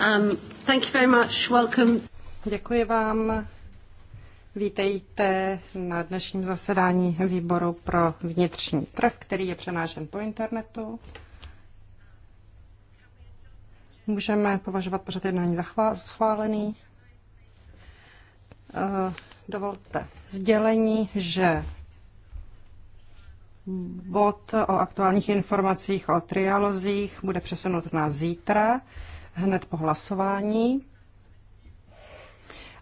Um, thank you very much. Welcome. Děkuji vám. Vítejte na dnešním zasedání výboru pro vnitřní trh, který je přenášen po internetu. Můžeme považovat pořád jednání za schválený. Eh, dovolte sdělení, že bod o aktuálních informacích o trialozích bude přesunut na zítra hned po hlasování.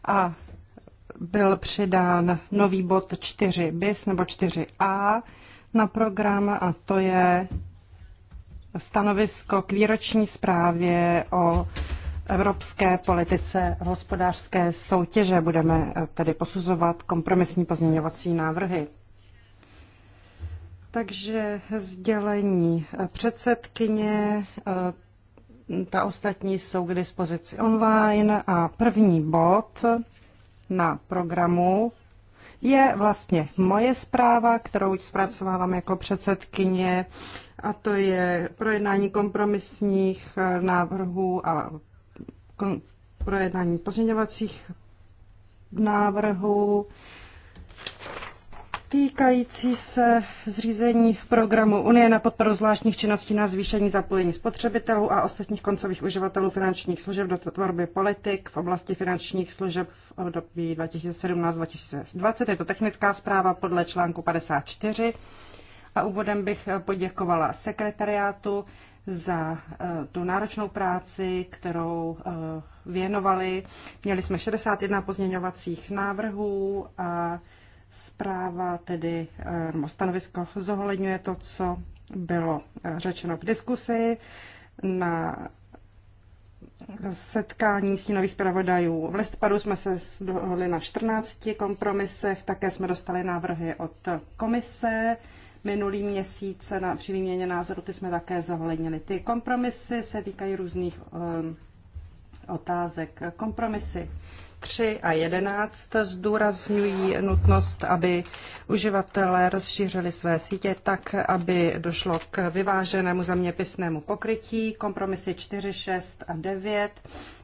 A byl přidán nový bod 4 bis nebo 4a na program a to je stanovisko k výroční zprávě o evropské politice hospodářské soutěže. Budeme eh, tedy posuzovat kompromisní pozměňovací návrhy. Takže sdělení eh, předsedkyně eh, ta ostatní jsou k dispozici online a první bod na programu je vlastně moje zpráva, kterou zpracovávám jako předsedkyně, a to je projednání kompromisních návrhů a projednání pozměňovacích návrhů týkající se zřízení programu Unie na podporu zvláštních činností na zvýšení zapojení spotřebitelů a ostatních koncových uživatelů finančních služeb do tvorby politik v oblasti finančních služeb v období 2017-2020. Je to technická zpráva podle článku 54. A úvodem bych poděkovala sekretariátu za eh, tu náročnou práci, kterou eh, věnovali. Měli jsme 61 pozměňovacích návrhů a Zpráva tedy, eh, nebo stanovisko zohledňuje to, co bylo eh, řečeno v diskusi na setkání stínových zpravodajů. V listopadu jsme se dohodli na 14 kompromisech, také jsme dostali návrhy od komise. Minulý měsíc na, při výměně názoru ty jsme také zohlednili. Ty kompromisy se týkají různých um, otázek. Kompromisy 3 a 11 zdůrazňují nutnost, aby uživatelé rozšířili své sítě tak, aby došlo k vyváženému zeměpisnému pokrytí. Kompromisy 4, 6 a 9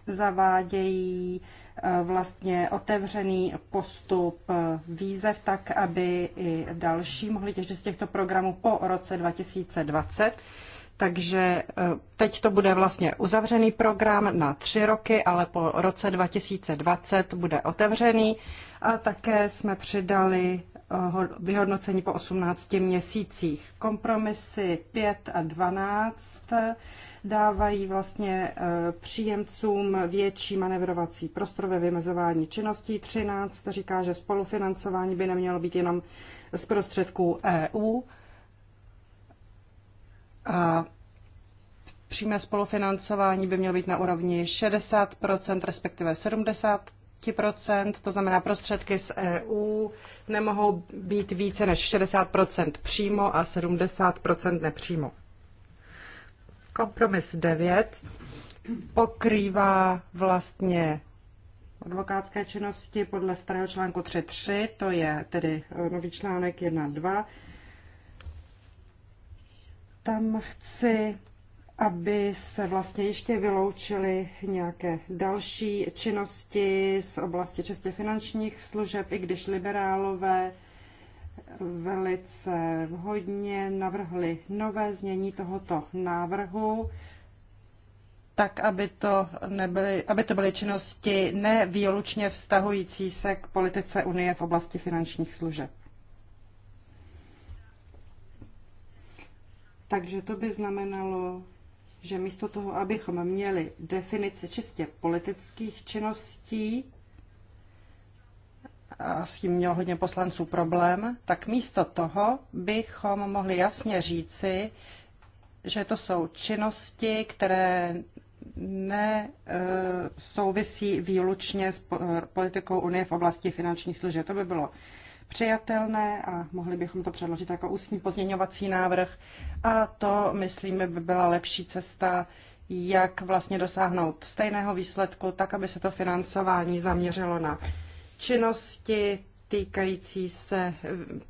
zavádějí eh, vlastně otevřený postup eh, výzev tak, aby i další mohli těžit z těchto programů po roce 2020. Takže e, teď to bude vlastně uzavřený program na tři roky, ale po roce 2020 bude otevřený. A také jsme přidali e, vyhodnocení po 18 měsících. Kompromisy 5 a 12 dávají vlastně e, příjemcům větší manevrovací prostor ve vymezování činností. 13 říká, že spolufinancování by nemělo být jenom z prostředků EU, a přímé spolufinancování by mělo být na úrovni 60 respektive 70 to znamená prostředky z EU, nemohou být více než 60 přímo a 70 nepřímo. Kompromis 9 pokrývá vlastně advokátské činnosti podle starého článku 3.3, to je tedy nový článek tam chci, aby se vlastně ještě vyloučily nějaké další činnosti z oblasti čistě finančních služeb, i když liberálové velice vhodně navrhli nové znění tohoto návrhu, tak aby to, nebyly, aby to byly činnosti nevýlučně vztahující se k politice Unie v oblasti finančních služeb. Takže to by znamenalo, že místo toho, abychom měli definici čistě politických činností, a s tím měl hodně poslanců problém, tak místo toho bychom mohli jasně říci, že to jsou činnosti, které ne e, souvisí výlučně s politikou Unie v oblasti finančních služeb. To by bylo přijatelné a mohli bychom to předložit jako ústní pozměňovací návrh. A to, myslím, by byla lepší cesta, jak vlastně dosáhnout stejného výsledku, tak, aby se to financování zaměřilo na činnosti týkající se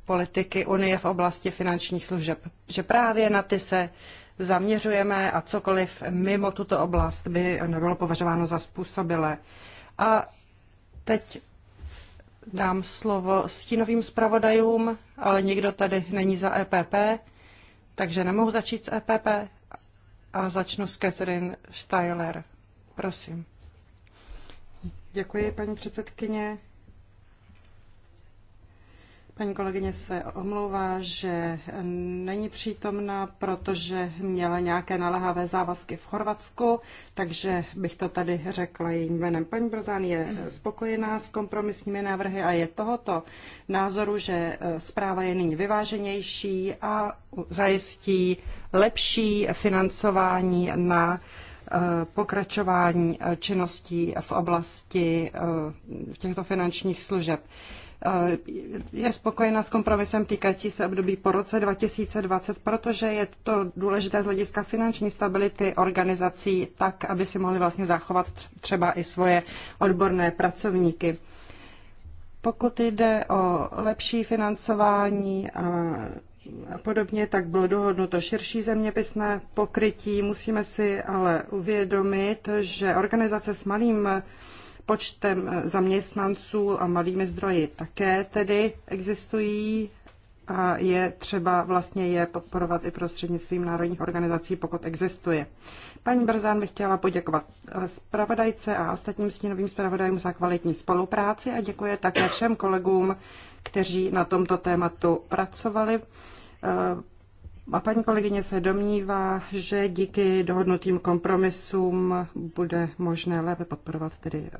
politiky Unie v oblasti finančních služeb. Že právě na ty se zaměřujeme a cokoliv mimo tuto oblast by nebylo považováno za způsobilé. A teď dám slovo stínovým zpravodajům, ale nikdo tady není za EPP, takže nemohu začít s EPP a začnu s Catherine Steiler. Prosím. Děkuji, paní předsedkyně. Paní kolegyně se omlouvá, že není přítomna, protože měla nějaké naléhavé závazky v Chorvatsku, takže bych to tady řekla jejím jménem. Paní Brzán je spokojená s kompromisními návrhy a je tohoto názoru, že zpráva je nyní vyváženější a zajistí lepší financování na eh, pokračování eh, činností v oblasti eh, těchto finančních služeb. Eh, je spokojena s kompromisem týkající se období po roce 2020, protože je to důležité z hlediska finanční stability organizací, tak, aby si mohli vlastně zachovat třeba i svoje odborné pracovníky. Pokud jde o lepší financování a a podobně, tak bylo dohodnuto širší zeměpisné pokrytí. Musíme si ale uvědomit, že organizace s malým počtem eh, zaměstnanců a malými zdroji také tedy existují a je třeba vlastně je podporovat i prostřednictvím národních organizací, pokud existuje. Paní Brzán bych chtěla poděkovat eh, zpravodajce a ostatním stínovým zpravodajům za kvalitní spolupráci a děkuje také všem kolegům, kteří na tomto tématu pracovali. Eh, a paní kolegyně se domnívá, že díky dohodnutým kompromisům bude možné lépe podporovat tedy eh,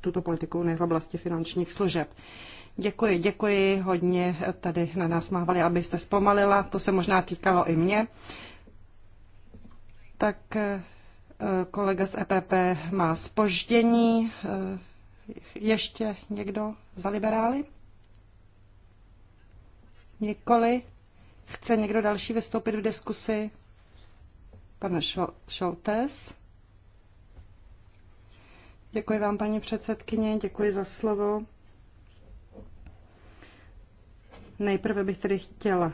tuto politiku v oblasti finančních služeb. Děkuji, děkuji, hodně tady na nás mávali, abyste zpomalila, to se možná týkalo i mě. Tak eh, kolega z EPP má spoždění. Eh, ještě někdo za liberály? Nikoli. Chce někdo další vystoupit v diskusi? Pane Šoltes. Děkuji vám, paní předsedkyně, děkuji za slovo. Nejprve bych tedy chtěla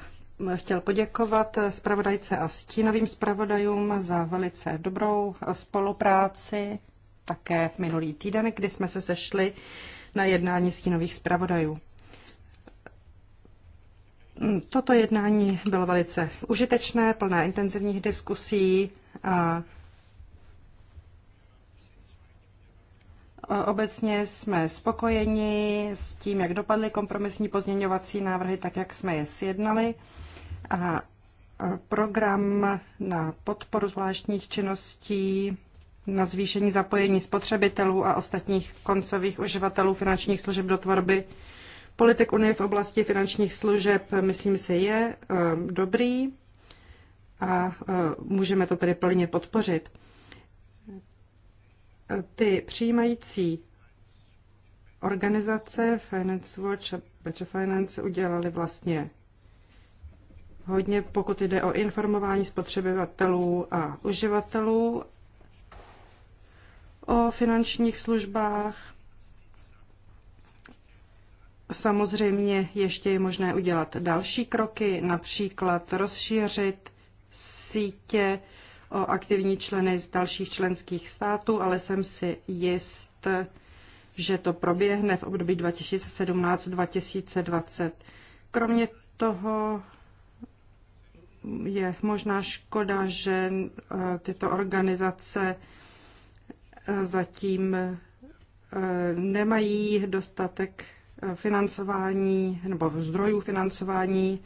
chtěl poděkovat zpravodajce a stínovým zpravodajům za velice dobrou spolupráci také minulý týden, kdy jsme se sešli na jednání stínových zpravodajů. Toto jednání bylo velice užitečné, plné intenzivních diskusí a Obecně jsme spokojeni s tím, jak dopadly kompromisní pozměňovací návrhy, tak jak jsme je sjednali. A program na podporu zvláštních činností na zvýšení zapojení spotřebitelů a ostatních koncových uživatelů finančních služeb do tvorby politik Unie v oblasti finančních služeb, myslím si, je eh, dobrý a eh, můžeme to tedy plně podpořit. Ty přijímající organizace Finance Watch a Better Finance udělali vlastně hodně, pokud jde o informování spotřebitelů a uživatelů o finančních službách. Samozřejmě ještě je možné udělat další kroky, například rozšířit sítě o aktivní členy z dalších členských států, ale jsem si jist, že to proběhne v období 2017-2020. Kromě toho je možná škoda, že eh, tyto organizace eh, zatím eh, nemají dostatek financování nebo zdrojů financování.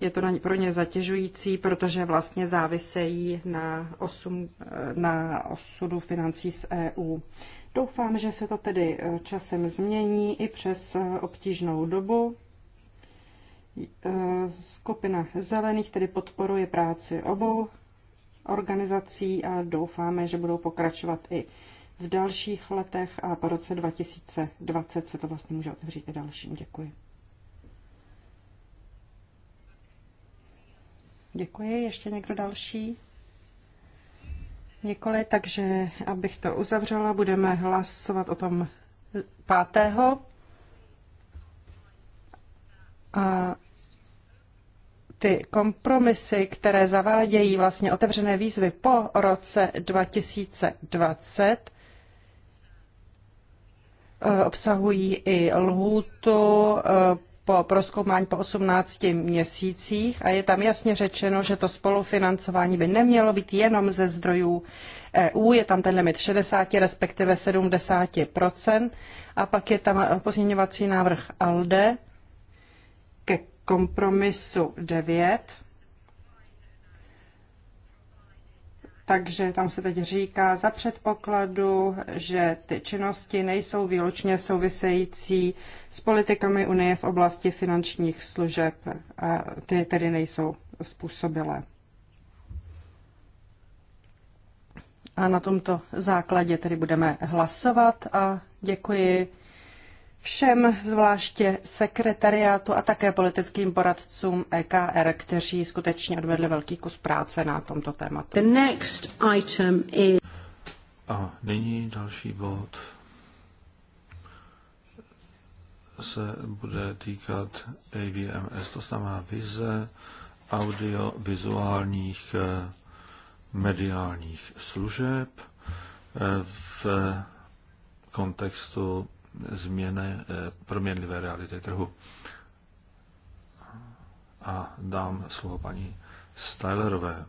Je to pro ně zatěžující, protože vlastně závisejí na, osm, na osudu financí z EU. Doufám, že se to tedy eh, časem změní i přes eh, obtížnou dobu. Eh, skupina zelených tedy podporuje práci obou organizací a doufáme, že budou pokračovat i v dalších letech a po roce 2020 se to vlastně může otevřít i dalším. Děkuji. Děkuji. Ještě někdo další? Nikoli, takže abych to uzavřela, budeme hlasovat o tom pátého. A ty kompromisy, které zavádějí vlastně otevřené výzvy po roce 2020, Eh, obsahují i lhůtu eh, po proskoumání po 18 měsících a je tam jasně řečeno, že to spolufinancování by nemělo být jenom ze zdrojů EU, je tam ten limit 60, respektive 70 a pak je tam eh, pozměňovací návrh ALDE ke kompromisu 9 Takže tam se teď říká za předpokladu, že ty činnosti nejsou výlučně související s politikami Unie v oblasti finančních služeb a ty tedy nejsou způsobilé. A na tomto základě tedy budeme hlasovat a děkuji všem, zvláště sekretariátu a také politickým poradcům EKR, kteří skutečně odvedli velký kus práce na tomto tématu. The next item is... A nyní další bod se bude týkat AVMS, to znamená vize audiovizuálních eh, mediálních služeb eh, v kontextu změny eh, proměnlivé reality trhu. A dám slovo paní Stylerové.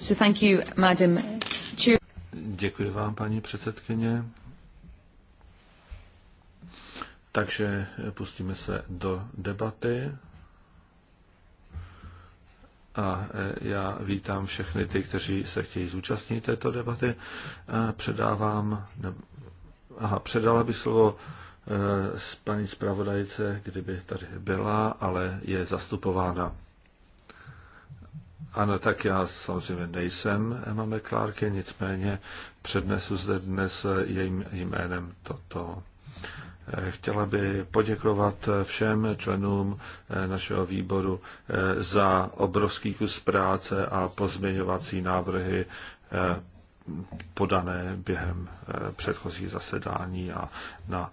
So thank you, Madam Děkuji vám, paní předsedkyně. Takže pustíme se do debaty a e, já vítám všechny ty, kteří se chtějí zúčastnit této debaty. E, předávám, ne, aha, předala by slovo e, s paní zpravodajce, kdyby tady byla, ale je zastupována. Ano, tak já samozřejmě nejsem Emma McClarky, nicméně přednesu zde dnes jejím jménem toto chtěla by poděkovat všem členům eh, našeho výboru eh, za obrovský kus práce a pozměňovací návrhy eh, podané během předchozí zasedání a na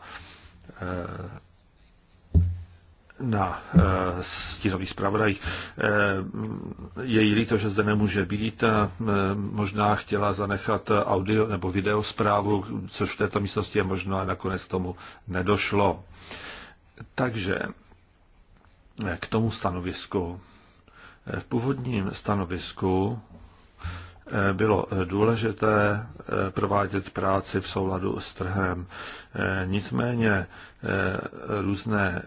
na e, stínových zpravodajích. E, je jí líto, že zde nemůže být. E, možná chtěla zanechat audio nebo video zprávu, což v této místnosti je možno a nakonec tomu nedošlo. Takže k tomu stanovisku. V původním stanovisku Eh, bylo eh, důležité eh, provádět práci v souladu s trhem. Nicméně různé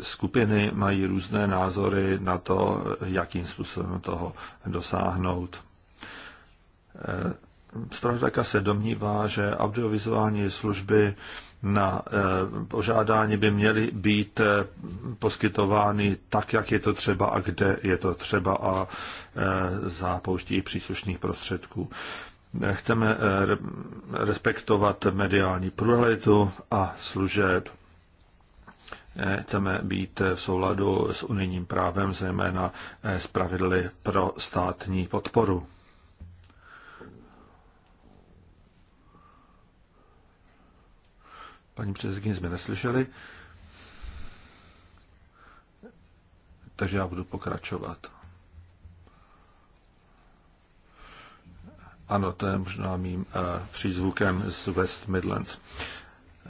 skupiny mají různé názory na to, jakým způsobem toho dosáhnout. Spravodajka se domnívá, že audiovizuální služby na eh, požádání by měly být eh, poskytovány tak, jak je to třeba a kde je to třeba a eh, za použití příslušných prostředků. Chceme respektovat mediální pluralitu a služeb. Chceme být v souladu s unijním právem, zejména s pravidly pro státní podporu. Paní předsedkyně jsme neslyšeli. Takže já budu pokračovat. Ano, to je možná mým uh, přízvukem z West Midlands.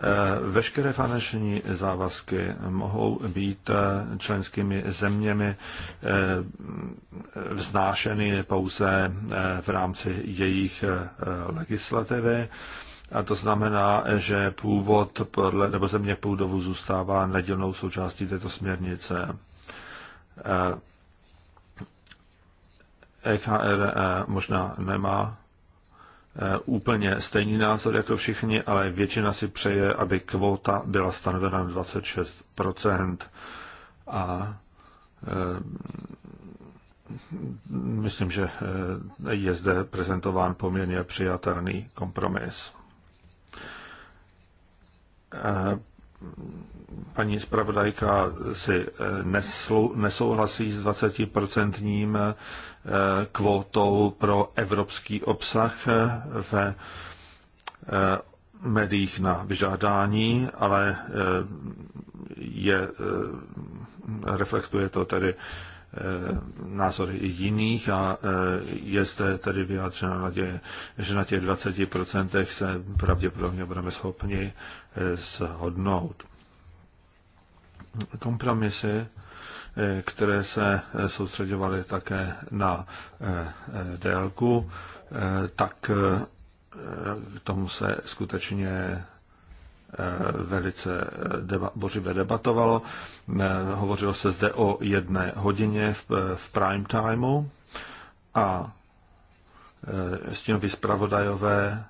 Eh, veškeré finanční závazky mohou být eh, členskými zeměmi vznášeny pouze v rámci jejich legislativy a to znamená, že původ podle, nebo země půdovu zůstává nedělnou součástí této směrnice. EKR eh, e eh, možná nemá eh, úplně stejný názor jako všichni, ale většina si přeje, aby kvota byla stanovena na 26%. A myslím, že je zde prezentován poměrně přijatelný kompromis. Eh, paní zpravodajka si eh, nesouhlasí s 20% eh, kvótou pro evropský obsah ve médiích na vyžádání, ale je, reflektuje to tedy Eh, názory i jiných a eh, je zde tedy vyjádřena naděje, že na těch 20% se pravděpodobně budeme schopni eh, shodnout. Kompromisy, které se soustředovaly také na délku, tak k tomu se skutečně Eh, velice eh, deba, bořivě debatovalo. Eh, hovořilo se zde o jedné hodině v, v prime timeu a stínoví zpravodajové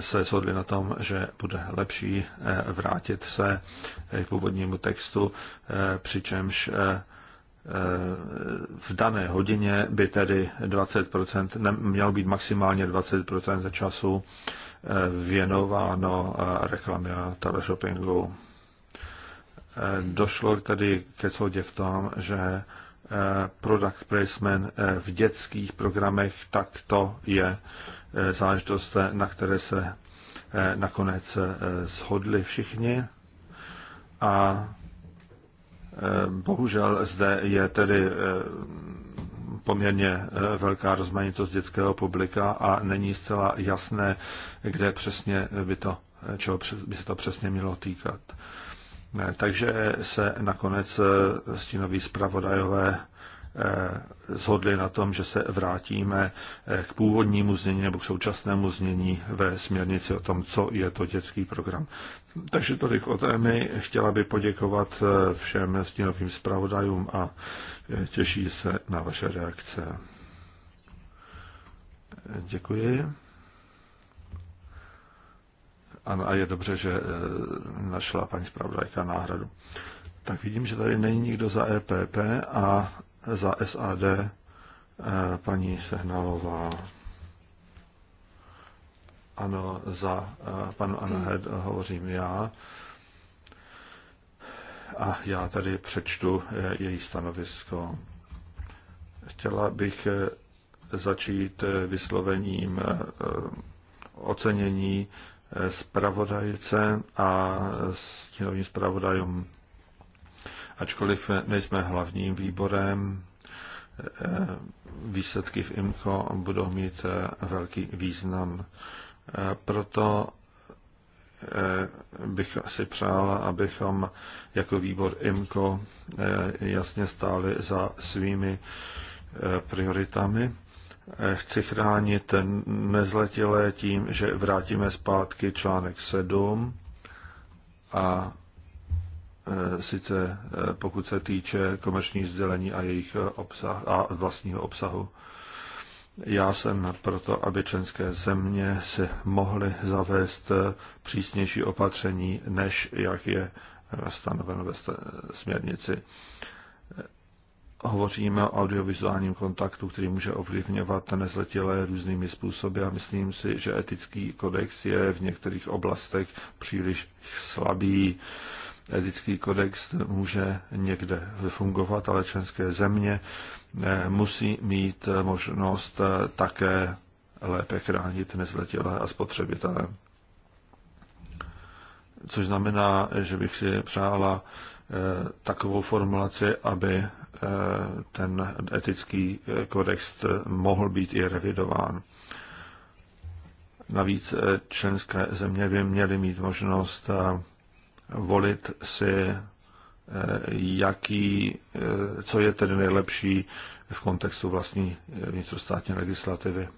se shodli na tom, že bude lepší vrátit se k původnímu textu, přičemž v dané hodině by tedy 20%, mělo být maximálně 20% za času věnováno reklamě a teleshoppingu. Došlo tedy ke soudě v tom, že eh, product placement eh, v dětských programech, takto je eh, záležitost, na které se nakonec shodli všichni. A bohužel zde je tedy poměrně eh, velká rozmanitost dětského publika a není zcela jasné, kde přesně by, to, eh, čeho by se to přesně mělo týkat. Eh, takže se nakonec stínoví zpravodajové zhodli eh, na tom, že se vrátíme eh, k původnímu znění nebo k současnému znění ve směrnici o tom, co je to dětský program. Takže tolik od EMI. Chtěla by poděkovat eh, všem stínovým zpravodajům a těší se na vaše reakce. Děkuji. Ano, a je dobře, že našla paní zpravodajka náhradu. Tak vidím, že tady není nikdo za EPP a za SAD eh, paní Sehnalová. Ano, za eh, panu Anahed hovořím já. A já tady přečtu eh, její stanovisko. Chtěla bych začít vyslovením ocenění zpravodajce a stínovým zpravodajům ačkoliv nejsme hlavním výborem, eh, výsledky v IMCO budou mít eh, velký význam. Eh, proto bych si přála, abychom jako výbor IMCO jasně stáli za svými prioritami. Chci chránit nezletilé tím, že vrátíme zpátky článek 7 a Eh, sice eh, pokud se týče komerčních sdělení a jejich eh, obsah a vlastního obsahu. Já jsem proto, aby členské země si mohly zavést přísnější opatření, než jak je stanoveno ve směrnici. Hovoříme o audiovizuálním kontaktu, který může ovlivňovat nezletilé různými způsoby a myslím si, že etický kodex je v některých oblastech příliš slabý. Etický kodex může někde fungovat, ale členské země eh, musí mít možnost eh, také lépe chránit nezletilé a spotřebitele. Což znamená, že bych si přála eh, takovou formulaci, aby ten etický kodex mohl být i revidován. Navíc členské země by měly mít možnost volit si, eh, jaký, eh, co je tedy nejlepší v kontextu vlastní eh, vnitrostátní legislativy.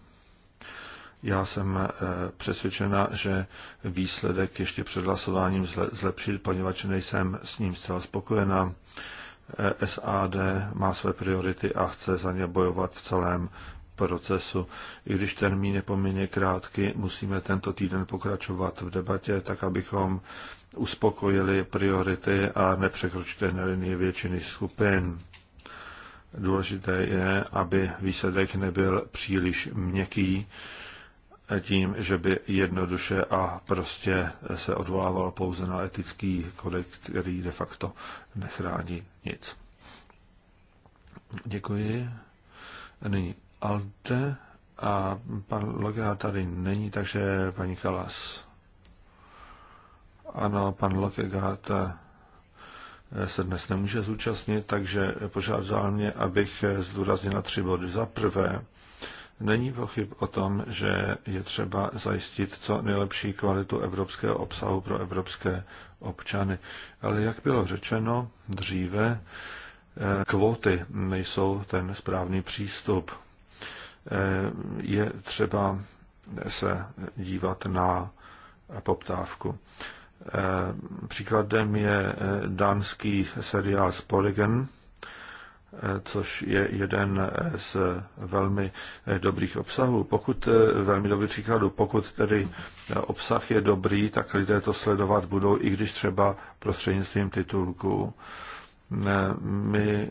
Já jsem přesvědčena, že výsledek ještě před hlasováním zlepšit, poněvadž nejsem s ním zcela spokojena. SAD má své priority a chce za ně bojovat v celém procesu. I když termín je poměrně krátký, musíme tento týden pokračovat v debatě, tak abychom uspokojili priority a na linii většiny skupin. Důležité je, aby výsledek nebyl příliš měkký tím, že by jednoduše a prostě se odvolával pouze na etický kodex, který de facto nechrání nic. Děkuji. Nyní Alte a pan Loga tady není, takže paní Kalas. Ano, pan Lokegaard eh, se dnes nemůže zúčastnit, takže požádal mě, abych eh, zdůraznil tři body. Za prvé, není pochyb o tom, že je třeba zajistit co nejlepší kvalitu evropského obsahu pro evropské občany. Ale jak bylo řečeno dříve, eh, kvóty nejsou ten správný přístup. Je třeba se dívat na poptávku. Eh, příkladem je eh, dánský seriál Sporigen, eh, což je jeden z velmi dobrých obsahů. Pokud, velmi dobrý příkladu, pokud tedy obsah je dobrý, tak lidé to sledovat budou, i když třeba prostřednictvím titulku. My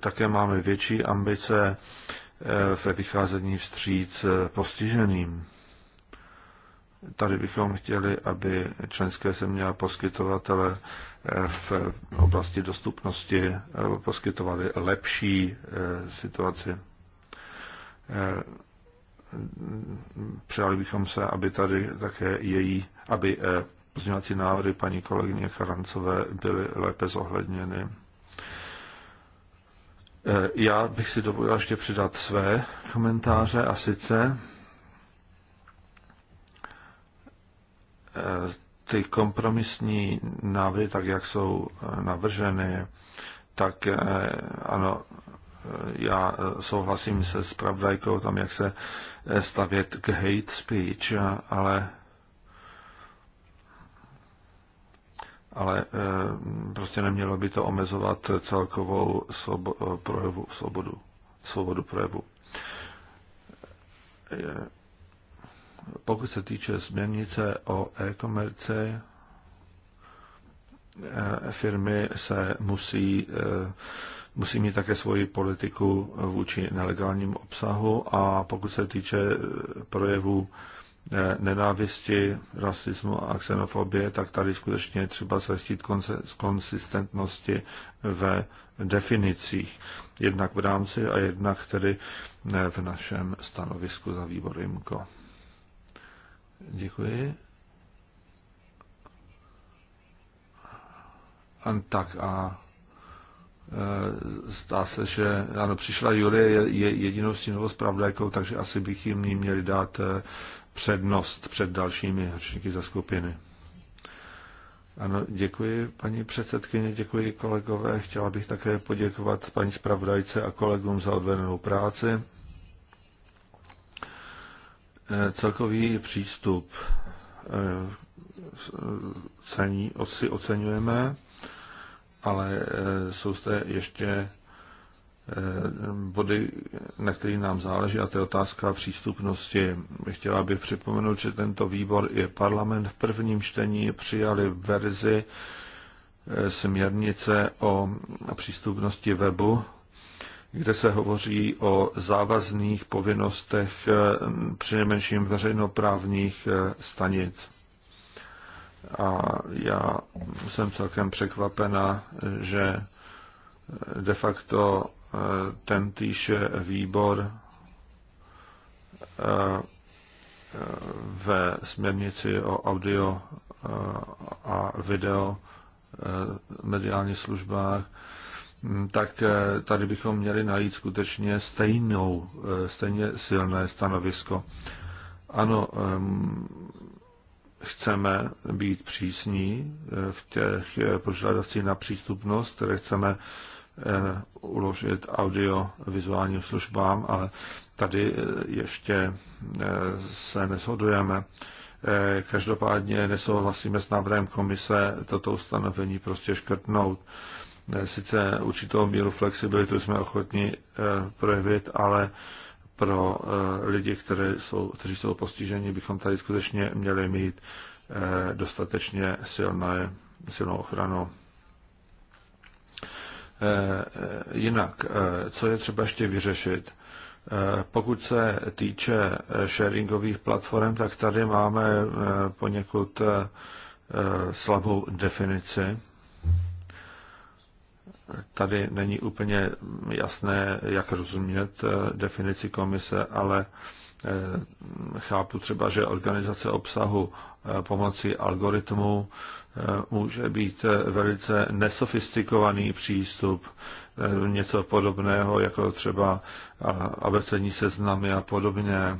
také máme větší ambice ve vycházení vstříc postiženým. Tady bychom chtěli, aby členské země a poskytovatele eh, v oblasti dostupnosti eh, poskytovali lepší eh, situaci. Přáli bychom se, aby tady také její, aby pozměňovací návrhy paní kolegyně Charancové byly lépe zohledněny. Já bych si dovolil ještě přidat své komentáře a sice ty kompromisní návrhy, tak jak jsou navrženy, tak eh, ano, eh, já eh, souhlasím se s pravdajkou tam, jak se stavět k hate speech, ale ale prostě nemělo by to omezovat celkovou svobo, projevu, svobodu, svobodu projevu pokud se týče směrnice o e-komerci, e, firmy se musí, e, musí mít také svoji politiku vůči nelegálnímu obsahu a pokud se týče projevů e, nenávisti, rasismu a xenofobie, tak tady skutečně třeba se chtít konsistentnosti ve definicích. Jednak v rámci a jednak tedy v našem stanovisku za výbor IMCO. Děkuji. Tak a e, zdá se, že ano, přišla Julie, je jedinou stínovou zpravodajkou, takže asi bych jim měli dát e, přednost před dalšími hrčníky za skupiny. Ano, děkuji paní předsedkyně, děkuji kolegové. Chtěla bych také poděkovat paní zpravodajce a kolegům za odvedenou práci. Eh, celkový přístup eh, cení, si oceňujeme, ale eh, jsou zde ještě body, na který nám záleží, a to je otázka přístupnosti. Chtěla bych připomenout, že tento výbor i parlament v prvním čtení přijali verzi směrnice o přístupnosti webu kde se hovoří o závazných povinnostech eh, přinejmenším veřejnoprávních eh, stanic. A já jsem celkem překvapena, že eh, de facto ten týž výbor ve směrnici o audio a video mediálních službách Mm, tak eh, tady bychom měli najít skutečně stejnou, eh, stejně silné stanovisko. Ano, chceme být přísní eh, v těch požadavcích na přístupnost, které chceme uložit audio-vizuálním službám, ale tady ještě se neshodujeme. Každopádně nesouhlasíme s návrhem komise toto ustanovení prostě škrtnout. Eh, sice určitou míru flexibilitu jsme ochotni eh, projevit, ale pro eh, lidi, které jsou, kteří jsou postiženi, bychom tady skutečně měli mít dostatečně silné, silnou ochranu. Jinak, co je třeba ještě vyřešit? Pokud se týče sharingových platform, tak tady máme poněkud slabou definici tady není úplně jasné, jak rozumět eh, definici komise, ale eh, chápu třeba, že organizace obsahu eh, pomocí algoritmu může být velice nesofistikovaný přístup, něco podobného jako třeba abecední seznamy a podobně.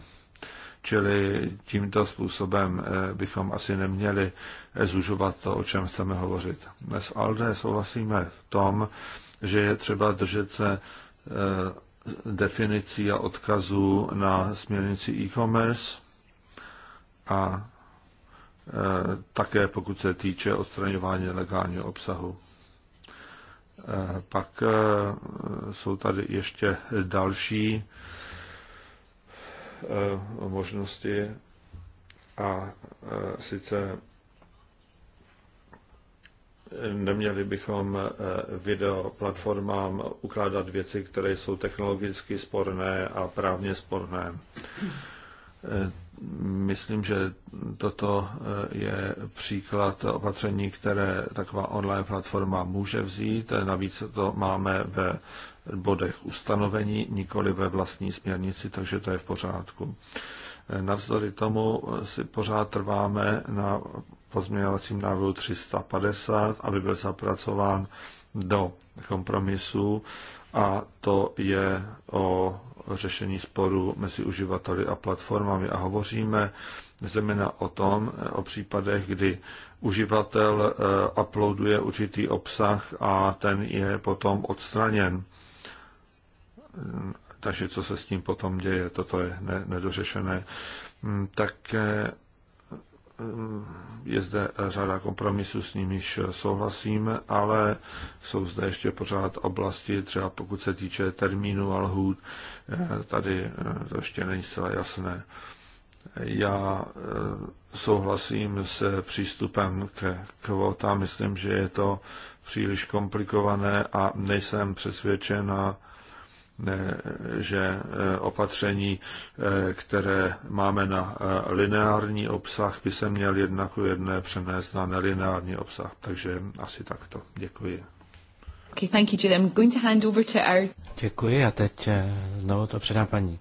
Čili tímto způsobem bychom asi neměli zužovat to, o čem chceme hovořit. s ALDE souhlasíme v tom, že je třeba držet se eh, definicí a odkazů na směrnici e-commerce a eh, také pokud se týče odstraňování legálního obsahu. Eh, pak jsou tady ještě další možnosti a sice Neměli bychom eh, videoplatformám ukládat věci, které jsou technologicky sporné a právně sporné. Eh, myslím, že toto eh, je příklad opatření, které taková online platforma může vzít. Navíc to máme ve bodech ustanovení, nikoli ve vlastní směrnici, takže to je v pořádku. Navzdory tomu si pořád trváme na pozměňovacím návrhu 350, aby byl zapracován do kompromisu a to je o řešení sporu mezi uživateli a platformami. A hovoříme zejména o tom, o případech, kdy uživatel eh, uploaduje určitý obsah a ten je potom odstraněn. Takže co se s tím potom děje, toto je nedořešené. Mm, tak eh, je zde řada kompromisů, s nimiž souhlasím, ale jsou zde ještě pořád oblasti, třeba pokud se týče termínu a lhůt, tady to ještě není zcela jasné. Já eh, souhlasím s přístupem k kvotám, myslím, že je to příliš komplikované a nejsem přesvědčena, že e, opatření, e, které máme na e, lineární obsah, by se měl jednak ku jedné přenést na nelineární obsah. Takže asi takto. Děkuji. Okay, thank you, Jill. I'm going to hand over to our... Děkuji a teď znovu to předám paní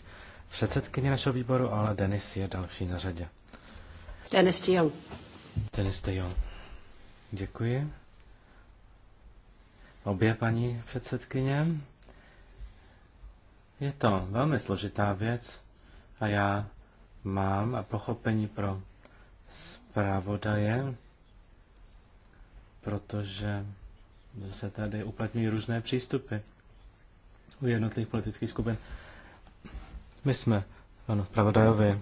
předsedkyně našeho výboru, ale Denis je další na řadě. Denis de Jong. Denis de Jong. Děkuji. Obě paní předsedkyně. Je to velmi složitá věc a já mám a pochopení pro zpravodaje, protože se tady uplatňují různé přístupy u jednotlivých politických skupin. My jsme ano, zpravodajovi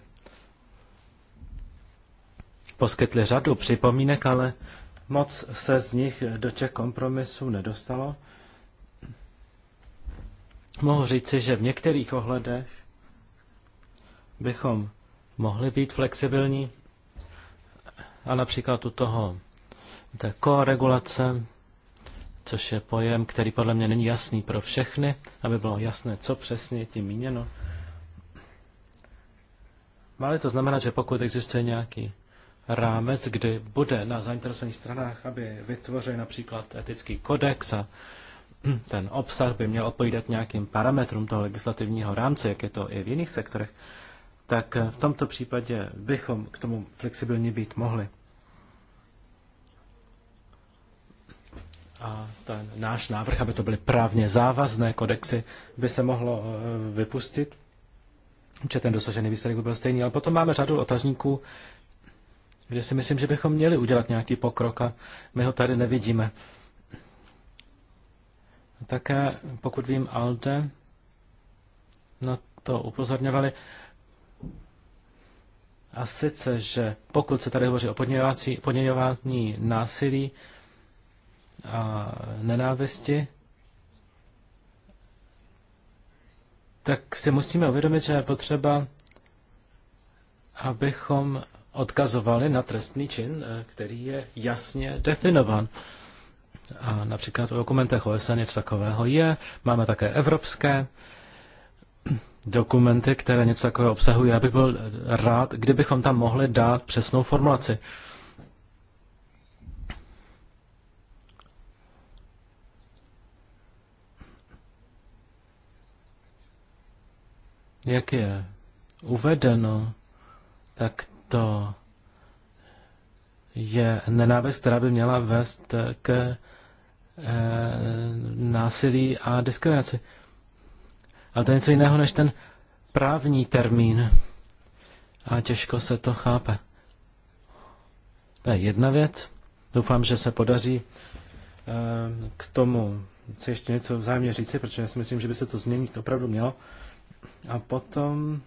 poskytli řadu připomínek, ale moc se z nich do těch kompromisů nedostalo mohu říci, že v některých ohledech bychom mohli být flexibilní a například u toho té koregulace, což je pojem, který podle mě není jasný pro všechny, aby bylo jasné, co přesně je tím míněno. Ale to znamená, že pokud existuje nějaký rámec, kdy bude na zainteresovaných stranách, aby vytvořili například etický kodex a ten obsah by měl odpovídat nějakým parametrům toho legislativního rámce, jak je to i v jiných sektorech, tak eh, v tomto případě bychom k tomu flexibilně být mohli. A ten náš návrh, aby to byly právně závazné kodexy, by se mohlo eh, vypustit, že ten dosažený výsledek by byl stejný. Ale potom máme řadu otazníků, kde si myslím, že bychom měli udělat nějaký pokrok a my ho tady nevidíme. Také, pokud vím, Alde na to upozorňovali. A sice, že pokud se tady hovoří o podněňování násilí a nenávisti, tak si musíme uvědomit, že je potřeba, abychom odkazovali na trestný čin, eh, který je jasně definován. A například v dokumentech OSN něco takového je. Máme také evropské dokumenty, které něco takového obsahují. Já bych byl rád, kdybychom tam mohli dát přesnou formulaci. Jak je uvedeno, tak to je nenávist, která by měla vést ke. Eh, násilí a diskriminaci. Ale to je něco jiného než ten právní termín. A těžko se to chápe. To je jedna věc. Doufám, že se podaří eh, k tomu chci ještě něco vzájemně říci, protože já si myslím, že by se to změnit opravdu mělo. A potom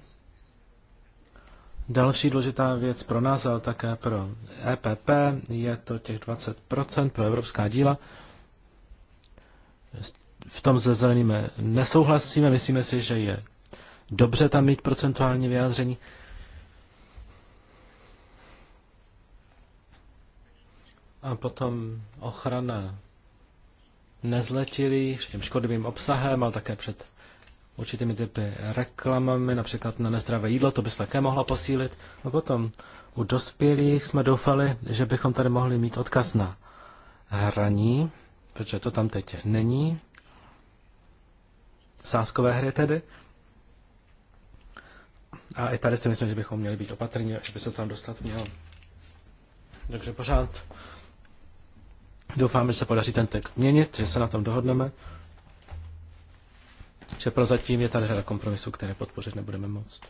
další důležitá věc pro nás, ale také pro EPP, je to těch 20% pro evropská díla. V tom se zelenými nesouhlasíme, myslíme si, že je dobře tam mít procentuální vyjádření. A potom ochrana nezletilých, před tím škodlivým obsahem, ale také před určitými typy reklamami, například na nezdravé jídlo, to by se také mohlo posílit. A potom u dospělých jsme doufali, že bychom tady mohli mít odkaz na hraní protože to tam teď není. Sáskové hry tedy. A i tady si myslím, že bychom měli být opatrní, že by se tam dostat mělo. Takže pořád doufám, že se podaří ten text měnit, že se na tom dohodneme. Že prozatím je tady řada kompromisů, které podpořit nebudeme moct.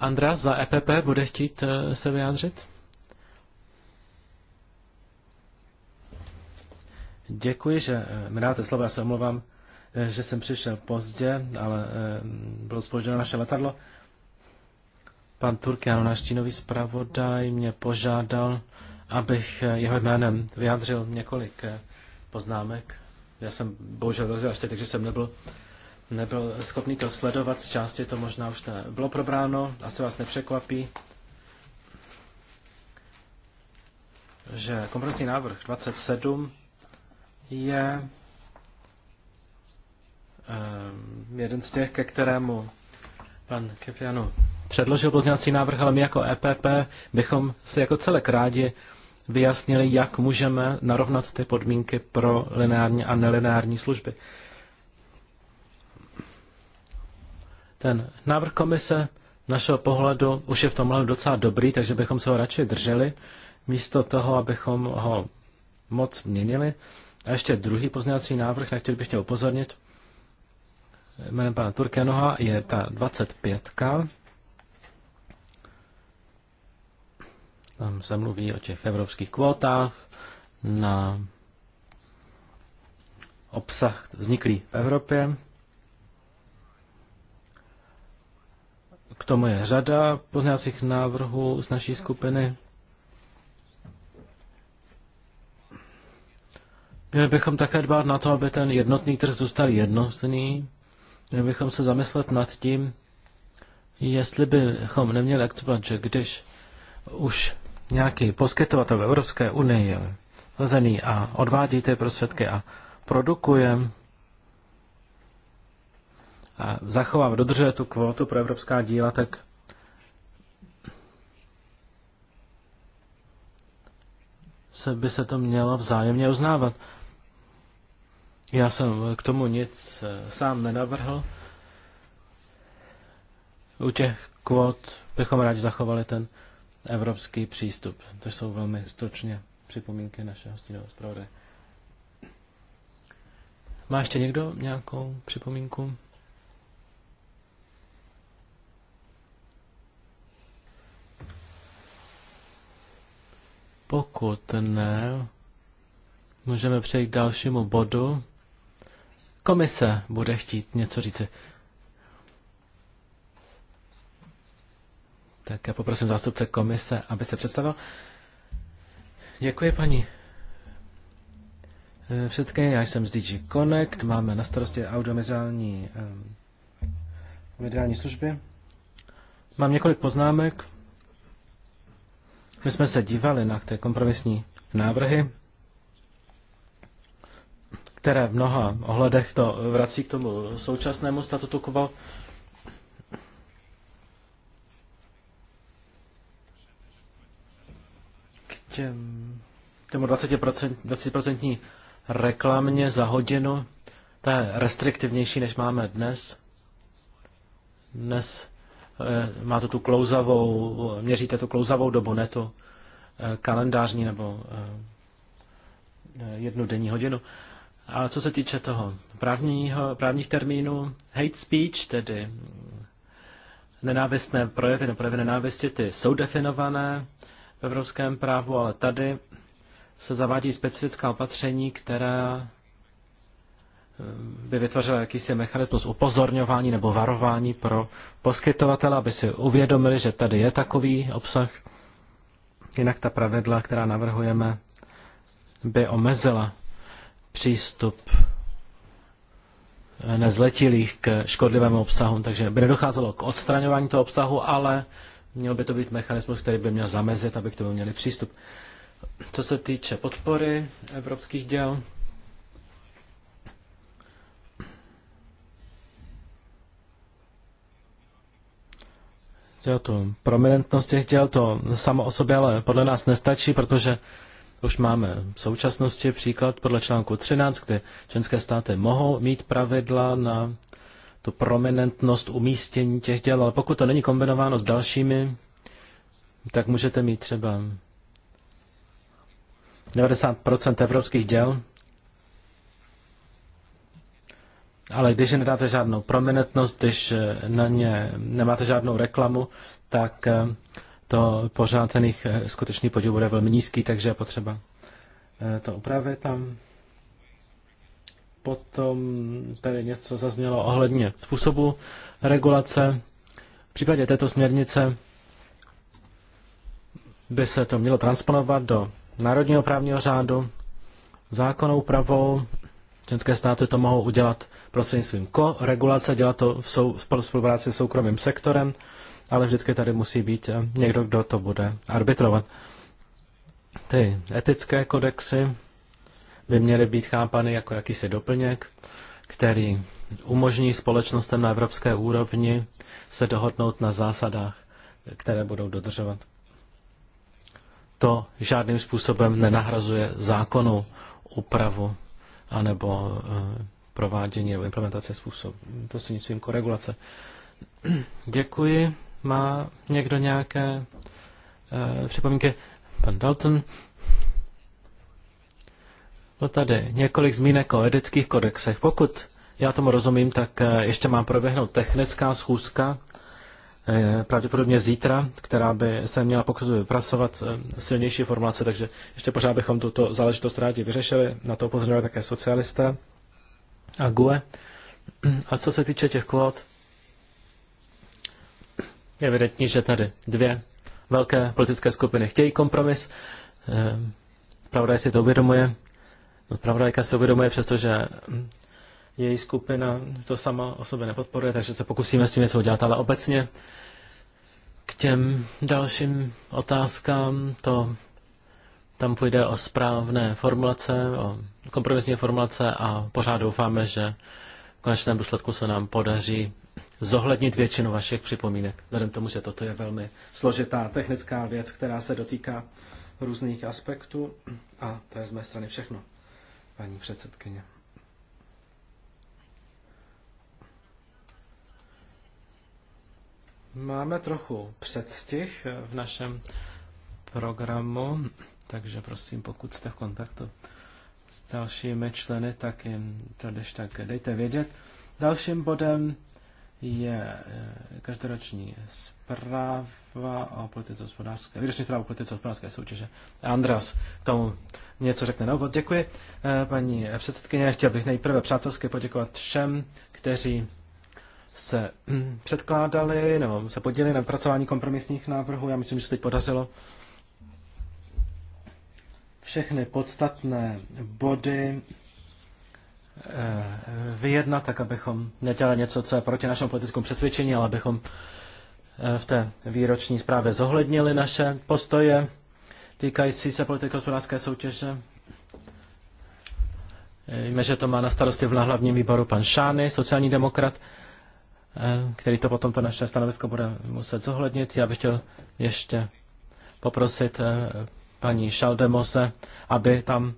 Andra za EPP bude chtít eh, se vyjádřit? Děkuji, že eh, mi dáte slovo, já se omlouvám, eh, že jsem přišel pozdě, ale bylo spožděno naše letadlo. Pan Turkiano, náš tínový zpravodaj, mě požádal, abych jeho jménem vyjádřil několik poznámek. Já jsem bohužel rozjel až takže jsem nebyl nebyl schopný to sledovat, z části to možná už bylo probráno, asi vás nepřekvapí, že kompromisní návrh 27 je ehm, jeden z těch, ke kterému pan Kepianu předložil pozměňovací návrh, ale my jako EPP bychom si jako celek rádi vyjasnili, jak můžeme narovnat ty podmínky pro lineární a nelineární služby. Ten návrh komise našeho pohledu už je v tomhle docela dobrý, takže bychom se ho radši drželi, místo toho, abychom ho moc měnili. A ještě druhý pozměňovací návrh, na který bych chtěl upozornit, jménem pana Turkenoha, je ta 25. -ka. Tam se mluví o těch evropských kvótách na obsah vzniklý v Evropě. K tomu je řada pozměňovacích návrhů z naší skupiny. Měli bychom také dbát na to, aby ten jednotný trh zůstal jednotný. Měli bychom se zamyslet nad tím, jestli bychom neměli akceptovat, že když už nějaký poskytovatel v Evropské unii je zazený a odvádí ty prostředky a produkuje zachová, dodržuje tu kvotu pro evropská díla, tak se by se to mělo vzájemně uznávat. Já jsem k tomu nic eh, sám nenavrhl. U těch kvot bychom rádi zachovali ten evropský přístup. To jsou velmi stručně připomínky našeho stínového zpravodaje. Má ještě někdo nějakou připomínku? Pokud ne, můžeme přejít k dalšímu bodu. Komise bude chtít něco říci. Tak já poprosím zástupce komise, aby se představil. Děkuji, paní Všetky, eh, já jsem z DG Connect, máme na starosti audiomizální um, eh, mediální služby. Mám několik poznámek my jsme se dívali na ty kompromisní návrhy, které v mnoha ohledech to vrací k tomu současnému statutu quo. K těm, tomu 20%, 20% reklamně za hodinu, ta je restriktivnější, než máme dnes. Dnes Eh, máte tu klouzavou, měříte tu klouzavou dobu, ne tu eh, kalendářní nebo eh, jednu denní hodinu. Ale co se týče toho právního, právních termínů, hate speech, tedy nenávistné projevy, nebo projevy nenávisti, ty jsou definované v evropském právu, ale tady se zavádí specifická opatření, která by vytvořila jakýsi mechanismus upozorňování nebo varování pro poskytovatele, aby si uvědomili, že tady je takový obsah. Jinak ta pravidla, která navrhujeme, by omezila přístup eh, nezletilých k škodlivému obsahu, takže by nedocházelo k odstraňování toho obsahu, ale měl by to být mechanismus, který by měl zamezit, aby k tomu měli přístup. Co se týče podpory evropských děl, Jde to tu prominentnost těch děl, to samo o sobě ale podle nás nestačí, protože už máme v současnosti příklad podle článku 13, kde členské státy mohou mít pravidla na tu prominentnost umístění těch děl, ale pokud to není kombinováno s dalšími, tak můžete mít třeba 90% evropských děl, Ale když nedáte žádnou prominentnost, když eh, na ně nemáte žádnou reklamu, tak eh, to pořád ten jich eh, skutečný podíl bude velmi nízký, takže je potřeba to upravit tam. Potom tady něco zaznělo ohledně způsobu regulace. V případě této směrnice by se to mělo transponovat do národního právního řádu zákonnou pravou Členské státy to mohou udělat prostřednictvím ko-regulace, dělat to v, sou, v spolupráci s soukromým sektorem, ale vždycky tady musí být eh, někdo, kdo to bude arbitrovat. Ty etické kodexy by měly být chápany jako jakýsi doplněk, který umožní společnostem na evropské úrovni se dohodnout na zásadách, které budou dodržovat. To žádným způsobem nenahrazuje zákonu úpravu anebo eh, provádění nebo implementace způsob prostřednictvím koregulace. Děkuji. Má někdo nějaké uh, připomínky? Pan Dalton. No tady několik zmínek o etických kodexech. Pokud já tomu rozumím, tak eh, ještě má proběhnout technická schůzka pravděpodobně zítra, která by se měla pokusit vypracovat eh, silnější formulace, takže ještě pořád bychom tuto záležitost rádi vyřešili. Na to upozorňovali také socialisté a GUE. A co se týče těch kvót, je evidentní, že tady dvě velké politické skupiny chtějí kompromis. Eh, Pravda si to uvědomuje. Pravdajka si uvědomuje, přestože hm, její skupina to sama o sobě nepodporuje, takže se pokusíme s tím něco udělat, ale obecně k těm dalším otázkám to tam půjde o správné formulace, o kompromisní formulace a pořád doufáme, že v konečném důsledku se nám podaří zohlednit většinu vašich připomínek. Vzhledem tomu, že toto je velmi složitá technická věc, která se dotýká různých aspektů. A to je z mé strany všechno, paní předsedkyně. Máme trochu předstih eh, v našem programu, takže prosím, pokud jste v kontaktu s dalšími členy, tak jim to když tak dejte vědět. Dalším bodem je eh, každoroční zpráva o politice hospodářské, výroční zpráva o politice hospodářské soutěže. Andras k tomu něco řekne na úvod. Děkuji, eh, paní předsedkyně. Chtěl bych nejprve přátelsky poděkovat všem, kteří se předkládali nebo se podělili na pracování kompromisních návrhů. Já myslím, že se teď podařilo všechny podstatné body eh, vyjednat, tak abychom nedělali něco, co je proti našemu politickému přesvědčení, ale abychom eh, v té výroční zprávě zohlednili naše postoje týkající se politiky hospodářské soutěže. Eh, víme, že to má na starosti v hlavním výboru pan Šány, sociální demokrat. Eh, který to potom to naše stanovisko bude muset zohlednit. Já bych chtěl ještě poprosit eh, paní Šaldemose, aby tam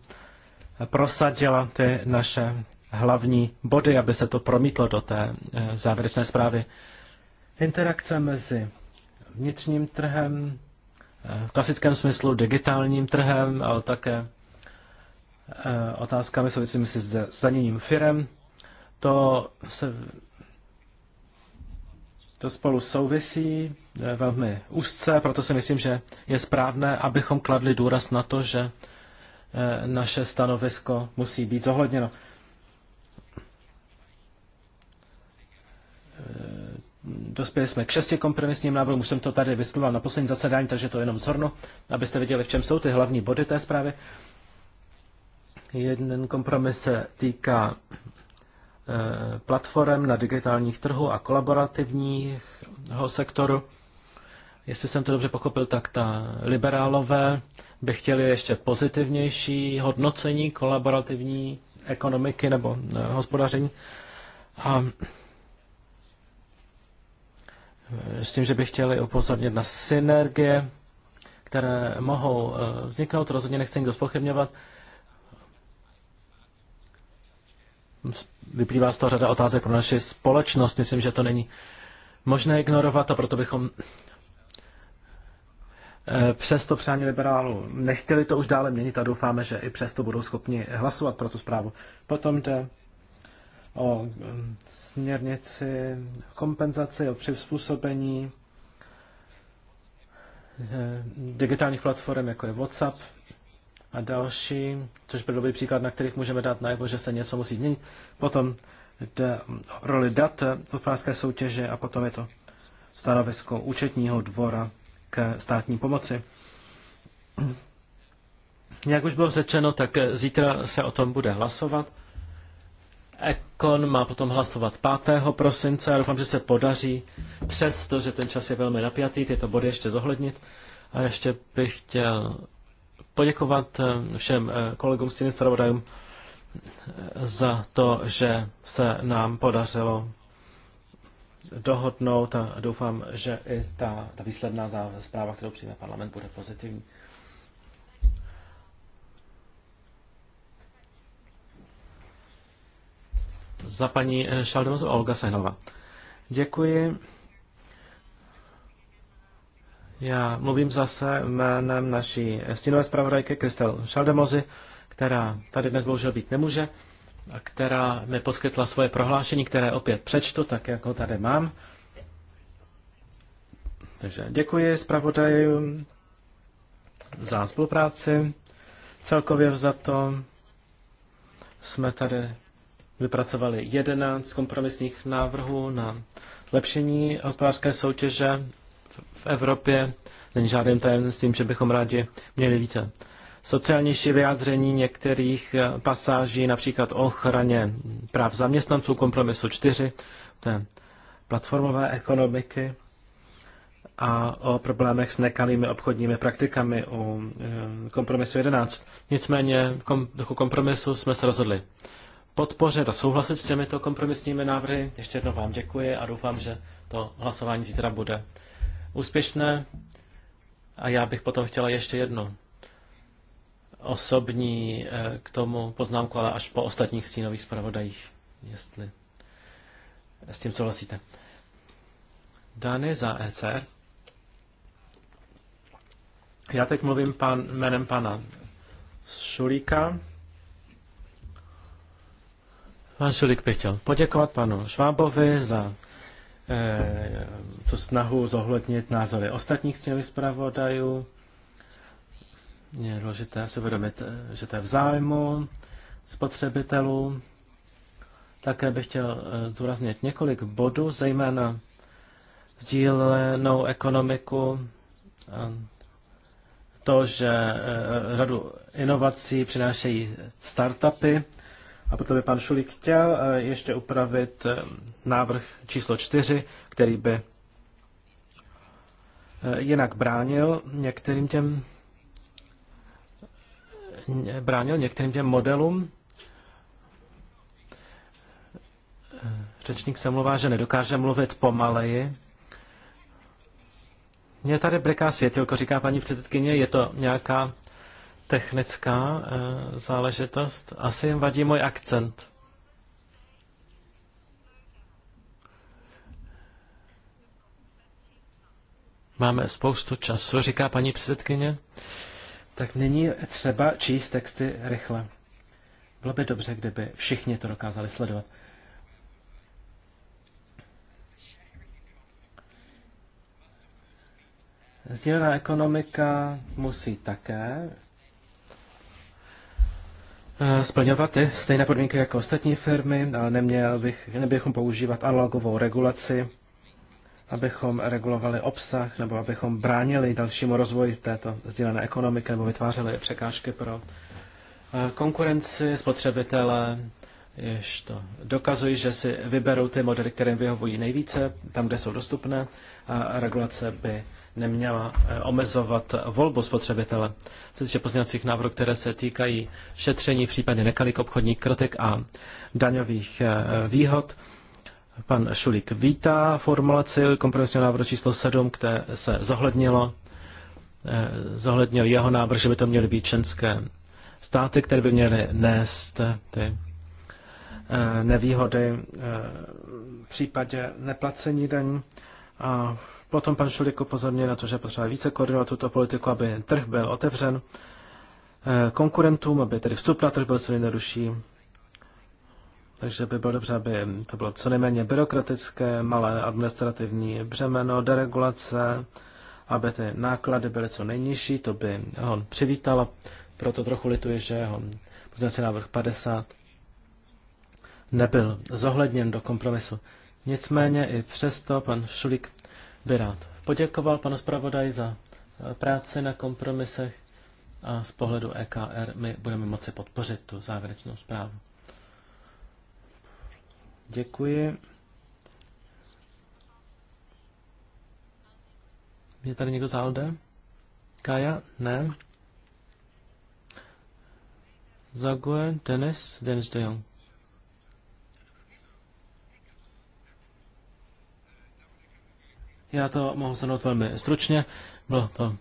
prosadila ty naše hlavní body, aby se to promítlo do té eh, závěrečné zprávy. Interakce mezi vnitřním trhem, v klasickém smyslu digitálním trhem, ale také otázkami souvisícími se zdaněním firem. To se to spolu souvisí eh, velmi úzce, proto si myslím, že je správné, abychom kladli důraz na to, že eh, naše stanovisko musí být zohledněno. Eh, dospěli jsme k šesti kompromisním návrhům, už jsem to tady vysloval na posledním zasedání, takže to jenom zhrnu, abyste viděli, v čem jsou ty hlavní body té zprávy. Jeden kompromis se týká Eh, platform na digitálních trhu a kolaborativního sektoru. Jestli jsem to dobře pochopil, tak ta liberálové by chtěli ještě pozitivnější hodnocení kolaborativní ekonomiky nebo eh, hospodaření. A eh, s tím, že by chtěli upozornit na synergie, které mohou vzniknout, rozhodně nechci nikdo spochybňovat vyplývá z toho řada otázek pro naši společnost. Myslím, že to není možné ignorovat a proto bychom eh, přesto přání liberálu nechtěli to už dále měnit a doufáme, že i přesto budou schopni hlasovat pro tu zprávu. Potom jde o eh, směrnici kompenzaci, o přizpůsobení eh, digitálních platform, jako je WhatsApp a další, což byl dobrý příklad, na kterých můžeme dát najevo, že se něco musí změnit. Potom jde roli dat hospodářské soutěže a potom je to stanovisko účetního dvora k státní pomoci. Jak už bylo řečeno, tak zítra se o tom bude hlasovat. Ekon má potom hlasovat 5. prosince. Já doufám, že se podaří, přestože ten čas je velmi napjatý, tyto body ještě zohlednit. A ještě bych chtěl poděkovat eh, všem eh, kolegům s těmi zpravodajům eh, za to, že se nám podařilo dohodnout a doufám, že i ta, ta výsledná zpráva, kterou přijme parlament, bude pozitivní. Za paní Šaldemos Olga Sehnova. Děkuji. Já mluvím zase jménem naší stínové zpravodajky Kristel Šaldemozy, která tady dnes bohužel být nemůže a která mi poskytla svoje prohlášení, které opět přečtu, tak jako tady mám. Takže děkuji zpravodajům za spolupráci. Celkově za to jsme tady vypracovali 11 kompromisních návrhů na zlepšení hospodářské soutěže v Evropě. Není žádným tajemstvím, že bychom rádi měli více sociálnější vyjádření některých eh, pasáží, například o ochraně práv zaměstnanců, kompromisu 4, té platformové ekonomiky a o problémech s nekalými obchodními praktikami u eh, kompromisu 11. Nicméně v duchu kompromisu jsme se rozhodli podpořit a souhlasit s těmito kompromisními návrhy. Ještě jednou vám děkuji a doufám, že to hlasování zítra bude úspěšné. A já bych potom chtěla ještě jednu osobní eh, k tomu poznámku, ale až po ostatních stínových zpravodajích, jestli s tím souhlasíte. Dany za ECR. Já teď mluvím pan, jménem pana Šulíka. Pan Šulík bych chtěl poděkovat panu Švábovi za Eh, tu snahu zohlednit názory ostatních stěhových zpravodajů. Je důležité si uvědomit, eh, že to je v zájmu spotřebitelů. Také bych chtěl eh, zdůraznit několik bodů, zejména sdílenou ekonomiku, to, že řadu inovací přinášejí startupy a potom by pan Šulík chtěl eh, ještě upravit eh, návrh číslo 4, který by eh, jinak bránil některým těm bránil některým těm modelům. Řečník se mluvá, že nedokáže mluvit pomaleji. Mě tady bliká světilko, říká paní předsedkyně, je to nějaká technická eh, záležitost. Asi jim vadí můj akcent. Máme spoustu času, říká paní předsedkyně. Tak není třeba číst texty rychle. Bylo by dobře, kdyby všichni to dokázali sledovat. Sdílená ekonomika musí také Eh, splňovat ty stejné podmínky jako ostatní firmy, ale neměl bych, neměl bychom používat analogovou regulaci, abychom regulovali obsah nebo abychom bránili dalšímu rozvoji této sdílené ekonomiky nebo vytvářeli překážky pro eh, konkurenci spotřebitele, jež to dokazují, že si vyberou ty modely, které vyhovují nejvíce, tam, kde jsou dostupné, a regulace by neměla eh, omezovat volbu spotřebitele. Co týče pozměňovacích návrhů, které se týkají šetření případně nekalých obchodních krotek a daňových eh, výhod, pan Šulík vítá formulaci kompromisního návrhu číslo 7, které se zohlednilo, eh, zohlednil jeho návrh, že by to měly být členské státy, které by měly nést ty nevýhody v případě neplacení daní. A Potom pan Šulik upozornil na to, že potřeba více koordinovat tuto politiku, aby trh byl otevřen eh, konkurentům, aby tedy vstup na trh byl co nejjednodušší. Takže by bylo dobře, aby to bylo co nejméně byrokratické, malé administrativní břemeno, deregulace, aby ty náklady byly co nejnižší, to by on přivítal, proto trochu lituji, že on pozměňovací návrh 50 nebyl zohledněn do kompromisu. Nicméně i přesto pan Šulík by rád poděkoval panu zpravodaji za eh, práci na kompromisech a z pohledu EKR my budeme moci podpořit tu závěrečnou zprávu. Děkuji. Je tady někdo z LD? Kaja? Ne. Zaguen, Denis, Denis de Jong. Já to mohu shrnout velmi stručně. Bylo to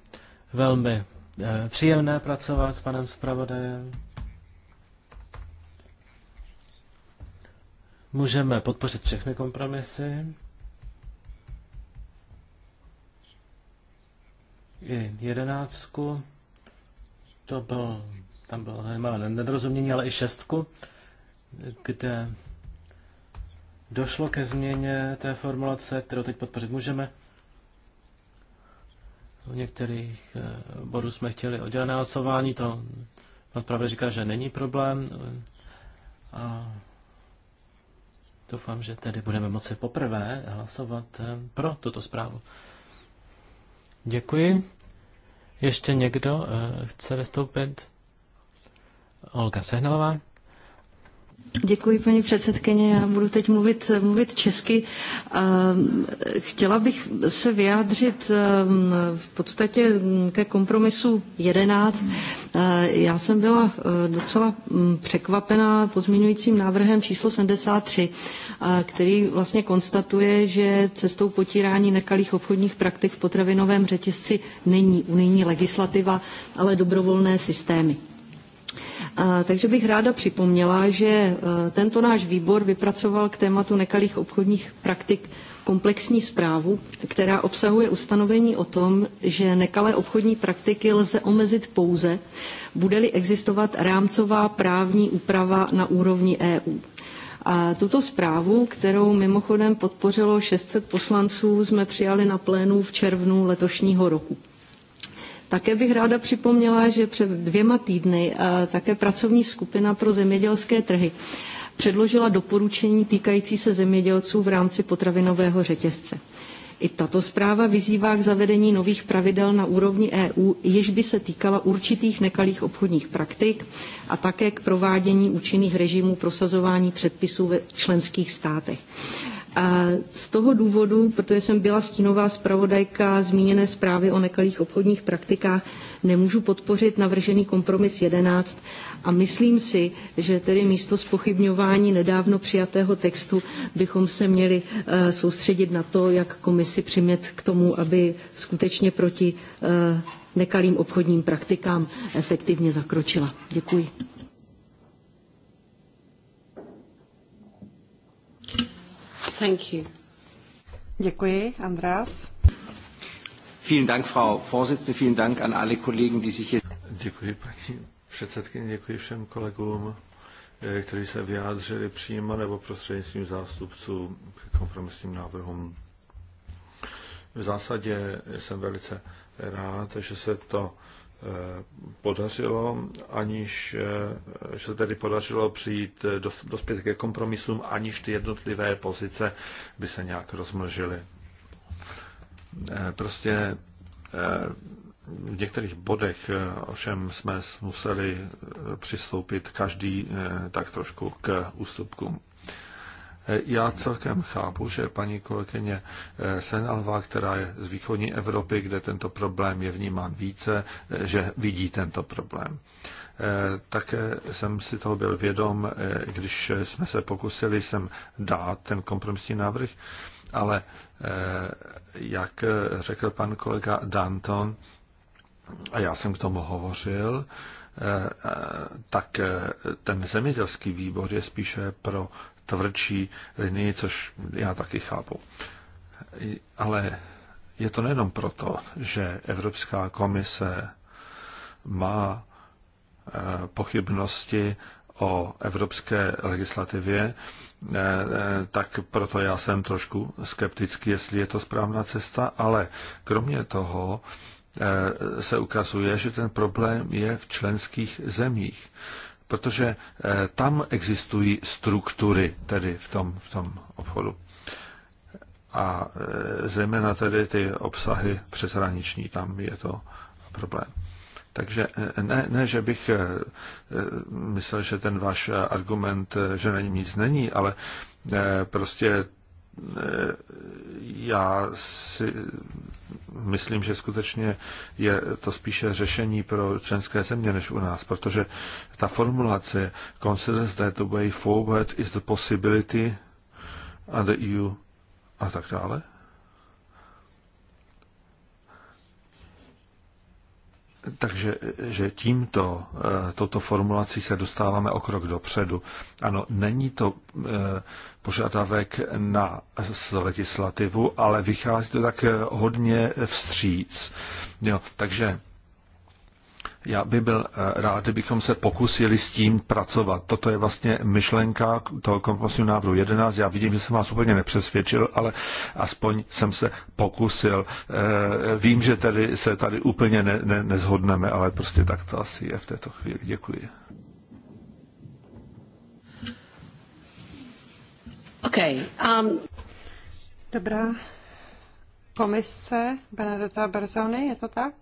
velmi eh, příjemné pracovat s panem zpravodajem. Můžeme podpořit všechny kompromisy. I jedenáctku. To byl, tam bylo malé nedorozumění, ale i šestku, kde došlo ke změně té formulace, kterou teď podpořit můžeme. U některých eh, bodů jsme chtěli oddělené hlasování, to pan Pravda říká, že není problém. Eh, a doufám, že tedy budeme moci poprvé hlasovat eh, pro tuto zprávu. Děkuji. Ještě někdo chce vystoupit? Olga Sehnalová. Děkuji, paní předsedkyně. Já budu teď mluvit, mluvit česky. Ehm, chtěla bych se vyjádřit ehm, v podstatě mm, ke kompromisu 11. Ehm, já jsem byla eh, docela mm, překvapená pozměňujícím návrhem číslo 73, eh, který vlastně konstatuje, že cestou potírání nekalých obchodních praktik v potravinovém řetězci není unijní legislativa, ale dobrovolné systémy. Takže bych ráda připomněla, že e, tento náš výbor vypracoval k tématu nekalých obchodních praktik komplexní zprávu, která obsahuje ustanovení o tom, že nekalé obchodní praktiky lze omezit pouze, bude-li existovat rámcová právní úprava na úrovni EU. A tuto zprávu, kterou mimochodem podpořilo 600 poslanců, jsme přijali na plénu v červnu letošního roku. Také bych ráda připomněla, že před dvěma týdny eh, také pracovní skupina pro zemědělské trhy předložila doporučení týkající se zemědělců v rámci potravinového řetězce. I tato zpráva vyzývá k zavedení nových pravidel na úrovni EU, jež by se týkala určitých nekalých obchodních praktik a také k provádění účinných režimů prosazování předpisů ve členských státech z toho důvodu, protože jsem byla stínová zpravodajka zmíněné zprávy o nekalých obchodních praktikách, nemůžu podpořit navržený kompromis 11 a myslím si, že tedy místo spochybňování nedávno přijatého textu bychom se měli eh, soustředit na to, jak komisi přimět k tomu, aby skutečně proti eh, nekalým obchodním praktikám efektivně zakročila. Děkuji. Thank you. Děkuji, Andreas. Vielen Dank, Frau Vorsitzende, vielen Dank an alle Kollegen, die sich hier... Děkuji, paní předsedkyně, děkuji všem kolegům, eh, kteří se vyjádřili přímo nebo prostřednictvím zástupců k kompromisním návrhům. V zásadě jsem velice rád, že se to Eh, podařilo, aniž eh, že se tedy podařilo přijít, eh, dospět ke kompromisům, aniž ty jednotlivé pozice by se nějak rozmlžily. Prostě v některých bodech ovšem jsme museli přistoupit každý tak trošku k ústupkům. Já celkem chápu, že paní kolegyně eh, Senalva, která je z východní Evropy, kde tento problém je vnímán více, eh, že vidí tento problém. Eh, také jsem si toho byl vědom, když jsme se pokusili sem dát ten kompromisní návrh, ale jak řekl pan kolega Danton, a já jsem k tomu hovořil, tak ten zemědělský výbor je spíše pro tvrdší linii, což já taky chápu. Ale je to nejenom proto, že Evropská komise má e, pochybnosti o evropské legislativě, e, e, tak proto já jsem trošku skeptický, jestli je to správná cesta, ale kromě toho se ukazuje, že ten problém je v členských zemích protože eh, tam existují struktury, tedy v tom, v tom obchodu. A eh, zejména tedy ty obsahy přeshraniční, tam je to problém. Takže eh, ne, ne, že bych myslel, že ten váš argument, že na něm nic není, ale prostě já si myslím, že skutečně je to spíše řešení pro členské země než u nás, protože ta formulace considers that the way forward is the possibility and the EU a tak dále. takže že tímto, eh, touto formulací se dostáváme o krok dopředu. Ano, není to eh, požadavek na legislativu, ale vychází to tak eh, hodně vstříc. Jo, takže já bych byl eh, rád, kdybychom se pokusili s tím pracovat. Toto je vlastně myšlenka toho kompostního návrhu 11. Já vidím, že jsem vás úplně nepřesvědčil, ale aspoň jsem se pokusil. Eh, vím, že tady se tady úplně ne, ne, nezhodneme, ale prostě tak to asi je v této chvíli. Děkuji. Okay, um... Dobrá. Komise Benedetta Berzony, je to tak?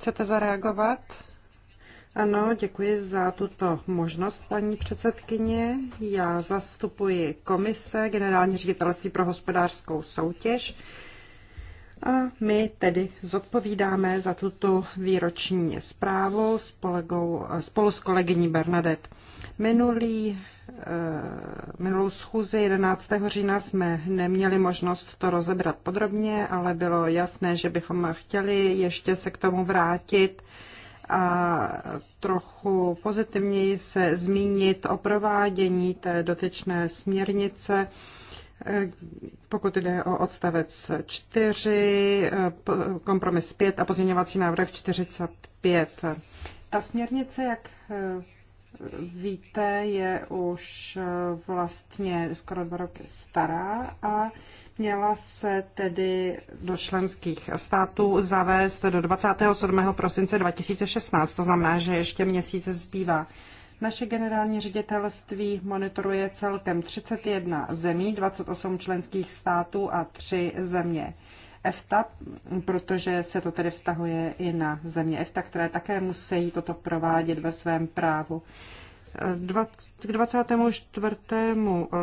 Chcete zareagovat? Ano, děkuji za tuto možnost, paní předsedkyně. Já zastupuji komise Generální ředitelství pro hospodářskou soutěž a my tedy zodpovídáme za tuto výroční zprávu s kolegou, spolu s kolegyní Bernadet. Minulý Eh, minulou schůzi 11. října jsme neměli možnost to rozebrat podrobně, ale bylo jasné, že bychom chtěli ještě se k tomu vrátit a trochu pozitivněji se zmínit o provádění té dotyčné směrnice, eh, pokud jde o odstavec 4, eh, kompromis 5 a pozměňovací návrh 45. Ta směrnice, jak víte, je už eh, vlastně skoro dva roky stará a měla se tedy do členských států zavést do 27. prosince 2016, to znamená, že ještě měsíc zbývá. Naše generální ředitelství monitoruje celkem 31 zemí, 28 členských států a 3 země EFTA, protože se to tedy vztahuje i na země EFTA, které také musí toto provádět ve svém právu. K 24.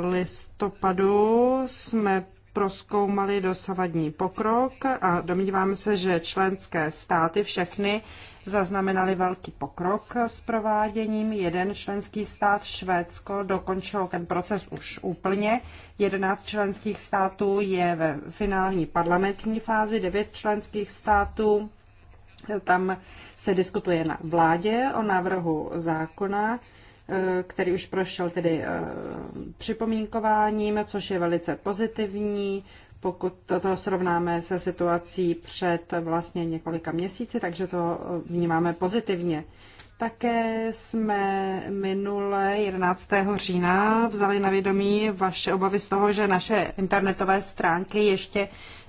listopadu jsme proskoumali dosavadní pokrok a domnívám se, že členské státy všechny zaznamenaly velký pokrok s prováděním. Jeden členský stát, Švédsko, dokončil ten proces už úplně. 11 členských států je ve finální parlamentní fázi, 9 členských států tam se diskutuje na vládě o návrhu zákona Eh, který už prošel tedy eh, připomínkováním, což je velice pozitivní, pokud toto srovnáme se situací před vlastně několika měsíci, takže to eh, vnímáme pozitivně. Také jsme minule 11. října vzali na vědomí vaše obavy z toho, že naše internetové stránky ještě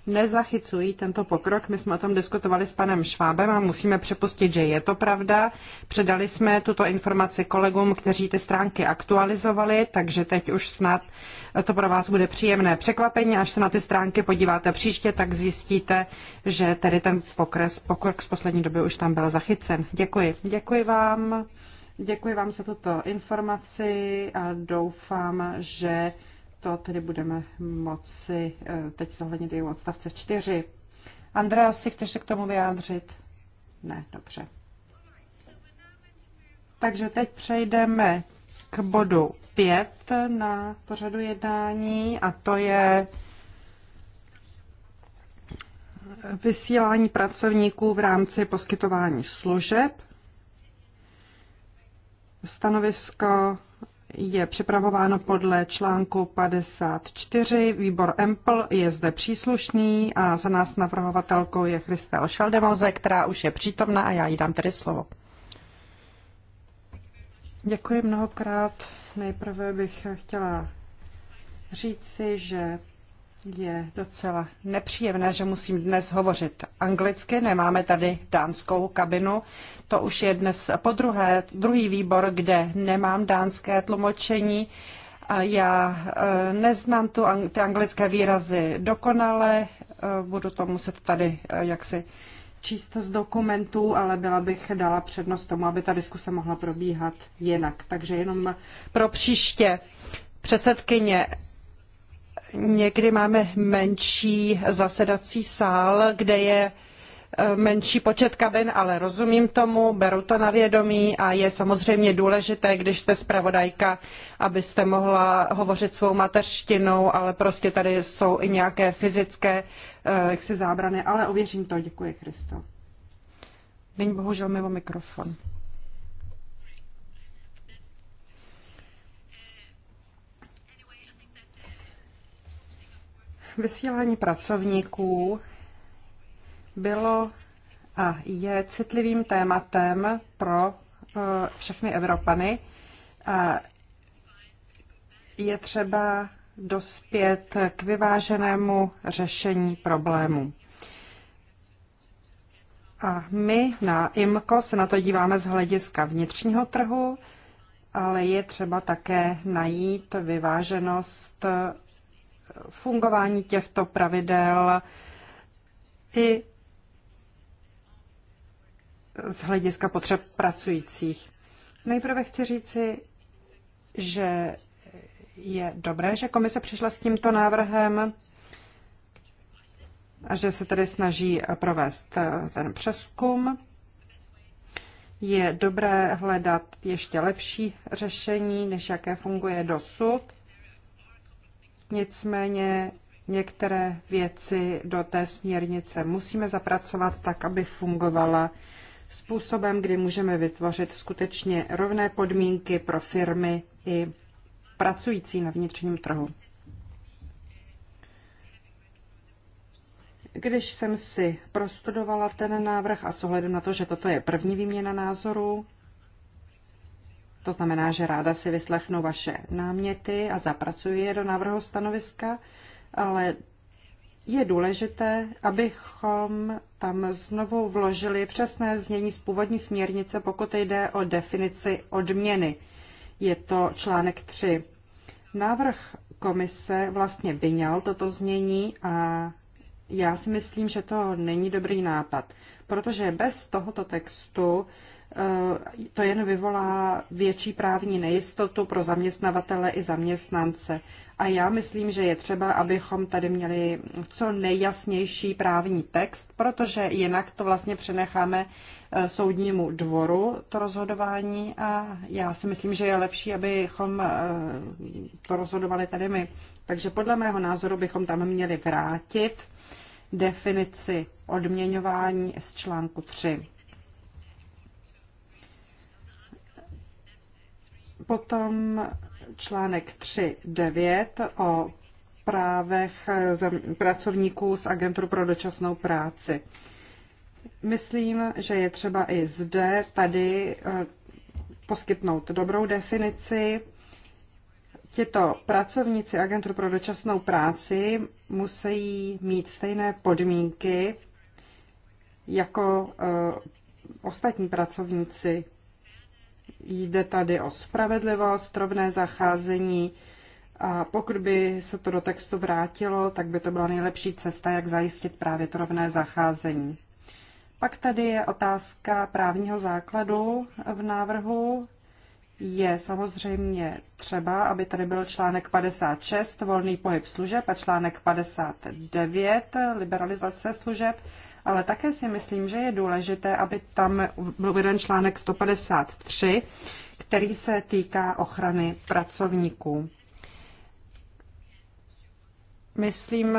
nezachycují tento pokrok. My jsme o tom diskutovali s panem Švábem a musíme připustit, že je to pravda. Předali jsme tuto informaci kolegům, kteří ty stránky aktualizovali, takže teď už snad to pro vás bude příjemné překvapení. Až se na ty stránky podíváte příště, tak zjistíte, že tedy ten pokres, pokrok z poslední doby už tam byl zachycen. Děkuji. Děkuji vám. Děkuji vám za tuto informaci a doufám, že to tedy budeme moci eh, teď zohlednit i u odstavce 4. Andrea, si chceš se k tomu vyjádřit? Ne, dobře. Takže teď přejdeme k bodu 5 na pořadu jednání a to je vysílání pracovníků v rámci poskytování služeb. Stanovisko je připravováno podle článku 54. Výbor EMPL je zde příslušný a za nás navrhovatelkou je Christel Šaldemoze, která už je přítomná a já jí dám tedy slovo. Děkuji mnohokrát. Nejprve bych chtěla říci, že je docela nepříjemné, že musím dnes hovořit anglicky. Nemáme tady dánskou kabinu. To už je dnes po druhé, druhý výbor, kde nemám dánské tlumočení. A já eh, neznám tu, ty anglické výrazy dokonale. Eh, budu to muset tady eh, jaksi číst z dokumentů, ale byla bych dala přednost tomu, aby ta diskuse mohla probíhat jinak. Takže jenom pro příště. Předsedkyně někdy máme menší zasedací sál, kde je e, menší počet kabin, ale rozumím tomu, beru to na vědomí a je samozřejmě důležité, když jste zpravodajka, abyste mohla hovořit svou mateřštinou, ale prostě tady jsou i nějaké fyzické e, jaksi zábrany, ale ověřím to. Děkuji, Kristo. Není bohužel mimo mikrofon. Vysílání pracovníků bylo a je citlivým tématem pro e, všechny Evropany. A je třeba dospět k vyváženému řešení problému. A my na IMCO se na to díváme z hlediska vnitřního trhu, ale je třeba také najít vyváženost fungování těchto pravidel i z hlediska potřeb pracujících. Nejprve chci říci, že je dobré, že komise přišla s tímto návrhem a že se tedy snaží provést eh, ten přeskum. Je dobré hledat ještě lepší řešení, než jaké funguje dosud. Nicméně některé věci do té směrnice musíme zapracovat tak, aby fungovala způsobem, kdy můžeme vytvořit skutečně rovné podmínky pro firmy i pracující na vnitřním trhu. Když jsem si prostudovala ten návrh a s ohledem na to, že toto je první výměna názorů, to znamená, že ráda si vyslechnu vaše náměty a zapracuji je do návrhu stanoviska, ale je důležité, abychom tam znovu vložili přesné znění z původní směrnice, pokud jde o definici odměny. Je to článek 3. Návrh komise vlastně vyňal toto znění a já si myslím, že to není dobrý nápad, protože bez tohoto textu Eh, to jen vyvolá větší právní nejistotu pro zaměstnavatele i zaměstnance. A já myslím, že je třeba, abychom tady měli co nejjasnější právní text, protože jinak to vlastně přenecháme eh, soudnímu dvoru, to rozhodování. A já si myslím, že je lepší, abychom eh, to rozhodovali tady my. Takže podle mého názoru bychom tam měli vrátit definici odměňování z článku 3. Potom článek 3.9 o právech pracovníků z agentur pro dočasnou práci. Myslím, že je třeba i zde tady eh, poskytnout dobrou definici. Tito pracovníci agentur pro dočasnou práci musí mít stejné podmínky jako eh, ostatní pracovníci Jde tady o spravedlivost, rovné zacházení a pokud by se to do textu vrátilo, tak by to byla nejlepší cesta, jak zajistit právě to rovné zacházení. Pak tady je otázka právního základu v návrhu. Je samozřejmě třeba, aby tady byl článek 56, volný pohyb služeb, a článek 59, liberalizace služeb, ale také si myslím, že je důležité, aby tam byl jeden článek 153, který se týká ochrany pracovníků. Myslím,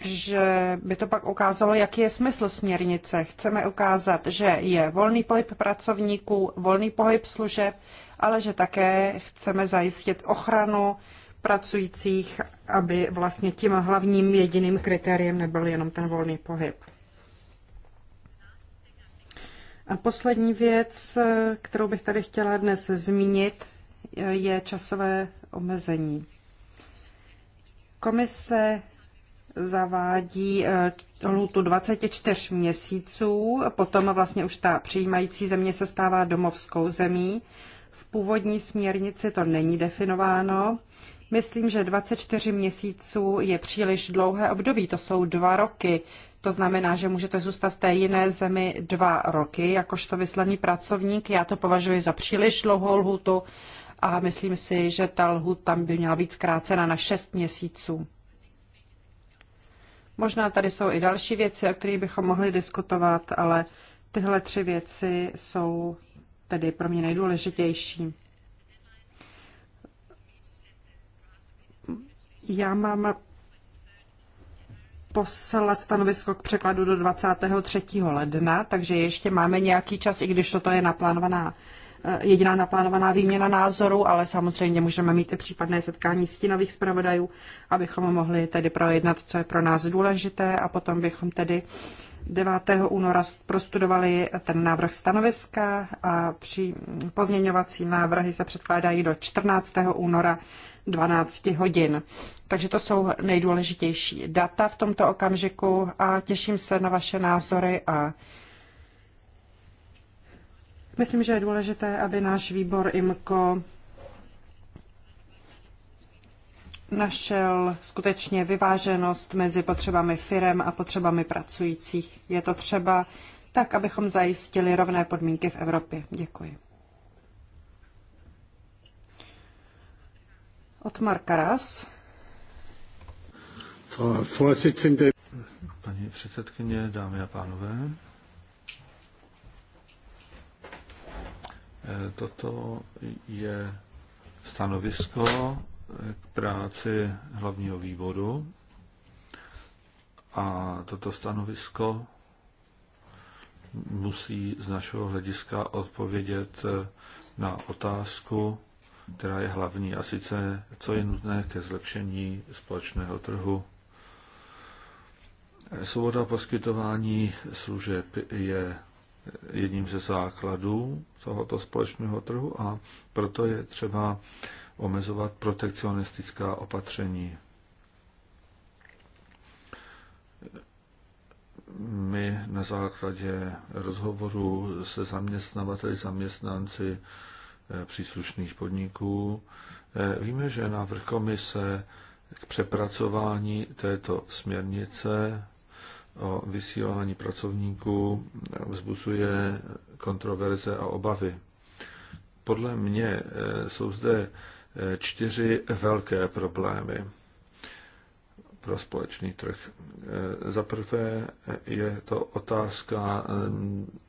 že by to pak ukázalo, jaký je smysl směrnice. Chceme ukázat, že je volný pohyb pracovníků, volný pohyb služeb, ale že také chceme zajistit ochranu pracujících, aby vlastně tím hlavním jediným kritériem nebyl jenom ten volný pohyb. A poslední věc, kterou bych tady chtěla dnes zmínit, je časové omezení. Komise zavádí eh, lhůtu 24 měsíců, potom vlastně už ta přijímající země se stává domovskou zemí. V původní směrnici to není definováno. Myslím, že 24 měsíců je příliš dlouhé období, to jsou dva roky. To znamená, že můžete zůstat v té jiné zemi dva roky, jakožto vyslaný pracovník. Já to považuji za příliš dlouhou lhutu a myslím si, že ta lhuta tam by měla být zkrácena na 6 měsíců. Možná tady jsou i další věci, o kterých bychom mohli diskutovat, ale tyhle tři věci jsou tedy pro mě nejdůležitější. Já mám poslat stanovisko k překladu do 23. ledna, takže ještě máme nějaký čas, i když toto je naplánovaná eh, jediná naplánovaná výměna názorů, ale samozřejmě můžeme mít i případné setkání stínových zpravodajů, abychom mohli tedy projednat, co je pro nás důležité a potom bychom tedy 9. února prostudovali ten návrh stanoviska a při pozměňovací návrhy se předkládají do 14. února 12 hodin. Takže to jsou nejdůležitější data v tomto okamžiku a těším se na vaše názory a myslím, že je důležité, aby náš výbor Imko našel skutečně vyváženost mezi potřebami firem a potřebami pracujících. Je to třeba tak, abychom zajistili rovné podmínky v Evropě. Děkuji. Otmar Karas. Paní předsedkyně, dámy a pánové, eh, toto je stanovisko k práci hlavního výboru a toto stanovisko musí z našeho hlediska odpovědět eh, na otázku, která je hlavní, a sice co je nutné ke zlepšení společného trhu. Svoboda poskytování služeb je jedním ze základů tohoto společného trhu a proto je třeba omezovat protekcionistická opatření. My na základě rozhovoru se zaměstnavateli, zaměstnanci Eh, příslušných podniků. Eh, víme, že návrh komise k přepracování této směrnice o vysílání pracovníků vzbuzuje kontroverze a obavy. Podle mě eh, jsou zde čtyři velké problémy pro společný trh. Za prvé je to otázka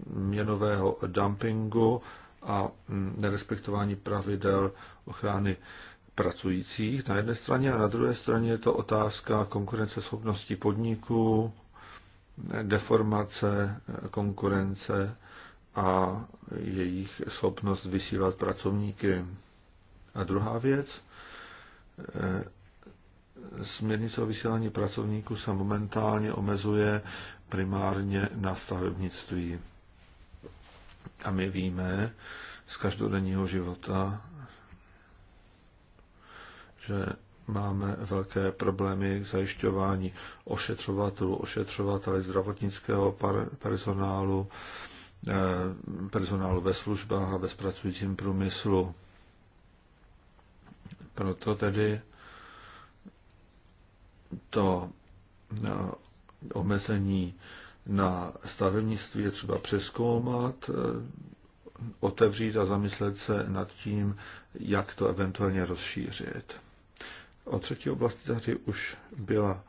měnového dumpingu a mm, nerespektování pravidel ochrany pracujících na jedné straně a na druhé straně je to otázka konkurenceschopnosti podniků, deformace konkurence a jejich schopnost vysílat pracovníky. A druhá věc, eh, směrnice o vysílání pracovníků se momentálně omezuje primárně na stavebnictví. A my víme z každodenního života, že máme velké problémy k zajišťování ošetřovatelů, ošetřovateli zdravotnického personálu, eh, personálu ve službách a ve zpracujícím průmyslu. Proto tedy to eh, omezení na stavebnictví je třeba přeskoumat, eh, otevřít a zamyslet se nad tím, jak to eventuálně rozšířit. O třetí oblasti tady už byla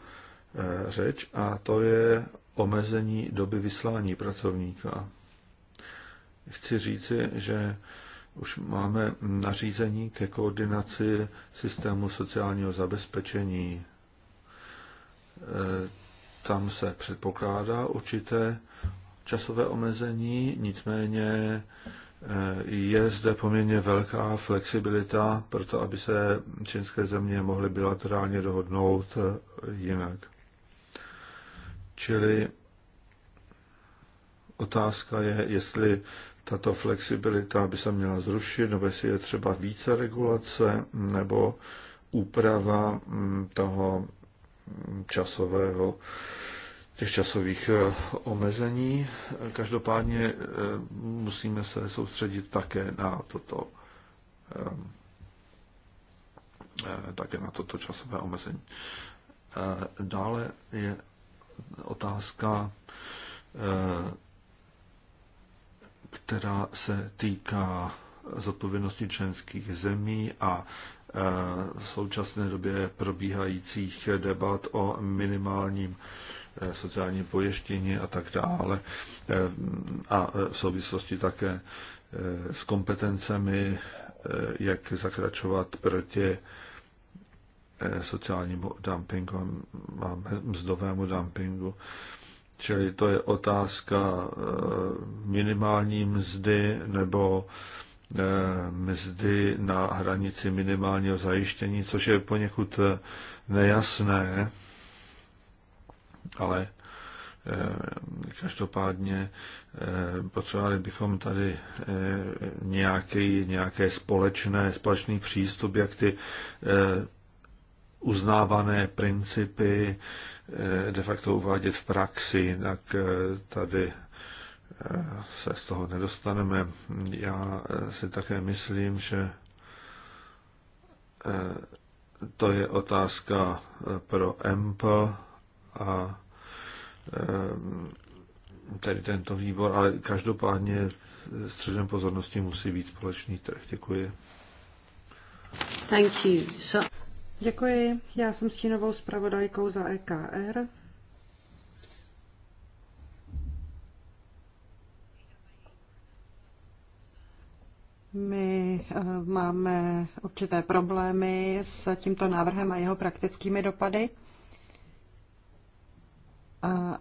eh, řeč a to je omezení doby vyslání pracovníka. Chci říci, že už máme nařízení ke koordinaci systému sociálního zabezpečení. Eh, tam se předpokládá určité časové omezení, nicméně eh, je zde poměrně velká flexibilita pro to, aby se čínské země mohly bilaterálně dohodnout eh, jinak. Čili otázka je, jestli tato flexibilita by se měla zrušit, nebo jestli je třeba více regulace, nebo úprava mm, toho časového, těch časových eh, omezení. Každopádně eh, musíme se soustředit také na toto eh, také na toto časové omezení. Dále je otázka, která se týká zodpovědnosti členských zemí a v současné době probíhajících debat o minimálním eh, sociálním pojištění a tak dále. Eh, a v souvislosti také eh, s kompetencemi, jak zakračovat proti sociálnímu dumpingu a mzdovému dumpingu. Čili to je otázka minimální mzdy nebo Eh, mzdy na hranici minimálního zajištění, což je poněkud eh, nejasné, ale eh, každopádně potřebovali bychom tady nějaký, nějaké společné, společný přístup, jak ty uznávané principy de facto uvádět v praxi, tak tady se z toho nedostaneme. Já si také myslím, že eh, to je otázka eh, pro EMP a eh, tedy tento výbor, ale každopádně středem pozornosti musí být společný trh. Děkuji. Thank you. So... Děkuji. Já jsem stínovou zpravodajkou za EKR. My eh, máme určité problémy s tímto návrhem a jeho praktickými dopady. A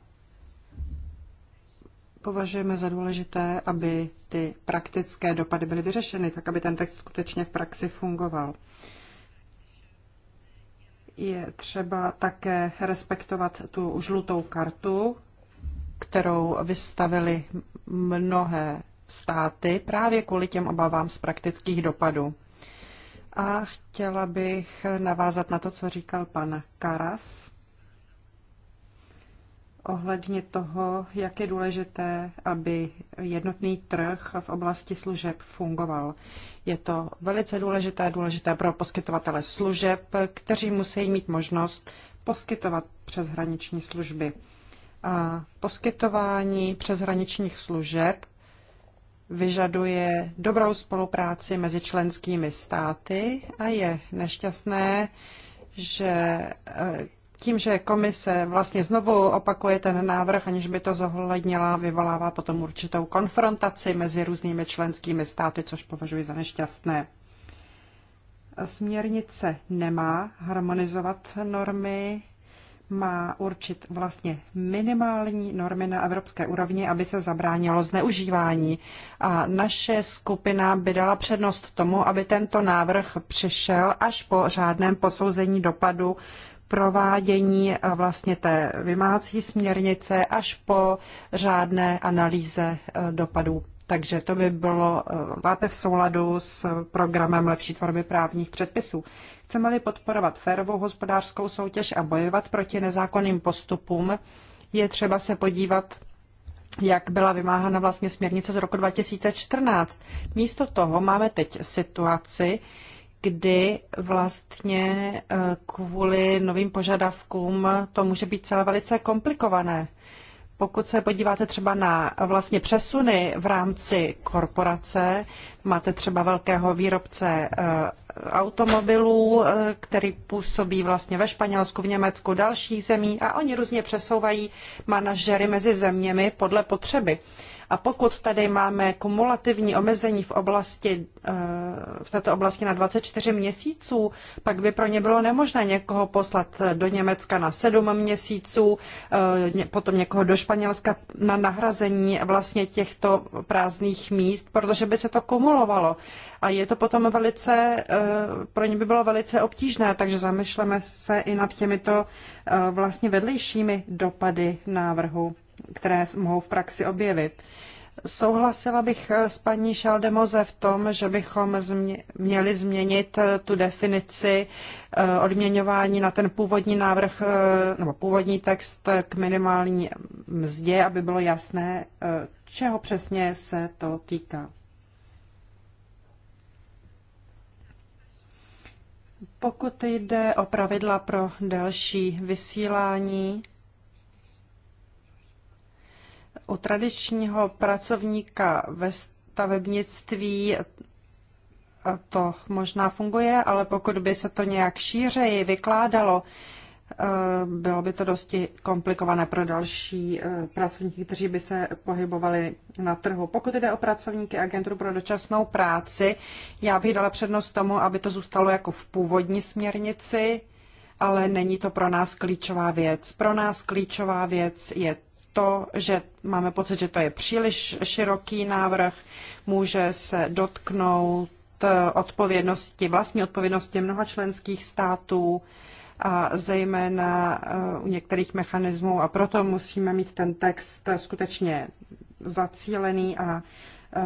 považujeme za důležité, aby ty praktické dopady byly vyřešeny, tak aby ten text skutečně v praxi fungoval. Je třeba také respektovat tu žlutou kartu, kterou vystavili mnohé státy právě kvůli těm obavám z praktických dopadů. A chtěla bych navázat na to, co říkal pan Karas ohledně toho, jak je důležité, aby jednotný trh v oblasti služeb fungoval. Je to velice důležité, důležité pro poskytovatele služeb, kteří musí mít možnost poskytovat přeshraniční služby. A poskytování přeshraničních služeb vyžaduje dobrou spolupráci mezi členskými státy a je nešťastné, že eh, tím, že komise vlastně znovu opakuje ten návrh, aniž by to zohlednila, vyvolává potom určitou konfrontaci mezi různými členskými státy, což považuji za nešťastné. Směrnice nemá harmonizovat normy má určit vlastně minimální normy na evropské úrovni, aby se zabránilo zneužívání. A naše skupina by dala přednost tomu, aby tento návrh přišel až po řádném posouzení dopadu provádění eh, vlastně té vymácí směrnice až po řádné analýze eh, dopadů takže to by bylo lépe eh, v souladu s programem lepší tvorby právních předpisů. Chceme-li podporovat férovou hospodářskou soutěž a bojovat proti nezákonným postupům, je třeba se podívat jak byla vymáhána vlastně směrnice z roku 2014. Místo toho máme teď situaci, kdy vlastně eh, kvůli novým požadavkům to může být celé velice komplikované. Pokud se podíváte třeba na vlastně přesuny v rámci korporace, máte třeba velkého výrobce eh, automobilů, eh, který působí vlastně ve Španělsku, v Německu, dalších zemí a oni různě přesouvají manažery mezi zeměmi podle potřeby. A pokud tady máme kumulativní omezení v, oblasti, eh, v této oblasti na 24 měsíců, pak by pro ně bylo nemožné někoho poslat eh, do Německa na 7 měsíců, eh, potom někoho do Španělska na nahrazení vlastně těchto prázdných míst, protože by se to kumulovalo. A je to potom velice, pro ně by bylo velice obtížné, takže zamyšleme se i nad těmito vlastně vedlejšími dopady návrhu které mohou v praxi objevit. Souhlasila bych eh, s paní Šaldemoze v tom, že bychom měli změnit eh, tu definici eh, odměňování na ten původní návrh nebo původní text k minimální mzdě, aby bylo jasné, čeho přesně se to týká. Pokud jde o pravidla pro delší vysílání, u tradičního pracovníka ve stavebnictví to možná funguje, ale pokud by se to nějak šířeji vykládalo, eh, bylo by to dosti komplikované pro další eh, pracovníky, kteří by se pohybovali na trhu. Pokud jde o pracovníky agentů pro dočasnou práci, já bych dala přednost tomu, aby to zůstalo jako v původní směrnici, ale není to pro nás klíčová věc. Pro nás klíčová věc je to, že máme pocit, že to je příliš široký návrh, může se dotknout eh, odpovědnosti, vlastní odpovědnosti mnoha členských států a zejména eh, u některých mechanismů a proto musíme mít ten text skutečně zacílený a eh,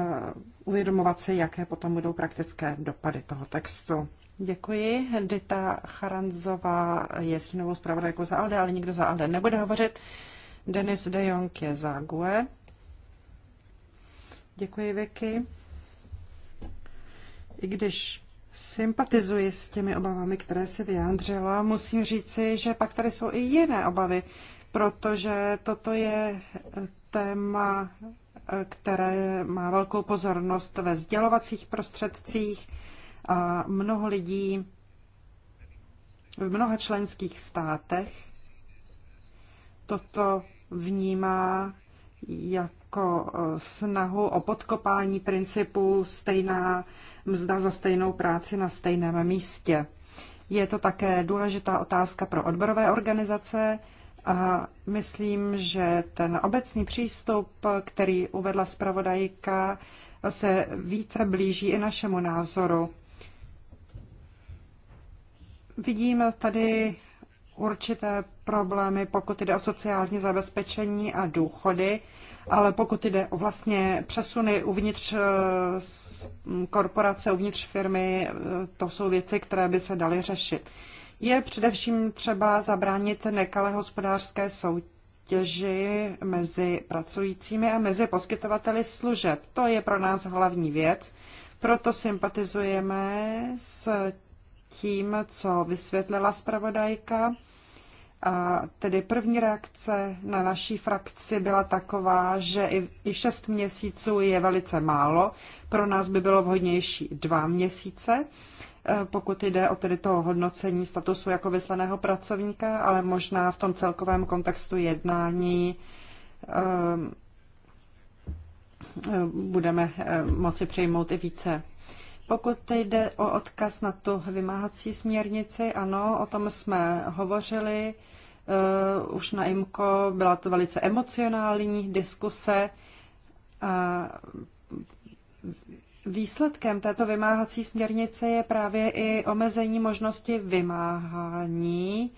uvědomovat si, jaké potom budou praktické dopady toho textu. Děkuji. Dita Charanzová je stínovou zpravodajkou za ALDE, ale nikdo za ALDE nebude hovořit. Denis de Jong je Zague. Děkuji, Vicky. I když sympatizuji s těmi obavami, které si vyjádřila, musím říci, že pak tady jsou i jiné obavy, protože toto je téma, které má velkou pozornost ve sdělovacích prostředcích a mnoho lidí v mnoha členských státech toto vnímá jako eh, snahu o podkopání principu stejná mzda za stejnou práci na stejném místě. Je to také důležitá otázka pro odborové organizace a myslím, že ten obecný přístup, který uvedla zpravodajka, se více blíží i našemu názoru. Vidím tady určité problémy, pokud jde o sociální zabezpečení a důchody, ale pokud jde o vlastně přesuny uvnitř eh, korporace, uvnitř firmy, eh, to jsou věci, které by se daly řešit. Je především třeba zabránit nekalé hospodářské soutěži mezi pracujícími a mezi poskytovateli služeb. To je pro nás hlavní věc, proto sympatizujeme s tím, co vysvětlila zpravodajka a tedy první reakce na naší frakci byla taková, že i, i měsíců je velice málo. Pro nás by bylo vhodnější dva měsíce, eh, pokud jde o tedy to hodnocení statusu jako vyslaného pracovníka, ale možná v tom celkovém kontextu jednání ehm, eh, budeme eh, moci přijmout i více. Pokud jde o odkaz na tu vymáhací směrnici, ano, o tom jsme hovořili. Uh, už na IMCO byla to velice emocionální diskuse. A výsledkem této vymáhací směrnice je právě i omezení možnosti vymáhání.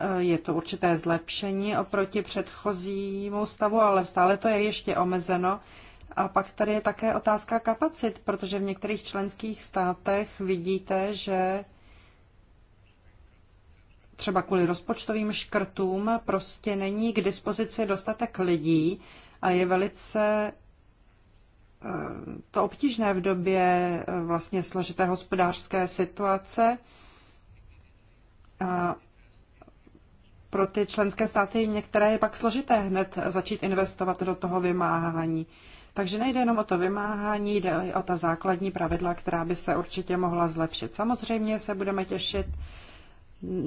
Eh, je to určité zlepšení oproti předchozímu stavu, ale stále to je ještě omezeno. A pak tady je také otázka kapacit, protože v některých členských státech vidíte, že třeba kvůli rozpočtovým škrtům prostě není k dispozici dostatek lidí a je velice eh, to obtížné v době eh, vlastně složité hospodářské situace. A pro ty členské státy některé je pak složité hned začít investovat do toho vymáhání. Takže nejde jenom o to vymáhání, jde o ta základní pravidla, která by se určitě mohla zlepšit. Samozřejmě se budeme těšit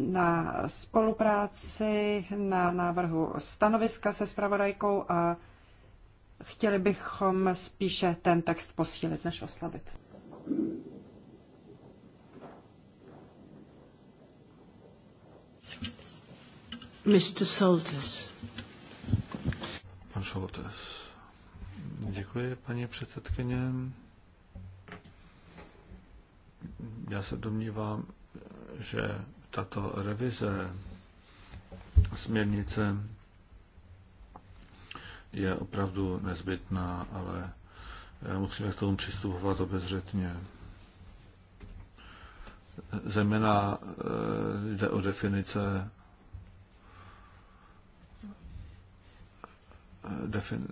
na spolupráci, na návrhu stanoviska se spravodajkou a chtěli bychom spíše ten text posílit, než oslabit. Mr. Soltis. Pan Soltis. Děkuji, paní předsedkyně. Já se domnívám, že tato revize směrnice je opravdu nezbytná, ale musíme k tomu přistupovat obezřetně. Zejména eh, jde o definice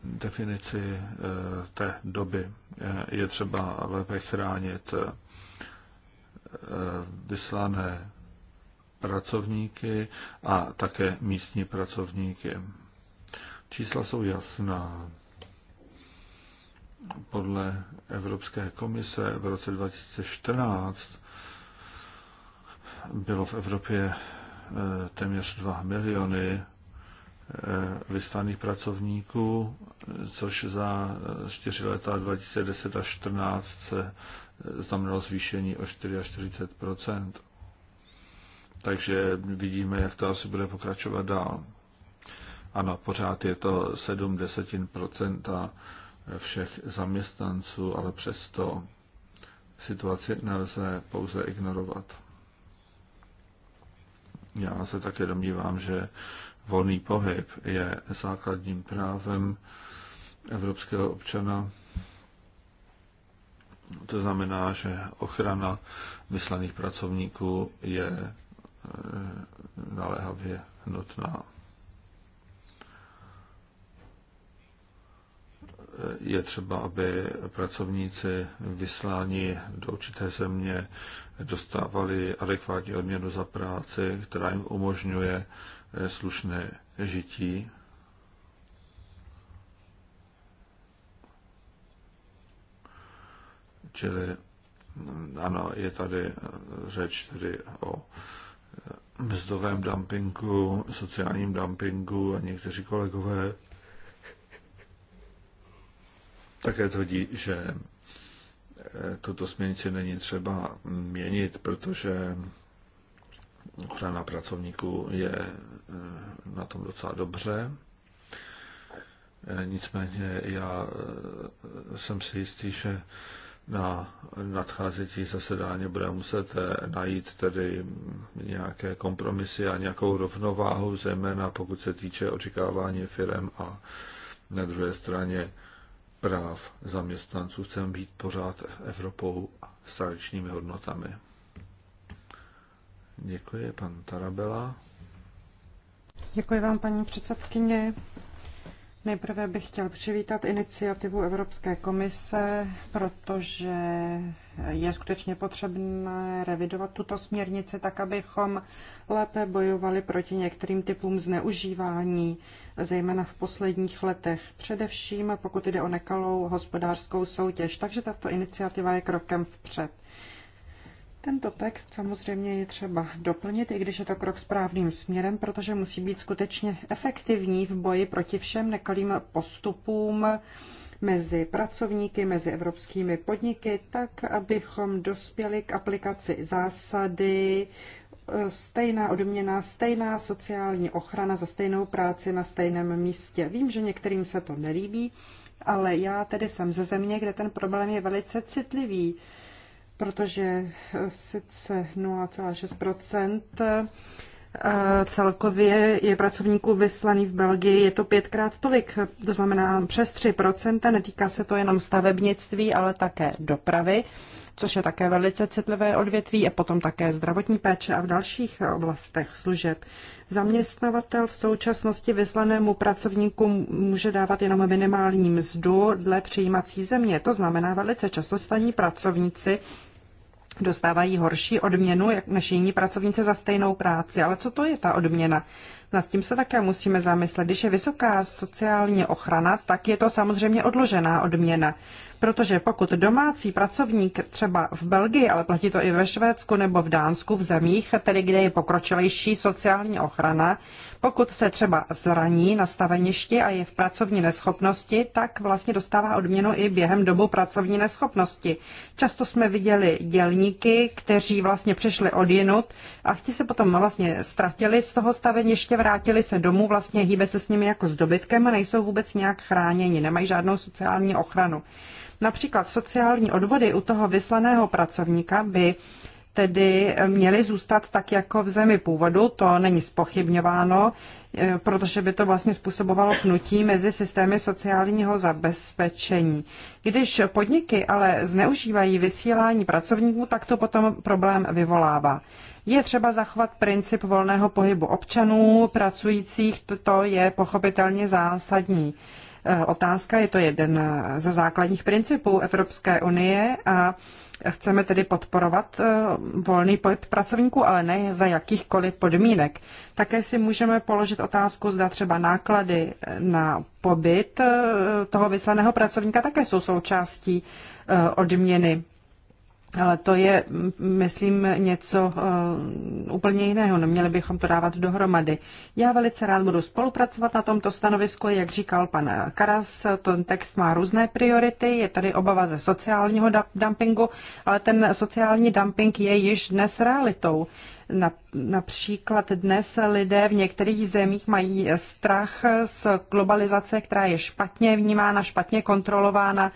definici eh, té doby eh, je třeba lépe chránit eh, vyslané pracovníky a také místní pracovníky. Čísla jsou jasná. Podle Evropské komise v roce 2014 bylo v Evropě téměř 2 miliony Eh, vyslaných pracovníků, což za 4 leta 2010 a 2014 se eh, znamenalo zvýšení o 44 Takže vidíme, jak to asi bude pokračovat dál. Ano, pořád je to 7 desetin procenta všech zaměstnanců, ale přesto situaci nelze pouze ignorovat. Já se také domnívám, že volný pohyb je základním právem evropského občana. To znamená, že ochrana vyslaných pracovníků je eh, naléhavě nutná. Eh, je třeba, aby pracovníci vyslání do určité země dostávali adekvátní odměnu za práci, která jim umožňuje Eh, slušné žití. Čili mm, ano, je tady eh, řeč tedy o eh, mzdovém dumpingu, sociálním dumpingu a někteří kolegové také tvrdí, že tuto směnici není třeba měnit, protože ochrana pracovníků je eh, na tom docela dobře. Eh, nicméně já eh, jsem si jistý, že na nadcházející zasedání bude muset najít tedy nějaké kompromisy a nějakou rovnováhu, zejména pokud se týče očekávání firm a na druhé straně práv zaměstnanců. Chceme být pořád Evropou s tradičními hodnotami. Děkuji, pan Tarabela. Děkuji vám, paní předsedkyně. Nejprve bych chtěl přivítat iniciativu Evropské komise, protože je skutečně potřebné revidovat tuto směrnici tak, abychom lépe bojovali proti některým typům zneužívání, zejména v posledních letech, především pokud jde o nekalou hospodářskou soutěž. Takže tato iniciativa je krokem vpřed. Tento text samozřejmě je třeba doplnit, i když je to krok správným směrem, protože musí být skutečně efektivní v boji proti všem nekalým postupům mezi pracovníky, mezi evropskými podniky, tak abychom dospěli k aplikaci zásady e, stejná odměna, stejná sociální ochrana za stejnou práci na stejném místě. Vím, že některým se to nelíbí, ale já tedy jsem ze země, kde ten problém je velice citlivý protože eh, sice 0,6 eh, celkově je pracovníků vyslaný v Belgii, je to pětkrát tolik, to znamená přes 3%, netýká se to jenom stavebnictví, ale také dopravy což je také velice citlivé odvětví, a potom také zdravotní péče a v dalších oblastech služeb. Zaměstnavatel v současnosti vyslanému pracovníku může dávat jenom minimální mzdu dle přijímací země. To znamená, velice často staní pracovníci dostávají horší odměnu než jiní pracovníci za stejnou práci. Ale co to je ta odměna? Nad tím se také musíme zamyslet. Když je vysoká sociální ochrana, tak je to samozřejmě odložená odměna. Protože pokud domácí pracovník třeba v Belgii, ale platí to i ve Švédsku nebo v Dánsku, v zemích, tedy kde je pokročilejší sociální ochrana, pokud se třeba zraní na staveništi a je v pracovní neschopnosti, tak vlastně dostává odměnu i během dobu pracovní neschopnosti. Často jsme viděli dělníky, kteří vlastně přišli od jinut a ti se potom vlastně ztratili z toho staveniště vrátili se domů, vlastně hýbe se s nimi jako s dobytkem a nejsou vůbec nějak chráněni, nemají žádnou sociální ochranu. Například sociální odvody u toho vyslaného pracovníka by tedy měly zůstat tak jako v zemi původu, to není spochybňováno, E, protože by to vlastně způsobovalo pnutí mezi systémy sociálního zabezpečení. Když podniky ale zneužívají vysílání pracovníků, tak to potom problém vyvolává. Je třeba zachovat princip volného pohybu občanů, pracujících, to je pochopitelně zásadní e, otázka, je to jeden ze základních principů Evropské unie a Chceme tedy podporovat e, volný pohyb pracovníků, ale ne za jakýchkoliv podmínek. Také si můžeme položit otázku, zda třeba náklady e, na pobyt e, toho vyslaného pracovníka také jsou součástí odměny. Ale to je, myslím, něco uh, úplně jiného. Neměli bychom to dávat dohromady. Já velice rád budu spolupracovat na tomto stanovisku. Jak říkal pan Karas, ten text má různé priority. Je tady obava ze sociálního dumpingu, ale ten sociální dumping je již dnes realitou. Například dnes lidé v některých zemích mají strach z globalizace, která je špatně vnímána, špatně kontrolována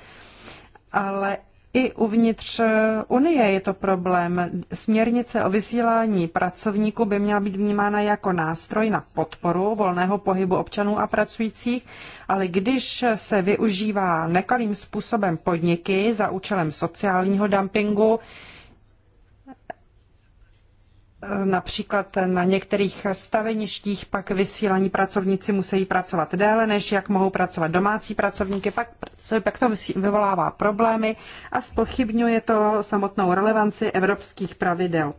ale i uvnitř Unie je to problém. Směrnice o vysílání pracovníků by měla být vnímána jako nástroj na podporu volného pohybu občanů a pracujících, ale když se využívá nekalým způsobem podniky za účelem sociálního dumpingu, Například na některých staveništích pak vysílaní pracovníci musí pracovat déle, než jak mohou pracovat domácí pracovníky, pak, pak to vyvolává problémy a spochybňuje to samotnou relevanci evropských pravidel.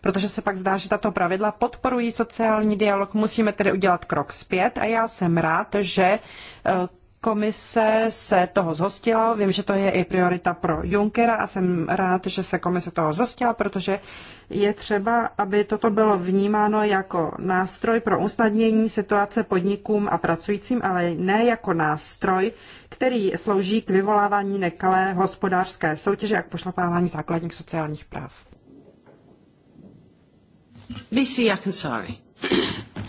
Protože se pak zdá, že tato pravidla podporují sociální dialog, musíme tedy udělat krok zpět a já jsem rád, že eh, Komise se toho zhostila, vím, že to je i priorita pro Junckera a jsem rád, že se komise toho zhostila, protože je třeba, aby toto bylo vnímáno jako nástroj pro usnadnění situace podnikům a pracujícím, ale ne jako nástroj, který slouží k vyvolávání nekalé hospodářské soutěže a k pošlapávání základních sociálních práv.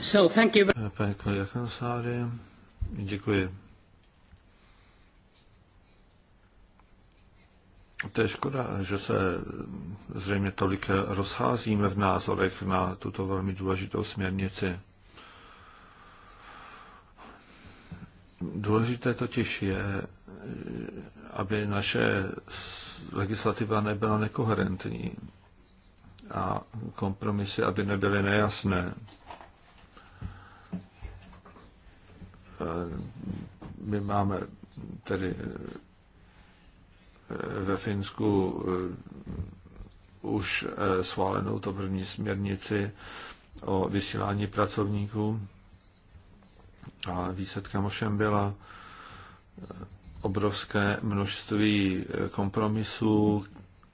So, thank you. děkuji. To je škoda, že se zřejmě tolik rozcházíme v názorech na tuto velmi důležitou směrnici. Důležité totiž je, aby naše legislativa nebyla nekoherentní a kompromisy, aby nebyly nejasné. My máme tedy ve Finsku eh, už eh, schválenou to první směrnici o vysílání pracovníků. A výsledkem ovšem byla eh, obrovské množství kompromisů,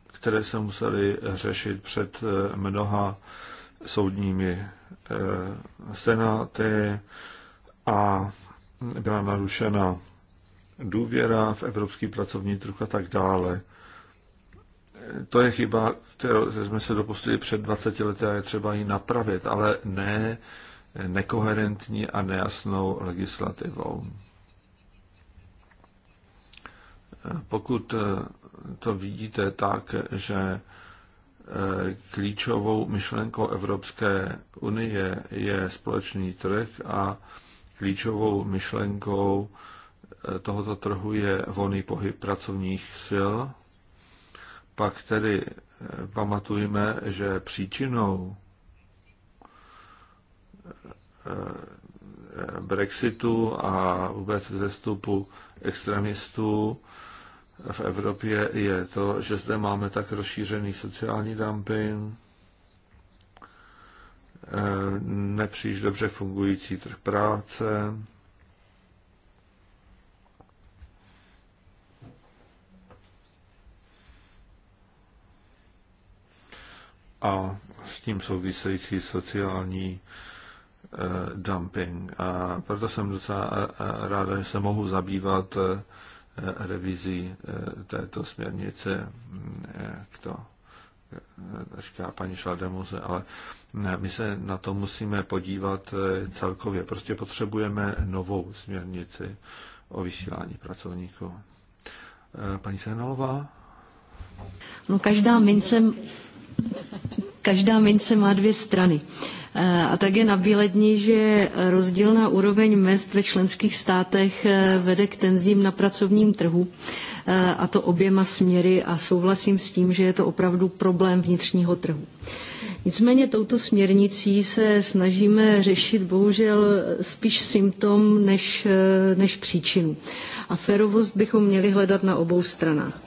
které se museli řešit před mnoha soudními senáty a byla narušena důvěra v evropský pracovní trh a tak dále. To je chyba, kterou jsme se dopustili před 20 lety a je třeba ji napravit, ale ne nekoherentní a nejasnou legislativou. Pokud to vidíte tak, že klíčovou myšlenkou Evropské unie je společný trh a klíčovou myšlenkou tohoto trhu je volný pohyb pracovních sil. Pak tedy eh, pamatujeme, že příčinou eh, Brexitu a vůbec zestupu extremistů v Evropě je to, že zde máme tak rozšířený sociální dumping, eh, nepříliš dobře fungující trh práce, a s tím související sociální eh, dumping. A proto jsem docela eh, eh, ráda, že se mohu zabývat revizí této směrnice, jak to říká paní Šaldemuse, ale my se na to musíme podívat celkově. Prostě potřebujeme novou směrnici o vysílání pracovníků. Paní Senalová? No každá mince Každá mince má dvě strany. Eh, a tak je na bílední, že rozdílná úroveň mest ve členských státech eh, vede k tenzím na pracovním trhu, eh, a to oběma směry a souhlasím s tím, že je to opravdu problém vnitřního trhu. Nicméně touto směrnicí se snažíme řešit bohužel spíš symptom než, než příčinu. A férovost bychom měli hledat na obou stranách.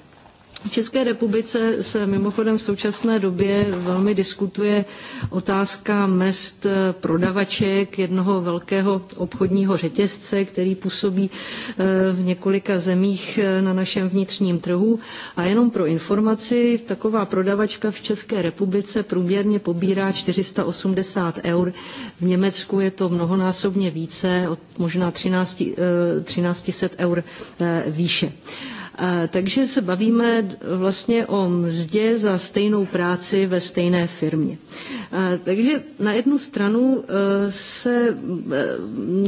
V České republice se mimochodem v současné době velmi diskutuje otázka mest prodavaček jednoho velkého obchodního řetězce, který působí eh, v několika zemích eh, na našem vnitřním trhu. A jenom pro informaci, taková prodavačka v České republice průměrně pobírá 480 eur. V Německu je to mnohonásobně více, od možná 13, 1300 eh, eur výše. Takže se bavíme vlastně o mzdě za stejnou práci ve stejné firmě. Takže na jednu stranu e, se e,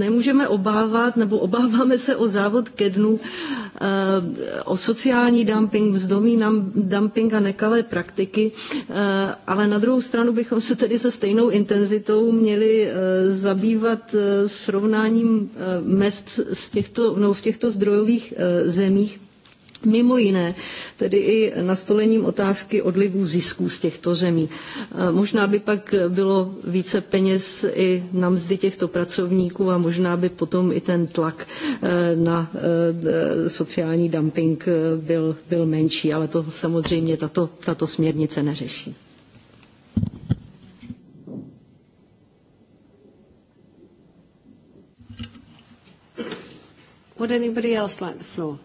nemůžeme obávat, nebo obáváme se o závod ke dnu, e, o sociální dumping, mzdový dumping a nekalé praktiky, ale na druhou stranu bychom se tedy se stejnou intenzitou měli zabývat srovnáním mest z těchto, no, v těchto zdrojových zemích mimo jiné tedy i nastolením otázky odlivu zisků z těchto zemí. E, možná by pak bylo více peněz i na mzdy těchto pracovníků a možná by potom i ten tlak e, na e, sociální dumping byl, byl menší, ale to samozřejmě tato, tato směrnice neřeší. Would anybody else like the floor?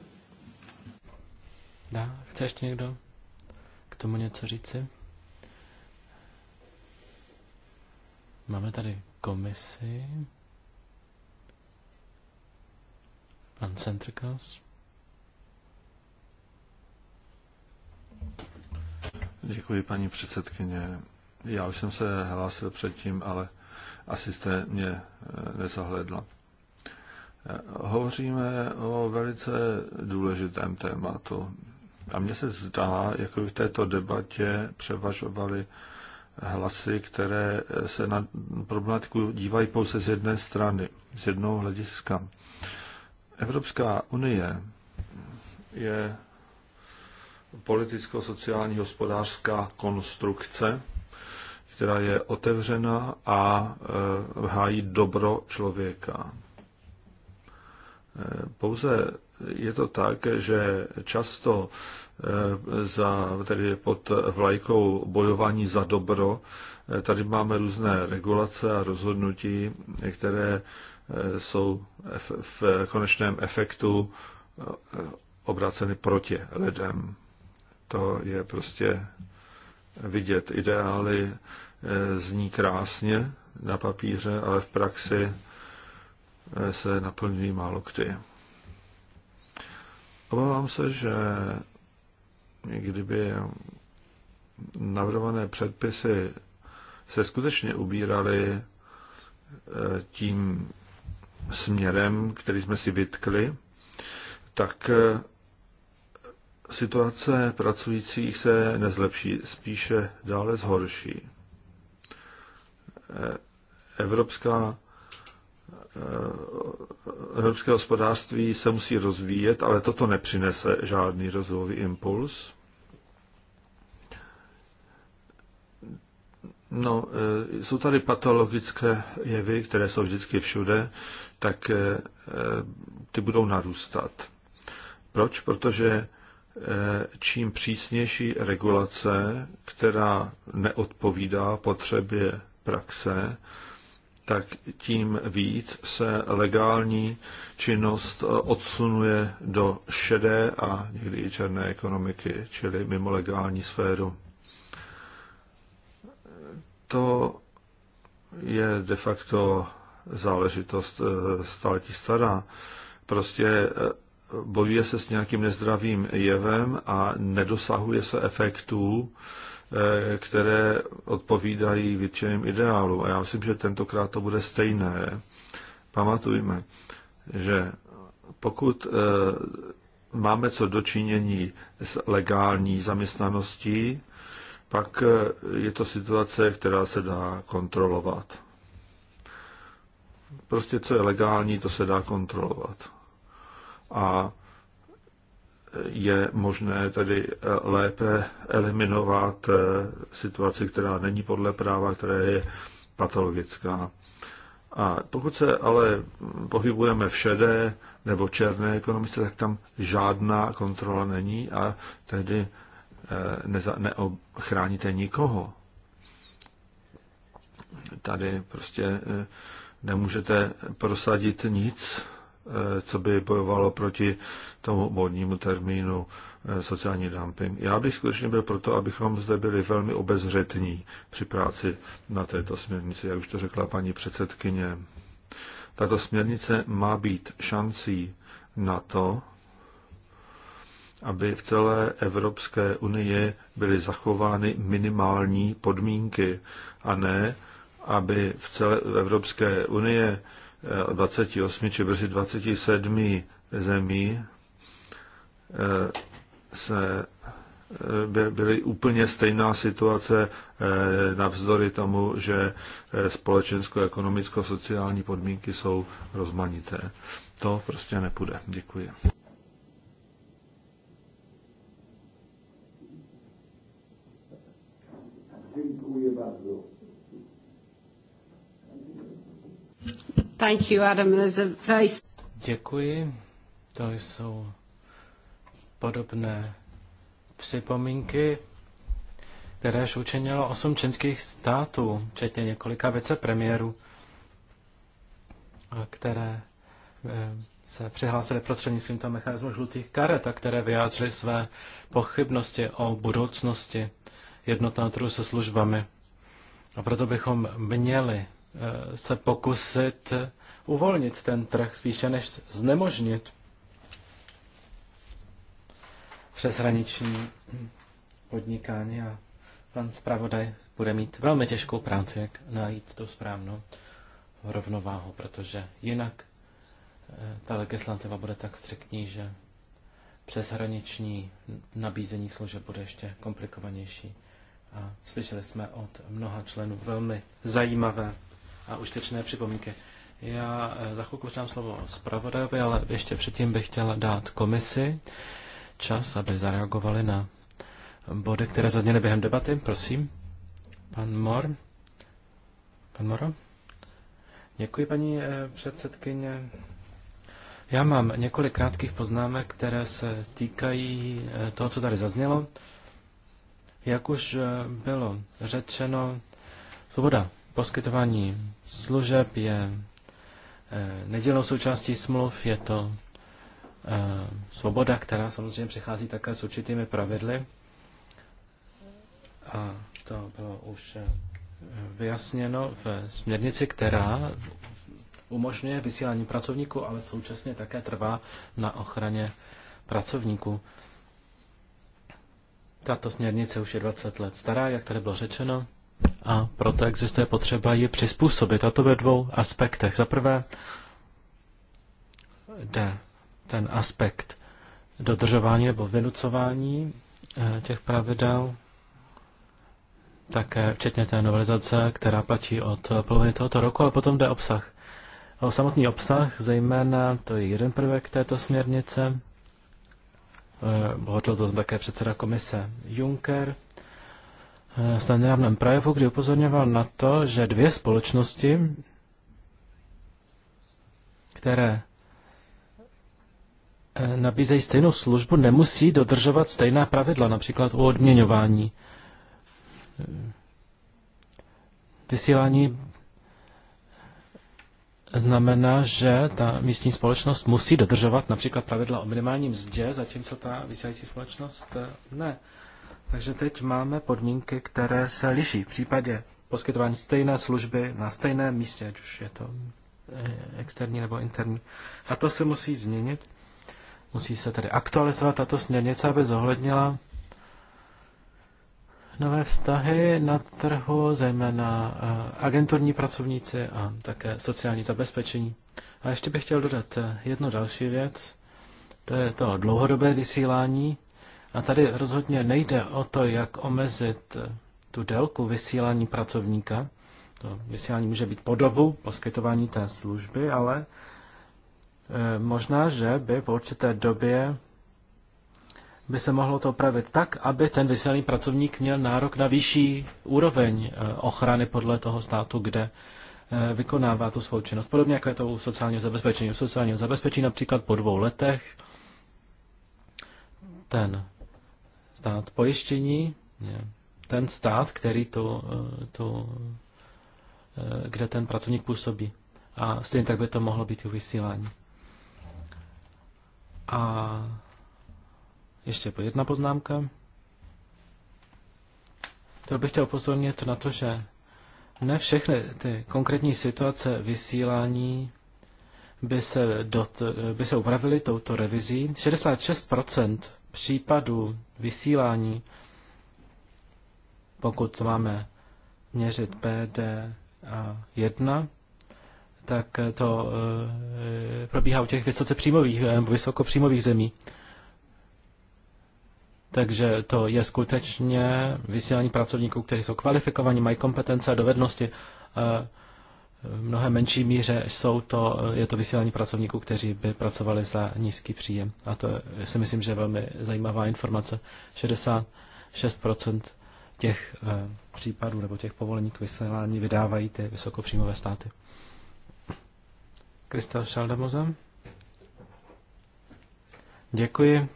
Dá, chce ještě někdo k tomu něco říci? Máme tady komisi. Pan Centrikos. Děkuji, paní předsedkyně. Já už jsem se hlásil předtím, ale asi jste mě eh, nezahledla. Eh, hovoříme o velice důležitém tématu. A mně se zdá, jako v této debatě převažovaly hlasy, které se na problematiku dívají pouze z jedné strany, z jednoho hlediska. Evropská unie je politicko-sociální hospodářská konstrukce, která je otevřena a e, hájí dobro člověka. E, pouze je to tak, že často eh, za, tedy pod vlajkou bojování za dobro, eh, tady máme různé regulace a rozhodnutí, které eh, jsou v konečném efektu obráceny proti lidem. To je prostě vidět. Ideály zní krásně na papíře, ale v praxi se naplňují málo kdy. Obávám se, že kdyby navrhované předpisy se skutečně ubíraly eh, tím směrem, který jsme si vytkli, tak eh, situace pracujících se nezlepší, spíše dále zhorší. Eh, Evropská Eh, evropské hospodářství se musí rozvíjet, ale toto nepřinese žádný rozvojový impuls. No, eh, jsou tady patologické jevy, které jsou vždycky všude, tak eh, ty budou narůstat. Proč? Protože čím přísnější regulace, která neodpovídá potřebě praxe, tak tím víc se legální činnost odsunuje do šedé a někdy i černé ekonomiky, čili mimo legální sféru. To je de facto záležitost eh, staletí stará. Prostě eh, bojuje se s nějakým nezdravým jevem a nedosahuje se efektů, Eh, které odpovídají většiným ideálu. A já myslím, že tentokrát to bude stejné. Pamatujme, že pokud eh, máme co dočinění s legální zaměstnaností, pak eh, je to situace, která se dá kontrolovat. Prostě co je legální, to se dá kontrolovat. A je možné tedy eh, lépe eliminovat eh, situaci, která není podle práva, která je patologická. A pokud se ale pohybujeme v šedé nebo černé ekonomice, tak tam žádná kontrola není a tehdy eh, neochráníte nikoho. Tady prostě nemůžete prosadit nic, Eh, co by bojovalo proti tomu modnímu termínu eh, sociální dumping. Já bych skutečně byl proto, abychom zde byli velmi obezřetní při práci na této směrnici, jak už to řekla paní předsedkyně. Tato směrnice má být šancí na to, aby v celé Evropské unii byly zachovány minimální podmínky a ne, aby v celé Evropské unie 28 eh, či brzy 27 zemí eh, se eh, byly úplně stejná situace navzdory tomu, že společensko-ekonomicko-sociální podmínky jsou rozmanité. To prostě nepůjde. Děkuji. Dziękuję bardzo. Thank you, Adam. There's a very... Děkuji. To jsou podobné připomínky, které učinilo osm členských států, včetně několika vicepremiérů, které eh, se přihlásili prostřednictvím toho mechanismu žlutých karet a které vyjádřily své pochybnosti o budoucnosti jednotného trhu se službami. A proto bychom měli Eh, se pokusit uvolnit ten trh spíše než znemožnit přeshraniční podnikání a pan zpravodaj bude mít velmi těžkou práci, jak najít tu správnou rovnováhu, protože jinak eh, ta legislativa bude tak striktní, že přeshraniční nabízení služeb bude ještě komplikovanější. A slyšeli jsme od mnoha členů velmi zajímavé a užitečné připomínky. Já eh, za chvilku předám slovo zpravodajovi, ale ještě předtím bych chtěl dát komisi čas, aby zareagovali na body, které zazněly během debaty. Prosím, pan Mor. Pan Moro? Děkuji, paní eh, předsedkyně. Já mám několik krátkých poznámek, které se týkají eh, toho, co tady zaznělo. Jak už bylo řečeno, svoboda poskytování služeb je eh, nedělnou součástí smluv, je to eh, svoboda, která samozřejmě přichází také s určitými pravidly. A to bylo už eh, vyjasněno v směrnici, která umožňuje vysílání pracovníků, ale současně také trvá na ochraně pracovníků. Tato směrnice už je 20 let stará, jak tady bylo řečeno a proto existuje potřeba ji přizpůsobit. A to ve dvou aspektech. Za prvé jde ten aspekt dodržování nebo vynucování eh, těch pravidel, také včetně té novelizace, která platí od poloviny tohoto roku, ale potom jde obsah. O samotný obsah, zejména to je jeden prvek této směrnice, eh, hodl to také předseda komise Juncker, v svém nedávném projevu, kdy upozorňoval na to, že dvě společnosti, které eh, nabízejí stejnou službu, nemusí dodržovat stejná pravidla, například u odměňování. Eh, vysílání znamená, že ta místní společnost musí dodržovat například pravidla o minimálním mzdě, zatímco ta vysílající společnost eh, ne. Takže teď máme podmínky, které se liší v případě poskytování stejné služby na stejném místě, ať už je to eh, externí nebo interní. A to se musí změnit. Musí se tedy aktualizovat tato směrnice, aby zohlednila nové vztahy na trhu, zejména eh, agenturní pracovníci a také sociální zabezpečení. A ještě bych chtěl dodat eh, jednu další věc. To je to dlouhodobé vysílání a tady rozhodně nejde o to, jak omezit tu délku vysílání pracovníka. To vysílání může být po dobu poskytování té služby, ale e, možná, že by po určité době by se mohlo to opravit tak, aby ten vysílaný pracovník měl nárok na vyšší úroveň e, ochrany podle toho státu, kde e, vykonává tu svou činnost. Podobně jako je to u sociálního zabezpečení. U sociálního zabezpečení například po dvou letech ten stát pojištění, ten stát, který to, eh, to, eh, kde ten pracovník působí. A stejně tak by to mohlo být u vysílání. A ještě jedna poznámka. To bych chtěl upozornit na to, že ne všechny ty konkrétní situace vysílání by se, dot, eh, by se upravily touto revizí. 66 případů vysílání, pokud máme měřit PD1, tak to eh, probíhá u těch vysoce příjmových, eh, vysokopříjmových zemí. Takže to je skutečně vysílání pracovníků, kteří jsou kvalifikovaní, mají kompetence a dovednosti. Eh, v mnohem menší míře jsou to, je to vysílání pracovníků, kteří by pracovali za nízký příjem. A to je, si myslím, že je velmi zajímavá informace. 66% těch eh, případů nebo těch povolení k vysílání vydávají ty vysokopříjmové státy. Kristel Šaldemoza. Děkuji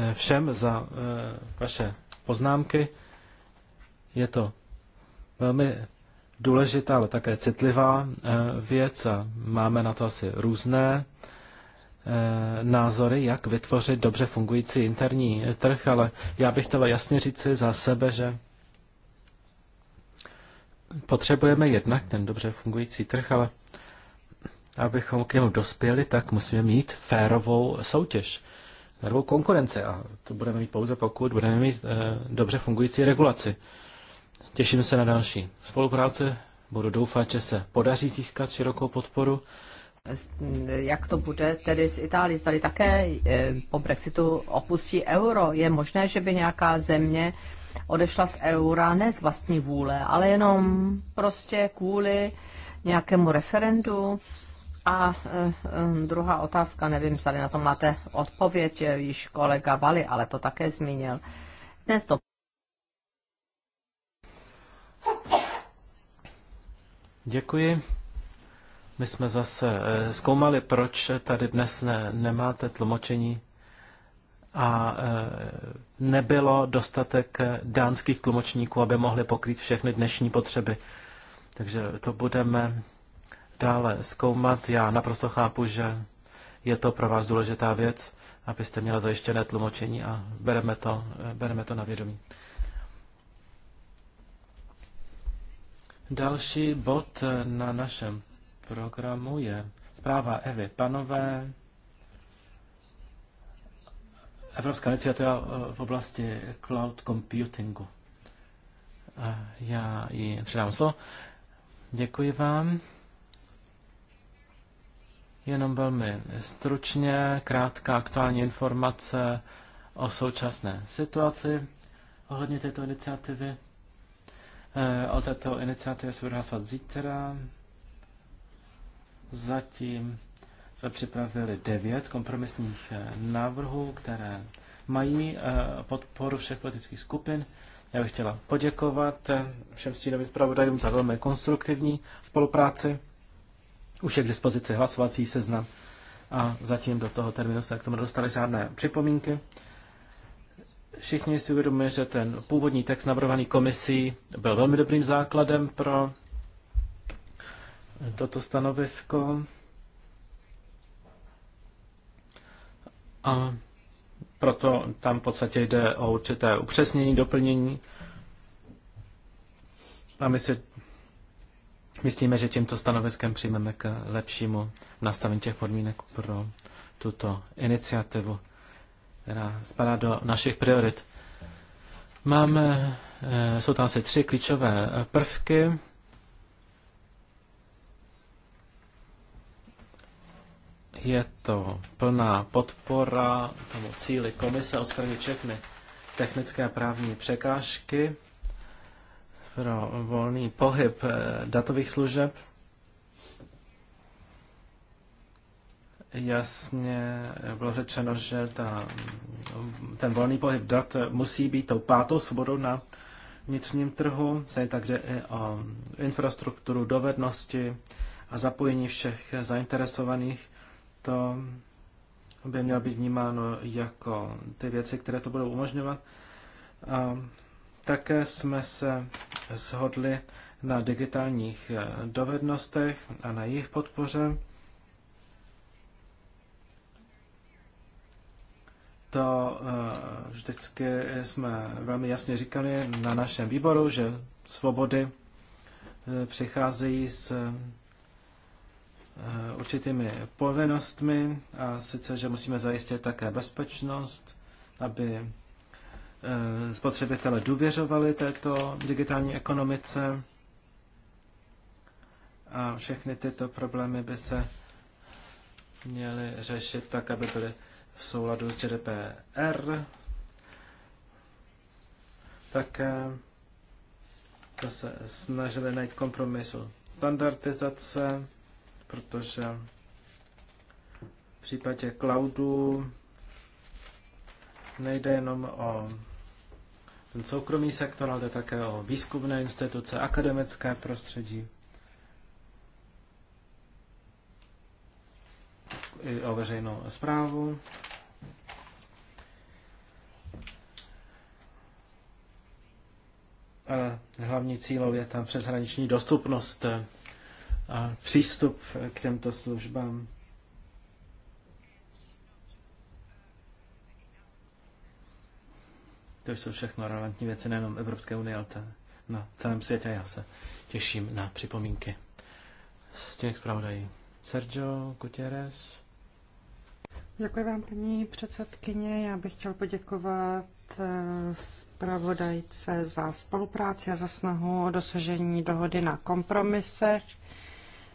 eh, všem za eh, vaše poznámky. Je to velmi důležitá, ale také citlivá eh, věc a máme na to asi různé eh, názory, jak vytvořit dobře fungující interní trh, ale já bych chtěla jasně říci za sebe, že potřebujeme jednak ten dobře fungující trh, ale abychom k němu dospěli, tak musíme mít férovou soutěž, férovou konkurenci a to budeme mít pouze pokud budeme mít eh, dobře fungující regulaci. Těším se na další spolupráce. Budu doufat, že se podaří získat širokou podporu. Jak to bude tedy z Itálií? Zdali také eh, po Brexitu opustí euro. Je možné, že by nějaká země odešla z eura ne z vlastní vůle, ale jenom prostě kvůli nějakému referendu. A eh, eh, druhá otázka, nevím, zda na to máte odpověď, již kolega Vali, ale to také zmínil. Dnes to Děkuji. My jsme zase eh, zkoumali, proč tady dnes ne, nemáte tlumočení a eh, nebylo dostatek dánských tlumočníků, aby mohli pokrýt všechny dnešní potřeby. Takže to budeme dále zkoumat. Já naprosto chápu, že je to pro vás důležitá věc, abyste měla zajištěné tlumočení a bereme to, eh, bereme to na vědomí. Další bod na našem programu je zpráva Evy Panové. Evropská iniciativa eh, v oblasti cloud computingu. Já ji předám slovo. Děkuji vám. Jenom velmi stručně, krátká aktuální informace o současné situaci ohledně této iniciativy. Eh, o této iniciativě se bude hlasovat zítra. Zatím jsme připravili devět kompromisních eh, návrhů, které mají eh, podporu všech politických skupin. Já bych chtěla poděkovat všem stínovým zpravodajům za velmi konstruktivní spolupráci. Už je k dispozici hlasovací seznam a zatím do toho termínu se k tomu nedostali žádné připomínky. Všichni si uvědomujeme, že ten původní text navrhovaný komisí byl velmi dobrým základem pro toto stanovisko. A proto tam v podstatě jde o určité upřesnění, doplnění. A my si myslíme, že tímto stanoviskem přijmeme k lepšímu nastavení těch podmínek pro tuto iniciativu která spadá do našich priorit. Máme, eh, jsou tam asi tři klíčové eh, prvky. Je to plná podpora tomu cíli komise odstranit všechny technické a právní překážky pro volný pohyb eh, datových služeb. jasně bylo řečeno, že ta, ten volný pohyb dat musí být tou pátou svobodou na vnitřním trhu, se takže i o infrastrukturu, dovednosti a zapojení všech zainteresovaných. To by mělo být vnímáno jako ty věci, které to budou umožňovat. A také jsme se shodli na digitálních dovednostech a na jejich podpoře. to eh, vždycky jsme velmi jasně říkali na našem výboru, že svobody eh, přicházejí s eh, určitými povinnostmi a sice, že musíme zajistit také bezpečnost, aby spotřebitele důvěřovali této digitální ekonomice a všechny tyto problémy by se měly řešit tak, aby byly v souladu s GDPR. Tak to se snažili najít kompromisu standardizace, protože v případě cloudu nejde jenom o ten soukromý sektor, ale také o výzkumné instituce, akademické prostředí. i o veřejnou zprávu. Hlavní cílou je tam přeshraniční dostupnost a přístup k těmto službám. To jsou všechno relevantní věci nejenom Evropské unie, ale na celém světě. Já se těším na připomínky. S tím zpravodají Sergio Gutierrez. Děkuji vám, paní předsedkyně. Já bych chtěl poděkovat eh, zpravodajce za spolupráci a za snahu o dosažení dohody na kompromisech,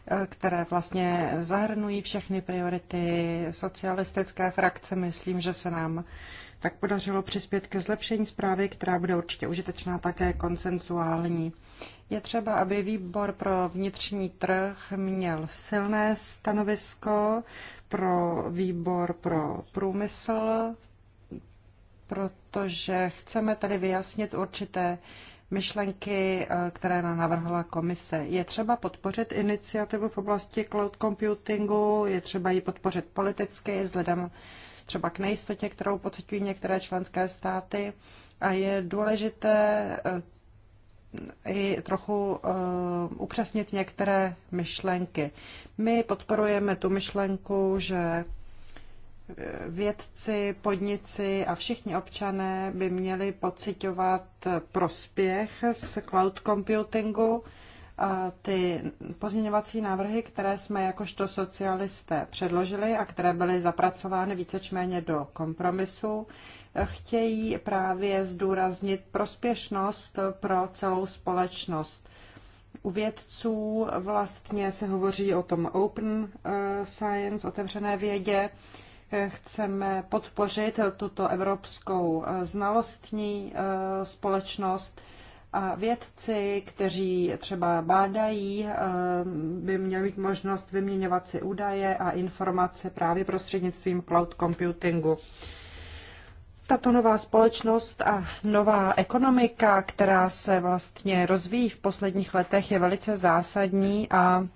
eh, které vlastně zahrnují všechny priority socialistické frakce. Myslím, že se nám tak podařilo přispět ke zlepšení zprávy, která bude určitě užitečná také konsenzuální. Je třeba, aby výbor pro vnitřní trh měl silné stanovisko, pro výbor pro průmysl, protože chceme tady vyjasnit určité myšlenky, eh, které nám navrhla komise. Je třeba podpořit iniciativu v oblasti cloud computingu, je třeba ji podpořit politicky, vzhledem třeba k nejistotě, kterou pocitují některé členské státy. A je důležité eh, i trochu eh, upřesnit některé myšlenky. My podporujeme tu myšlenku, že eh, vědci, podnici a všichni občané by měli pocitovat eh, prospěch z cloud computingu ty pozměňovací návrhy, které jsme jakožto socialisté předložili a které byly zapracovány víceméně do kompromisu, chtějí právě zdůraznit prospěšnost pro celou společnost. U vědců vlastně se hovoří o tom open eh, science, otevřené vědě. Eh, chceme podpořit tuto evropskou eh, znalostní společnost, a vědci, kteří třeba bádají, eh, by měli mít možnost vyměňovat si údaje a informace právě prostřednictvím cloud computingu. Tato nová společnost a nová ekonomika, která se vlastně rozvíjí v posledních letech, je velice zásadní a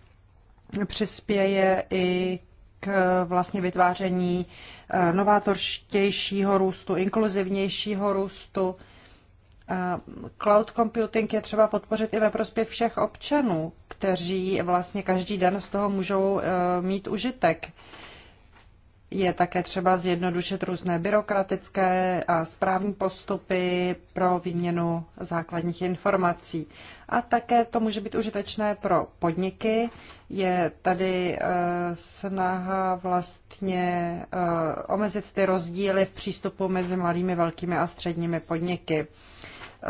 přispěje i k vlastně vytváření eh, novátorštějšího růstu, inkluzivnějšího růstu Eh, cloud computing je třeba podpořit i ve prospěch všech občanů, kteří vlastně každý den z toho můžou eh, mít užitek. Je také třeba zjednodušit různé byrokratické a správní postupy pro výměnu základních informací. A také to může být užitečné pro podniky. Je tady eh, snaha vlastně omezit ty rozdíly v přístupu mezi malými, velkými a středními podniky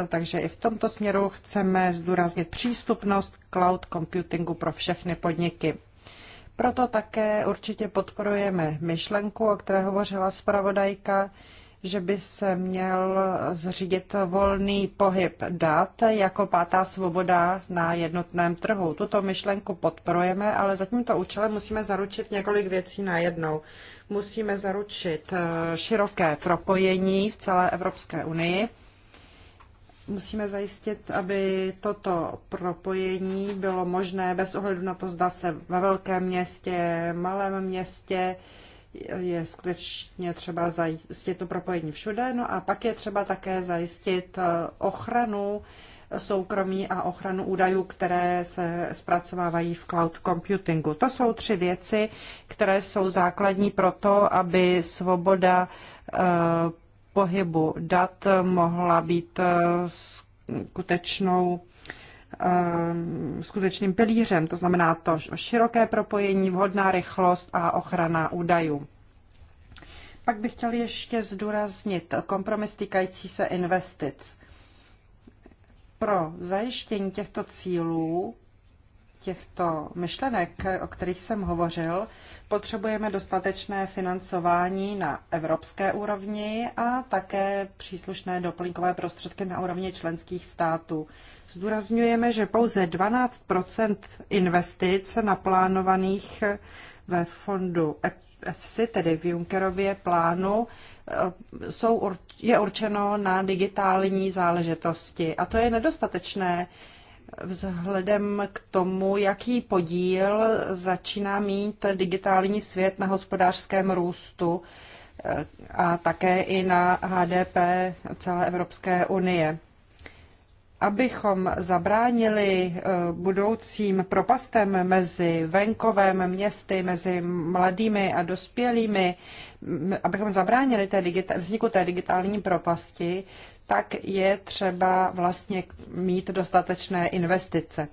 takže i v tomto směru chceme zdůraznit přístupnost cloud computingu pro všechny podniky. Proto také určitě podporujeme myšlenku, o které hovořila zpravodajka, že by se měl zřídit volný pohyb dat jako pátá svoboda na jednotném trhu. Tuto myšlenku podporujeme, ale za tímto účelem musíme zaručit několik věcí najednou. Musíme zaručit eh, široké propojení v celé Evropské unii Musíme zajistit, aby toto propojení bylo možné bez ohledu na to, zda se ve velkém městě, malém městě, je skutečně třeba zajistit to propojení všude. No a pak je třeba také zajistit eh, ochranu soukromí a ochranu údajů, které se zpracovávají v cloud computingu. To jsou tři věci, které jsou základní pro to, aby svoboda eh, pohybu dat mohla být eh, skutečnou eh, skutečným pilířem, to znamená to široké propojení, vhodná rychlost a ochrana údajů. Pak bych chtěl ještě zdůraznit kompromis týkající se investic. Pro zajištění těchto cílů těchto myšlenek, o kterých jsem hovořil, potřebujeme dostatečné financování na evropské úrovni a také příslušné doplňkové prostředky na úrovni členských států. Zdůrazňujeme, že pouze 12 investic naplánovaných ve fondu EFSI, tedy v Junckerově plánu, eh, jsou, je určeno na digitální záležitosti. A to je nedostatečné Vzhledem k tomu, jaký podíl začíná mít digitální svět na hospodářském růstu eh, a také i na HDP celé Evropské unie. Abychom zabránili eh, budoucím propastem mezi venkovem, městy, mezi mladými a dospělými, abychom zabránili té digita- vzniku té digitální propasti, tak je třeba vlastně mít dostatečné investice.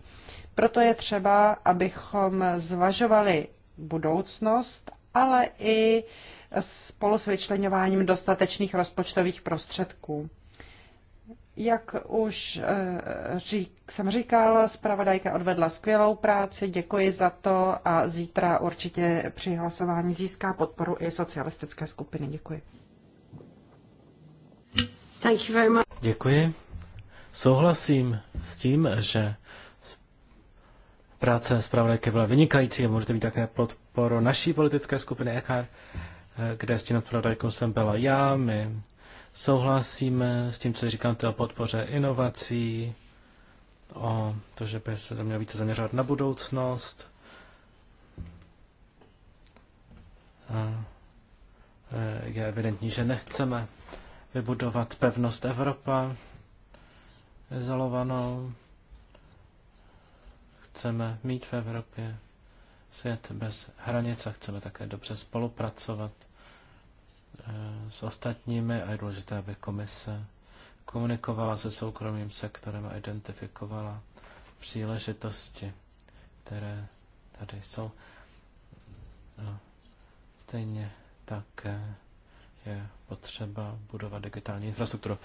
Proto je třeba, abychom zvažovali budoucnost, ale i spolu s vyčlenováním dostatečných rozpočtových prostředků. Jak už eh, řík, jsem říkal, zpravodajka odvedla skvělou práci, děkuji za to a zítra určitě při hlasování získá podporu i socialistické skupiny. Děkuji. Děkuji. Souhlasím s tím, že práce zpravodajky byla vynikající a můžete mít také podporu naší politické skupiny EKR, kde s tím zpravodajkou jsem byla já. My souhlasíme s tím, co říkáte o podpoře inovací, o to, že by se to mělo více zaměřovat na budoucnost. E, je evidentní, že nechceme vybudovat pevnost Evropa, izolovanou. Chceme mít v Evropě svět bez hranic a chceme také dobře spolupracovat eh, s ostatními a je důležité, aby komise komunikovala se soukromým sektorem a identifikovala příležitosti, které tady jsou. No, stejně tak eh, je potřeba budovat digitální infrastrukturu.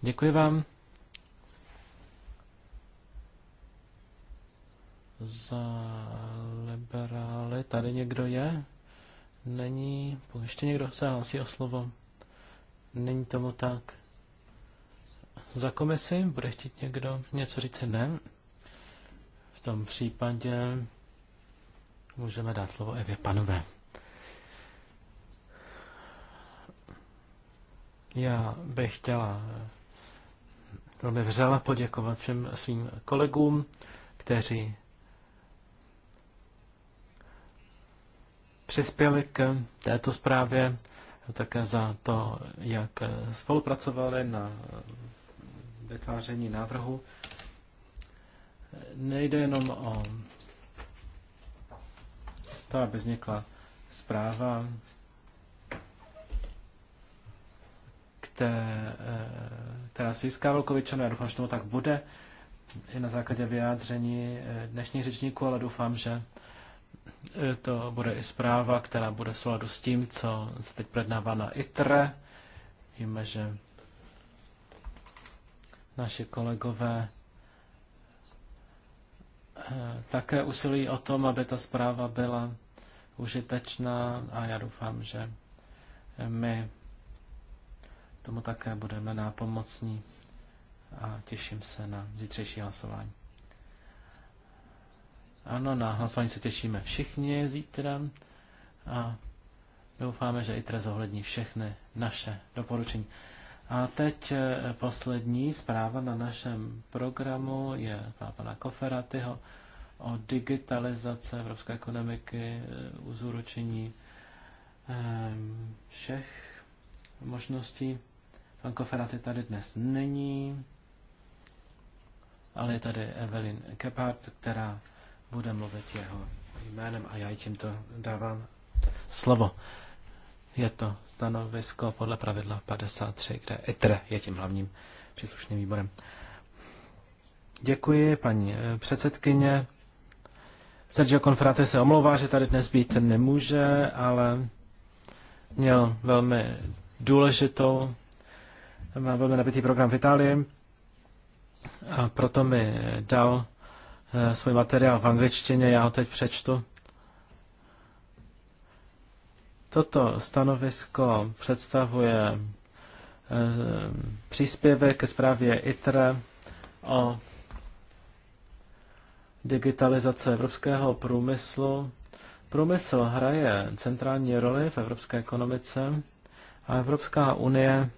Děkuji vám za liberály. Tady někdo je? Není. Ještě někdo se hlásí o slovo? Není tomu tak. Za komisi bude chtít někdo něco říct? Ne. V tom případě můžeme dát slovo Evě Panové. Já bych chtěla velmi vřele poděkovat všem svým kolegům, kteří přispěli k této zprávě, také za to, jak spolupracovali na vytváření návrhu. Nejde jenom o to, aby vznikla zpráva, té, která eh, získá Velkovičan. Já doufám, že tomu tak bude i na základě vyjádření eh, dnešních řečníků, ale doufám, že eh, to bude i zpráva, která bude souladu s tím, co se teď prednává na ITRE. Víme, že naši kolegové také usilují o tom, aby ta zpráva byla užitečná a já doufám, že my tomu také budeme nápomocní a těším se na zítřejší hlasování. Ano, na hlasování se těšíme všichni zítra a doufáme, že i ITRE zohlední všechny naše doporučení. A teď eh, poslední zpráva na našem programu je pana Koferatyho o digitalizace evropské ekonomiky, eh, uzuročení ehm, všech možností. Pan Koferaty tady dnes není, ale je tady Evelyn Kepard, která bude mluvit jeho jménem a já jí tímto dávám slovo. Je to stanovisko podle pravidla 53, kde ITRE je tím hlavním příslušným výborem. Děkuji, paní eh, předsedkyně. Sergio Konferate se omlouvá, že tady dnes být nemůže, ale měl velmi důležitou má velmi nabitý program v Itálii a proto mi dal eh, svůj materiál v angličtině, já ho teď přečtu. Toto stanovisko představuje eh, příspěvek ke zprávě ITRE o digitalizace evropského průmyslu. Průmysl hraje centrální roli v evropské ekonomice a Evropská unie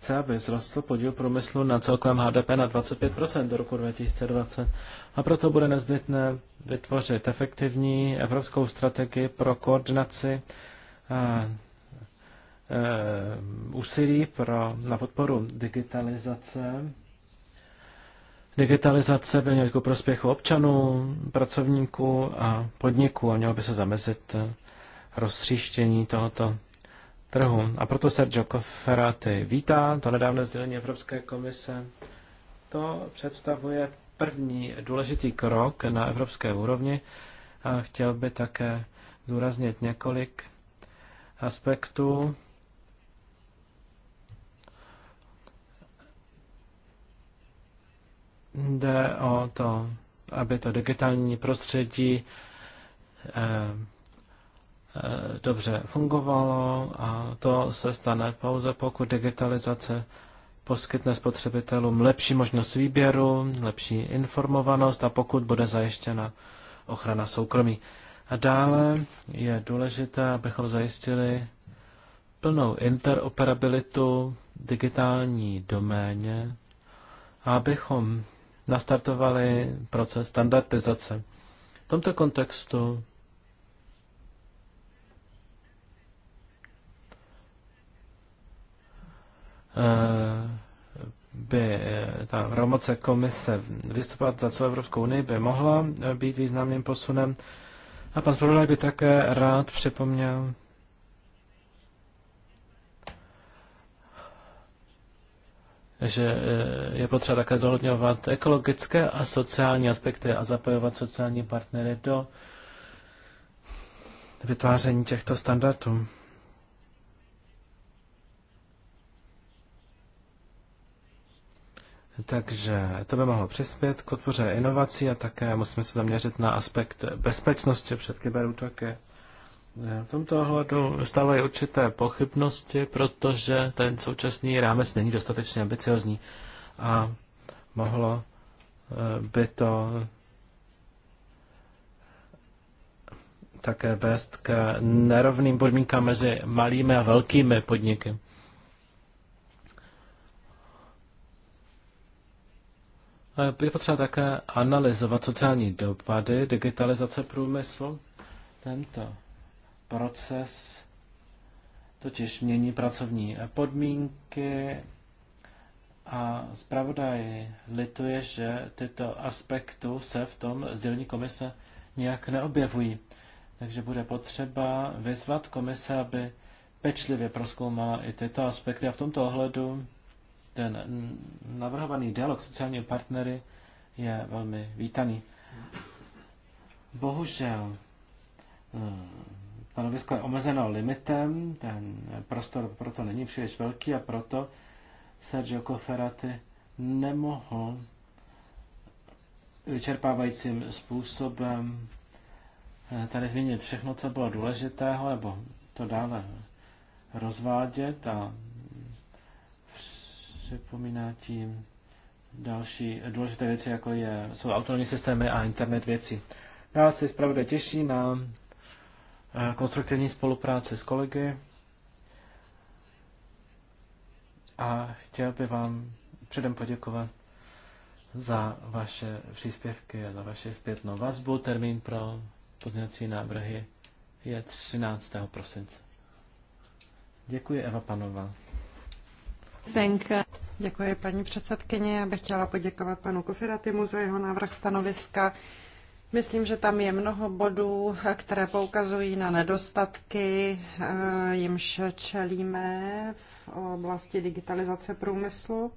chce, aby vzrostl podíl průmyslu na celkovém HDP na 25% do roku 2020. A proto bude nezbytné vytvořit efektivní evropskou strategii pro koordinaci a, eh, eh, úsilí pro, na podporu digitalizace. Digitalizace by měla jako prospěchu občanů, pracovníků a podniků a mělo by se zamezit eh, rozstříštění tohoto trhu. A proto Sergio Cofferati vítá to nedávné sdělení Evropské komise. To představuje první důležitý krok na evropské úrovni a chtěl by také zúraznit několik aspektů. Jde o to, aby to digitální prostředí eh, Eh, dobře fungovalo a to se stane pouze, pokud digitalizace poskytne spotřebitelům lepší možnost výběru, lepší informovanost a pokud bude zajištěna ochrana soukromí. A dále je důležité, abychom zajistili plnou interoperabilitu digitální doméně a abychom nastartovali proces standardizace. V tomto kontextu Eh, by eh, ta pravomoce komise vystupovat za celou Evropskou unii by mohla eh, být významným posunem. A pan zpravodaj by také rád připomněl že je potřeba také zohledňovat ekologické a sociální aspekty a zapojovat sociální partnery do vytváření těchto standardů. Takže to by mohlo přispět k podpoře inovací a také musíme se zaměřit na aspekt bezpečnosti před kyberútoky. E, v tomto ohledu stávají určité pochybnosti, protože ten současný rámec není dostatečně ambiciozní a mohlo e, by to také vést k nerovným podmínkám mezi malými a velkými podniky. Eh, je potřeba také analyzovat sociální dopady digitalizace průmyslu. Tento proces totiž mění pracovní podmínky a zpravodaj lituje, že tyto aspekty se v tom sdělení komise nějak neobjevují. Takže bude potřeba vyzvat komise, aby pečlivě proskoumala i tyto aspekty a v tomto ohledu ten navrhovaný dialog s sociálními partnery je velmi vítaný. Bohužel eh, stanovisko je omezeno limitem, ten prostor proto není příliš velký a proto Sergio Coferati nemohl vyčerpávajícím způsobem eh, tady změnit všechno, co bylo důležitého, nebo to dále rozvádět a připomíná tím další důležité věci, jako je, jsou autonomní systémy a internet věcí. Já se zpravdu těší na eh, konstruktivní spolupráce s kolegy a chtěl bych vám předem poděkovat za vaše příspěvky a za vaše zpětnou vazbu. Termín pro pozměňovací návrhy je 13. prosince. Děkuji, Eva Panová. you. Děkuji, paní předsedkyně. Já bych chtěla poděkovat panu Koferatimu za jeho návrh stanoviska. Myslím, že tam je mnoho bodů, které poukazují na nedostatky, eh, jimž čelíme v oblasti digitalizace průmyslu.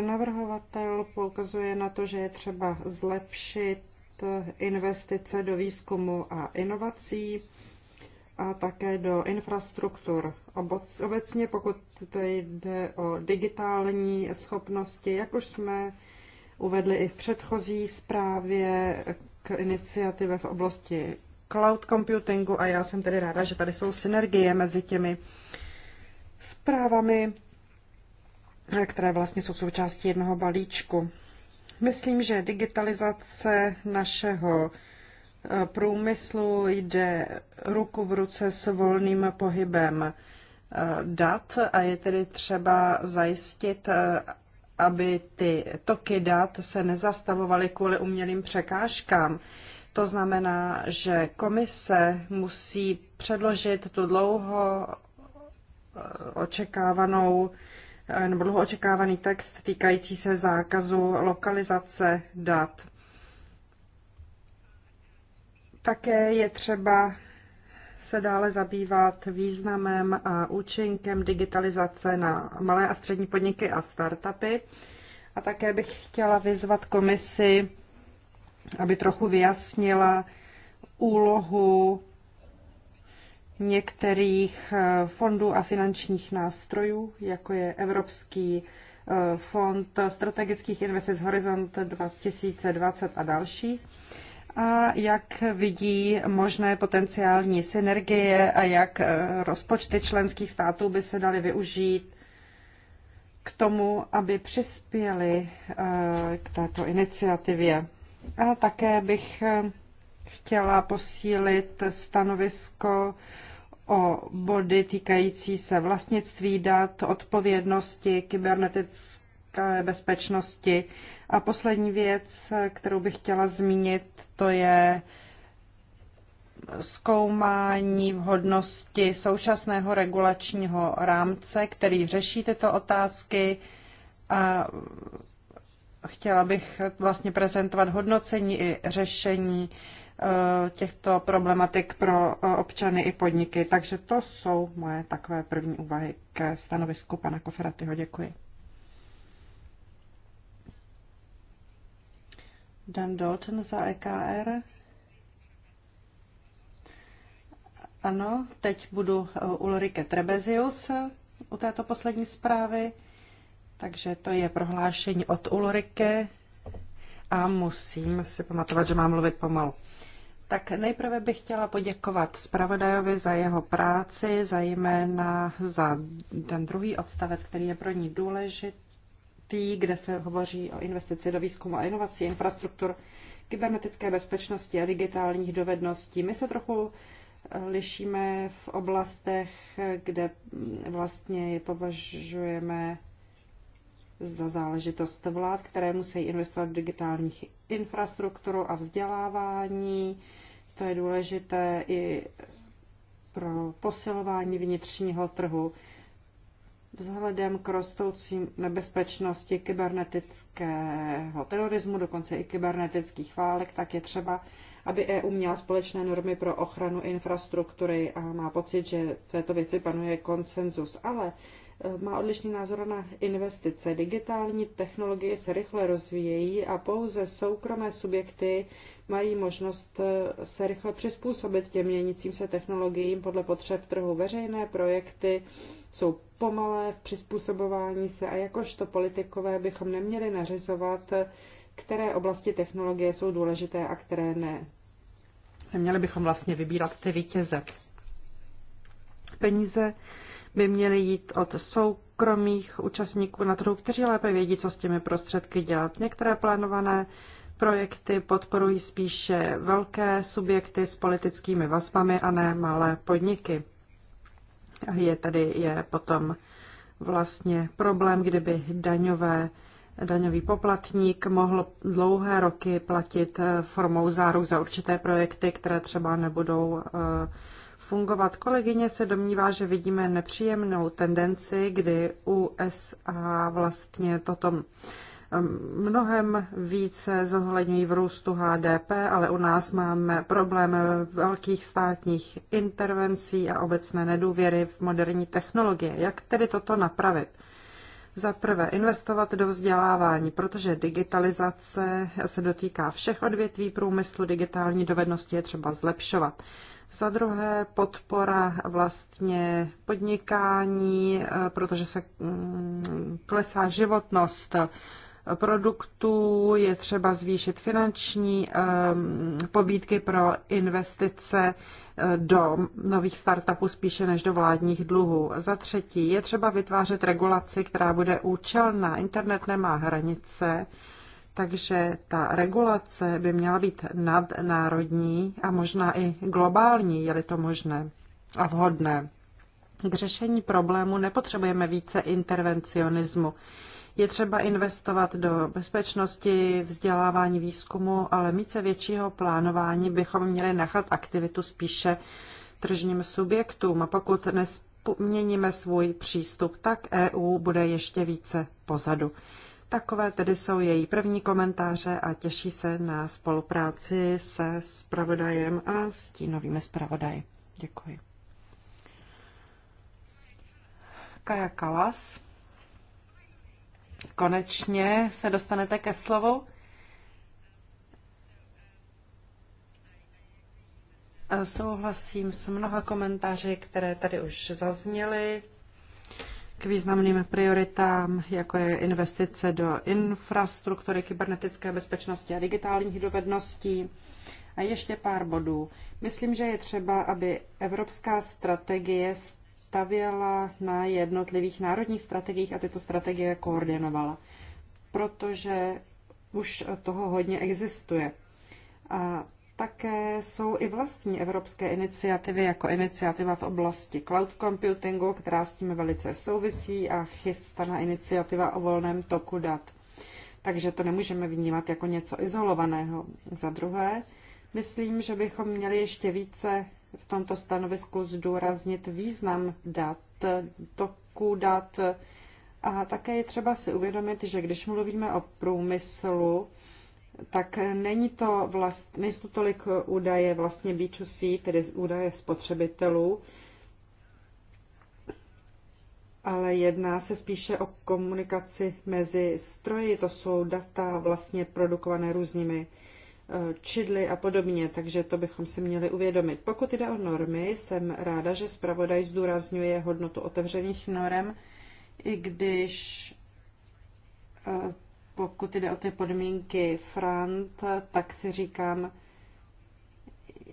Navrhovatel poukazuje na to, že je třeba zlepšit investice do výzkumu a inovací, a také do infrastruktur. Obecně, pokud to jde o digitální schopnosti, jak už jsme uvedli i v předchozí zprávě k iniciativě v oblasti cloud computingu a já jsem tedy ráda, že tady jsou synergie mezi těmi zprávami, které vlastně jsou součástí jednoho balíčku. Myslím, že digitalizace našeho průmyslu jde ruku v ruce s volným pohybem eh, dat a je tedy třeba zajistit, eh, aby ty toky dat se nezastavovaly kvůli umělým překážkám. To znamená, že komise musí předložit tu dlouho eh, očekávanou nebo dlouho očekávaný text týkající se zákazu lokalizace dat. Také je třeba se dále zabývat významem a účinkem digitalizace na malé a střední podniky a startupy. A také bych chtěla vyzvat komisi, aby trochu vyjasnila úlohu některých eh, fondů a finančních nástrojů, jako je Evropský eh, fond strategických investic Horizont 2020 a další a jak vidí možné potenciální synergie a jak e, rozpočty členských států by se daly využít k tomu, aby přispěli e, k této iniciativě. A také bych e, chtěla posílit stanovisko o body týkající se vlastnictví dat, odpovědnosti, kybernetické bezpečnosti. A poslední věc, kterou bych chtěla zmínit, to je zkoumání vhodnosti současného regulačního rámce, který řeší tyto otázky. A chtěla bych vlastně prezentovat hodnocení i řešení e, těchto problematik pro e, občany i podniky. Takže to jsou moje takové první úvahy ke stanovisku pana Koferatyho. Děkuji. Dan Dalton za EKR. Ano, teď budu eh, Ulrike Trebezius eh, u této poslední zprávy. Takže to je prohlášení od Ulrike a musím si pamatovat, že mám mluvit pomalu. Tak nejprve bych chtěla poděkovat zpravodajovi za jeho práci, zejména za ten druhý odstavec, který je pro ní důležitý kde se hovoří o investici do výzkumu a inovací, infrastruktur, kybernetické bezpečnosti a digitálních dovedností. My se trochu eh, lišíme v oblastech, kde mm, vlastně je považujeme za záležitost vlád, které musí investovat v digitálních infrastrukturu a vzdělávání. To je důležité i pro posilování vnitřního trhu vzhledem k rostoucí nebezpečnosti kybernetického terorismu, dokonce i kybernetických válek, tak je třeba, aby EU měla společné normy pro ochranu infrastruktury a má pocit, že v této věci panuje konsenzus. Ale Eh, má odlišný názor na investice. Digitální technologie se rychle rozvíjejí a pouze soukromé subjekty mají možnost eh, se rychle přizpůsobit těm měnícím se technologiím podle potřeb trhu. Veřejné projekty jsou pomalé v přizpůsobování se a jakožto politikové bychom neměli nařizovat, eh, které oblasti technologie jsou důležité a které ne. Neměli bychom vlastně vybírat ty vítěze. Peníze by měly jít od soukromých účastníků na trhu, kteří lépe vědí, co s těmi prostředky dělat. Některé plánované projekty podporují spíše velké subjekty s politickými vazbami a ne malé podniky. A je tady je potom vlastně problém, kdyby daňové, daňový poplatník mohl dlouhé roky platit formou záruk za určité projekty, které třeba nebudou eh, fungovat. Kolegyně se domnívá, že vidíme nepříjemnou tendenci, kdy USA vlastně toto um, mnohem více zohledňují v růstu HDP, ale u nás máme problém velkých státních intervencí a obecné nedůvěry v moderní technologie. Jak tedy toto napravit? Za prvé, investovat do vzdělávání, protože digitalizace se dotýká všech odvětví průmyslu, digitální dovednosti je třeba zlepšovat. Za druhé podpora vlastně podnikání, eh, protože se mm, klesá životnost produktů, je třeba zvýšit finanční eh, pobídky pro investice eh, do nových startupů spíše než do vládních dluhů. Za třetí, je třeba vytvářet regulaci, která bude účelná. Internet nemá hranice takže ta regulace by měla být nadnárodní a možná i globální, je-li to možné a vhodné. K řešení problému nepotřebujeme více intervencionismu. Je třeba investovat do bezpečnosti, vzdělávání, výzkumu, ale mít se většího plánování bychom měli nechat aktivitu spíše tržním subjektům. A pokud nesměníme svůj přístup, tak EU bude ještě více pozadu. Takové tedy jsou její první komentáře a těší se na spolupráci se spravodajem a stínovými spravodaji. Děkuji. Kaja Kalas. Konečně se dostanete ke slovu. Souhlasím s mnoha komentáři, které tady už zazněly k významným prioritám, jako je investice do infrastruktury, kybernetické bezpečnosti a digitálních dovedností. A ještě pár bodů. Myslím, že je třeba, aby evropská strategie stavěla na jednotlivých národních strategiích a tyto strategie koordinovala, protože už toho hodně existuje. A také jsou i vlastní evropské iniciativy, jako iniciativa v oblasti cloud computingu, která s tím velice souvisí a chystaná iniciativa o volném toku dat. Takže to nemůžeme vnímat jako něco izolovaného. Za druhé, myslím, že bychom měli ještě více v tomto stanovisku zdůraznit význam dat, toku dat a také je třeba si uvědomit, že když mluvíme o průmyslu, tak není to vlast, nejsou tolik údaje vlastně B2C, tedy údaje spotřebitelů, ale jedná se spíše o komunikaci mezi stroji, to jsou data vlastně produkované různými eh, čidly a podobně, takže to bychom si měli uvědomit. Pokud jde o normy, jsem ráda, že zpravodaj zdůrazňuje hodnotu otevřených norem, i když eh, pokud jde o ty podmínky frant, tak si říkám,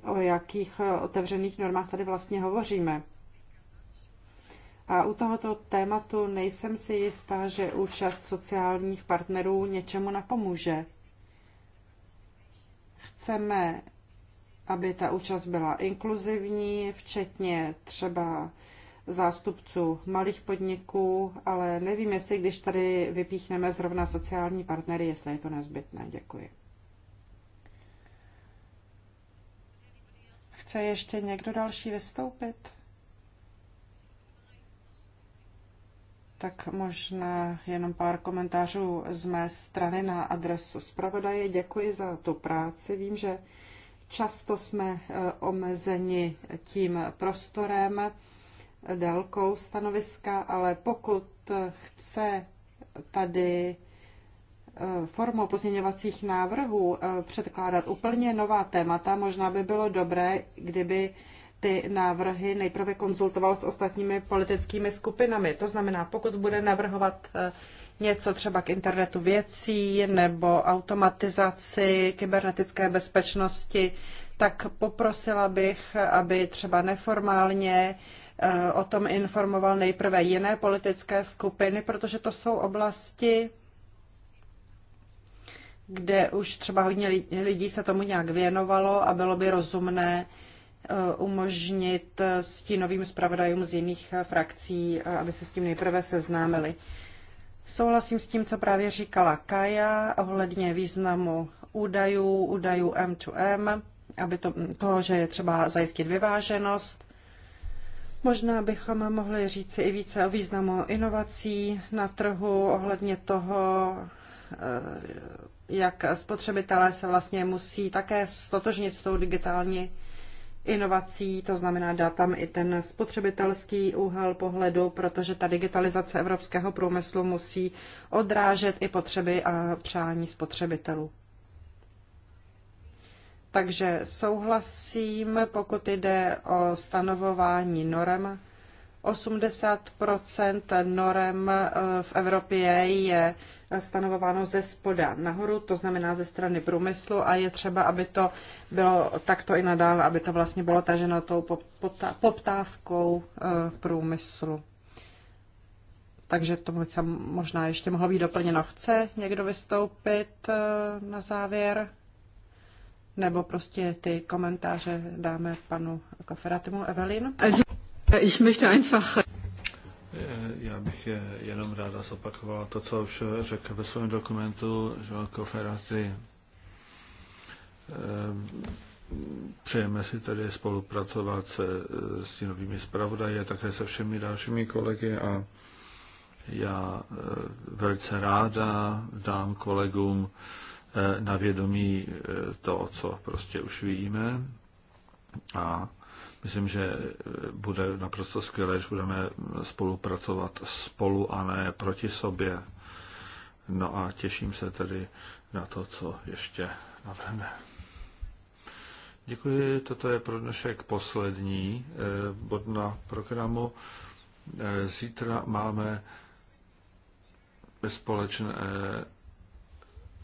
o jakých eh, otevřených normách tady vlastně hovoříme. A u tohoto tématu nejsem si jistá, že účast sociálních partnerů něčemu napomůže. Chceme, aby ta účast byla inkluzivní, včetně třeba zástupců malých podniků, ale nevím, jestli když tady vypíchneme zrovna sociální partnery, jestli je to nezbytné. Děkuji. Chce ještě někdo další vystoupit? Tak možná jenom pár komentářů z mé strany na adresu zpravodaje. Děkuji za tu práci. Vím, že často jsme eh, omezeni tím prostorem délkou stanoviska, ale pokud chce tady eh, formou pozměňovacích návrhů eh, předkládat úplně nová témata, možná by bylo dobré, kdyby ty návrhy nejprve konzultoval s ostatními politickými skupinami. To znamená, pokud bude navrhovat eh, něco třeba k internetu věcí nebo automatizaci, kybernetické bezpečnosti, tak poprosila bych, aby třeba neformálně Eh, o tom informoval nejprve jiné politické skupiny, protože to jsou oblasti, kde už třeba hodně lidí se tomu nějak věnovalo a bylo by rozumné eh, umožnit eh, stínovým zpravodajům z jiných frakcí, aby se s tím nejprve seznámili. Souhlasím s tím, co právě říkala Kaja ohledně významu údajů, údajů M2M, aby to, toho, že je třeba zajistit vyváženost. Možná bychom mohli říci i více o významu inovací na trhu ohledně toho, eh, jak spotřebitelé se vlastně musí také stotožnit s tou digitální inovací, to znamená dát tam i ten spotřebitelský úhel pohledu, protože ta digitalizace evropského průmyslu musí odrážet i potřeby a přání spotřebitelů. Takže souhlasím, pokud jde o stanovování norem. 80 norem eh, v Evropě je stanovováno ze spoda nahoru, to znamená ze strany průmyslu a je třeba, aby to bylo takto i nadále, aby to vlastně bylo taženo tou poptávkou eh, průmyslu. Takže to možná ještě mohlo být doplněno. Chce někdo vystoupit eh, na závěr? nebo prostě ty komentáře dáme panu Koferatimu. Evelinu. Ich möchte einfach... Já bych je jenom ráda zopakovala to, co už řekl ve svém dokumentu že Koferaty ehm, Přejeme si tedy spolupracovat se novými zpravodaji a také se všemi dalšími kolegy a já eh, velice ráda dám kolegům Eh, na vědomí eh, to, co prostě už víme a myslím, že eh, bude naprosto skvělé, že budeme spolupracovat spolu a ne proti sobě. No a těším se tedy na to, co ještě navrhne. Děkuji, toto je pro dnešek poslední bod na programu. Zítra máme společné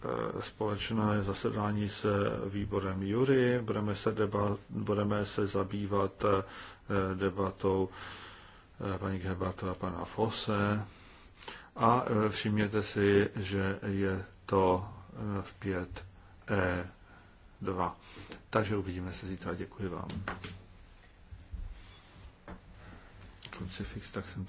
Eh, společné zasedání se výborem Jury. Budeme se, debat, budeme se zabývat eh, debatou eh, paní Gebatu a pana Fose. A všimněte si, že je to v 5E2. Takže uvidíme se zítra. Děkuji vám. Krucifix, tak jsem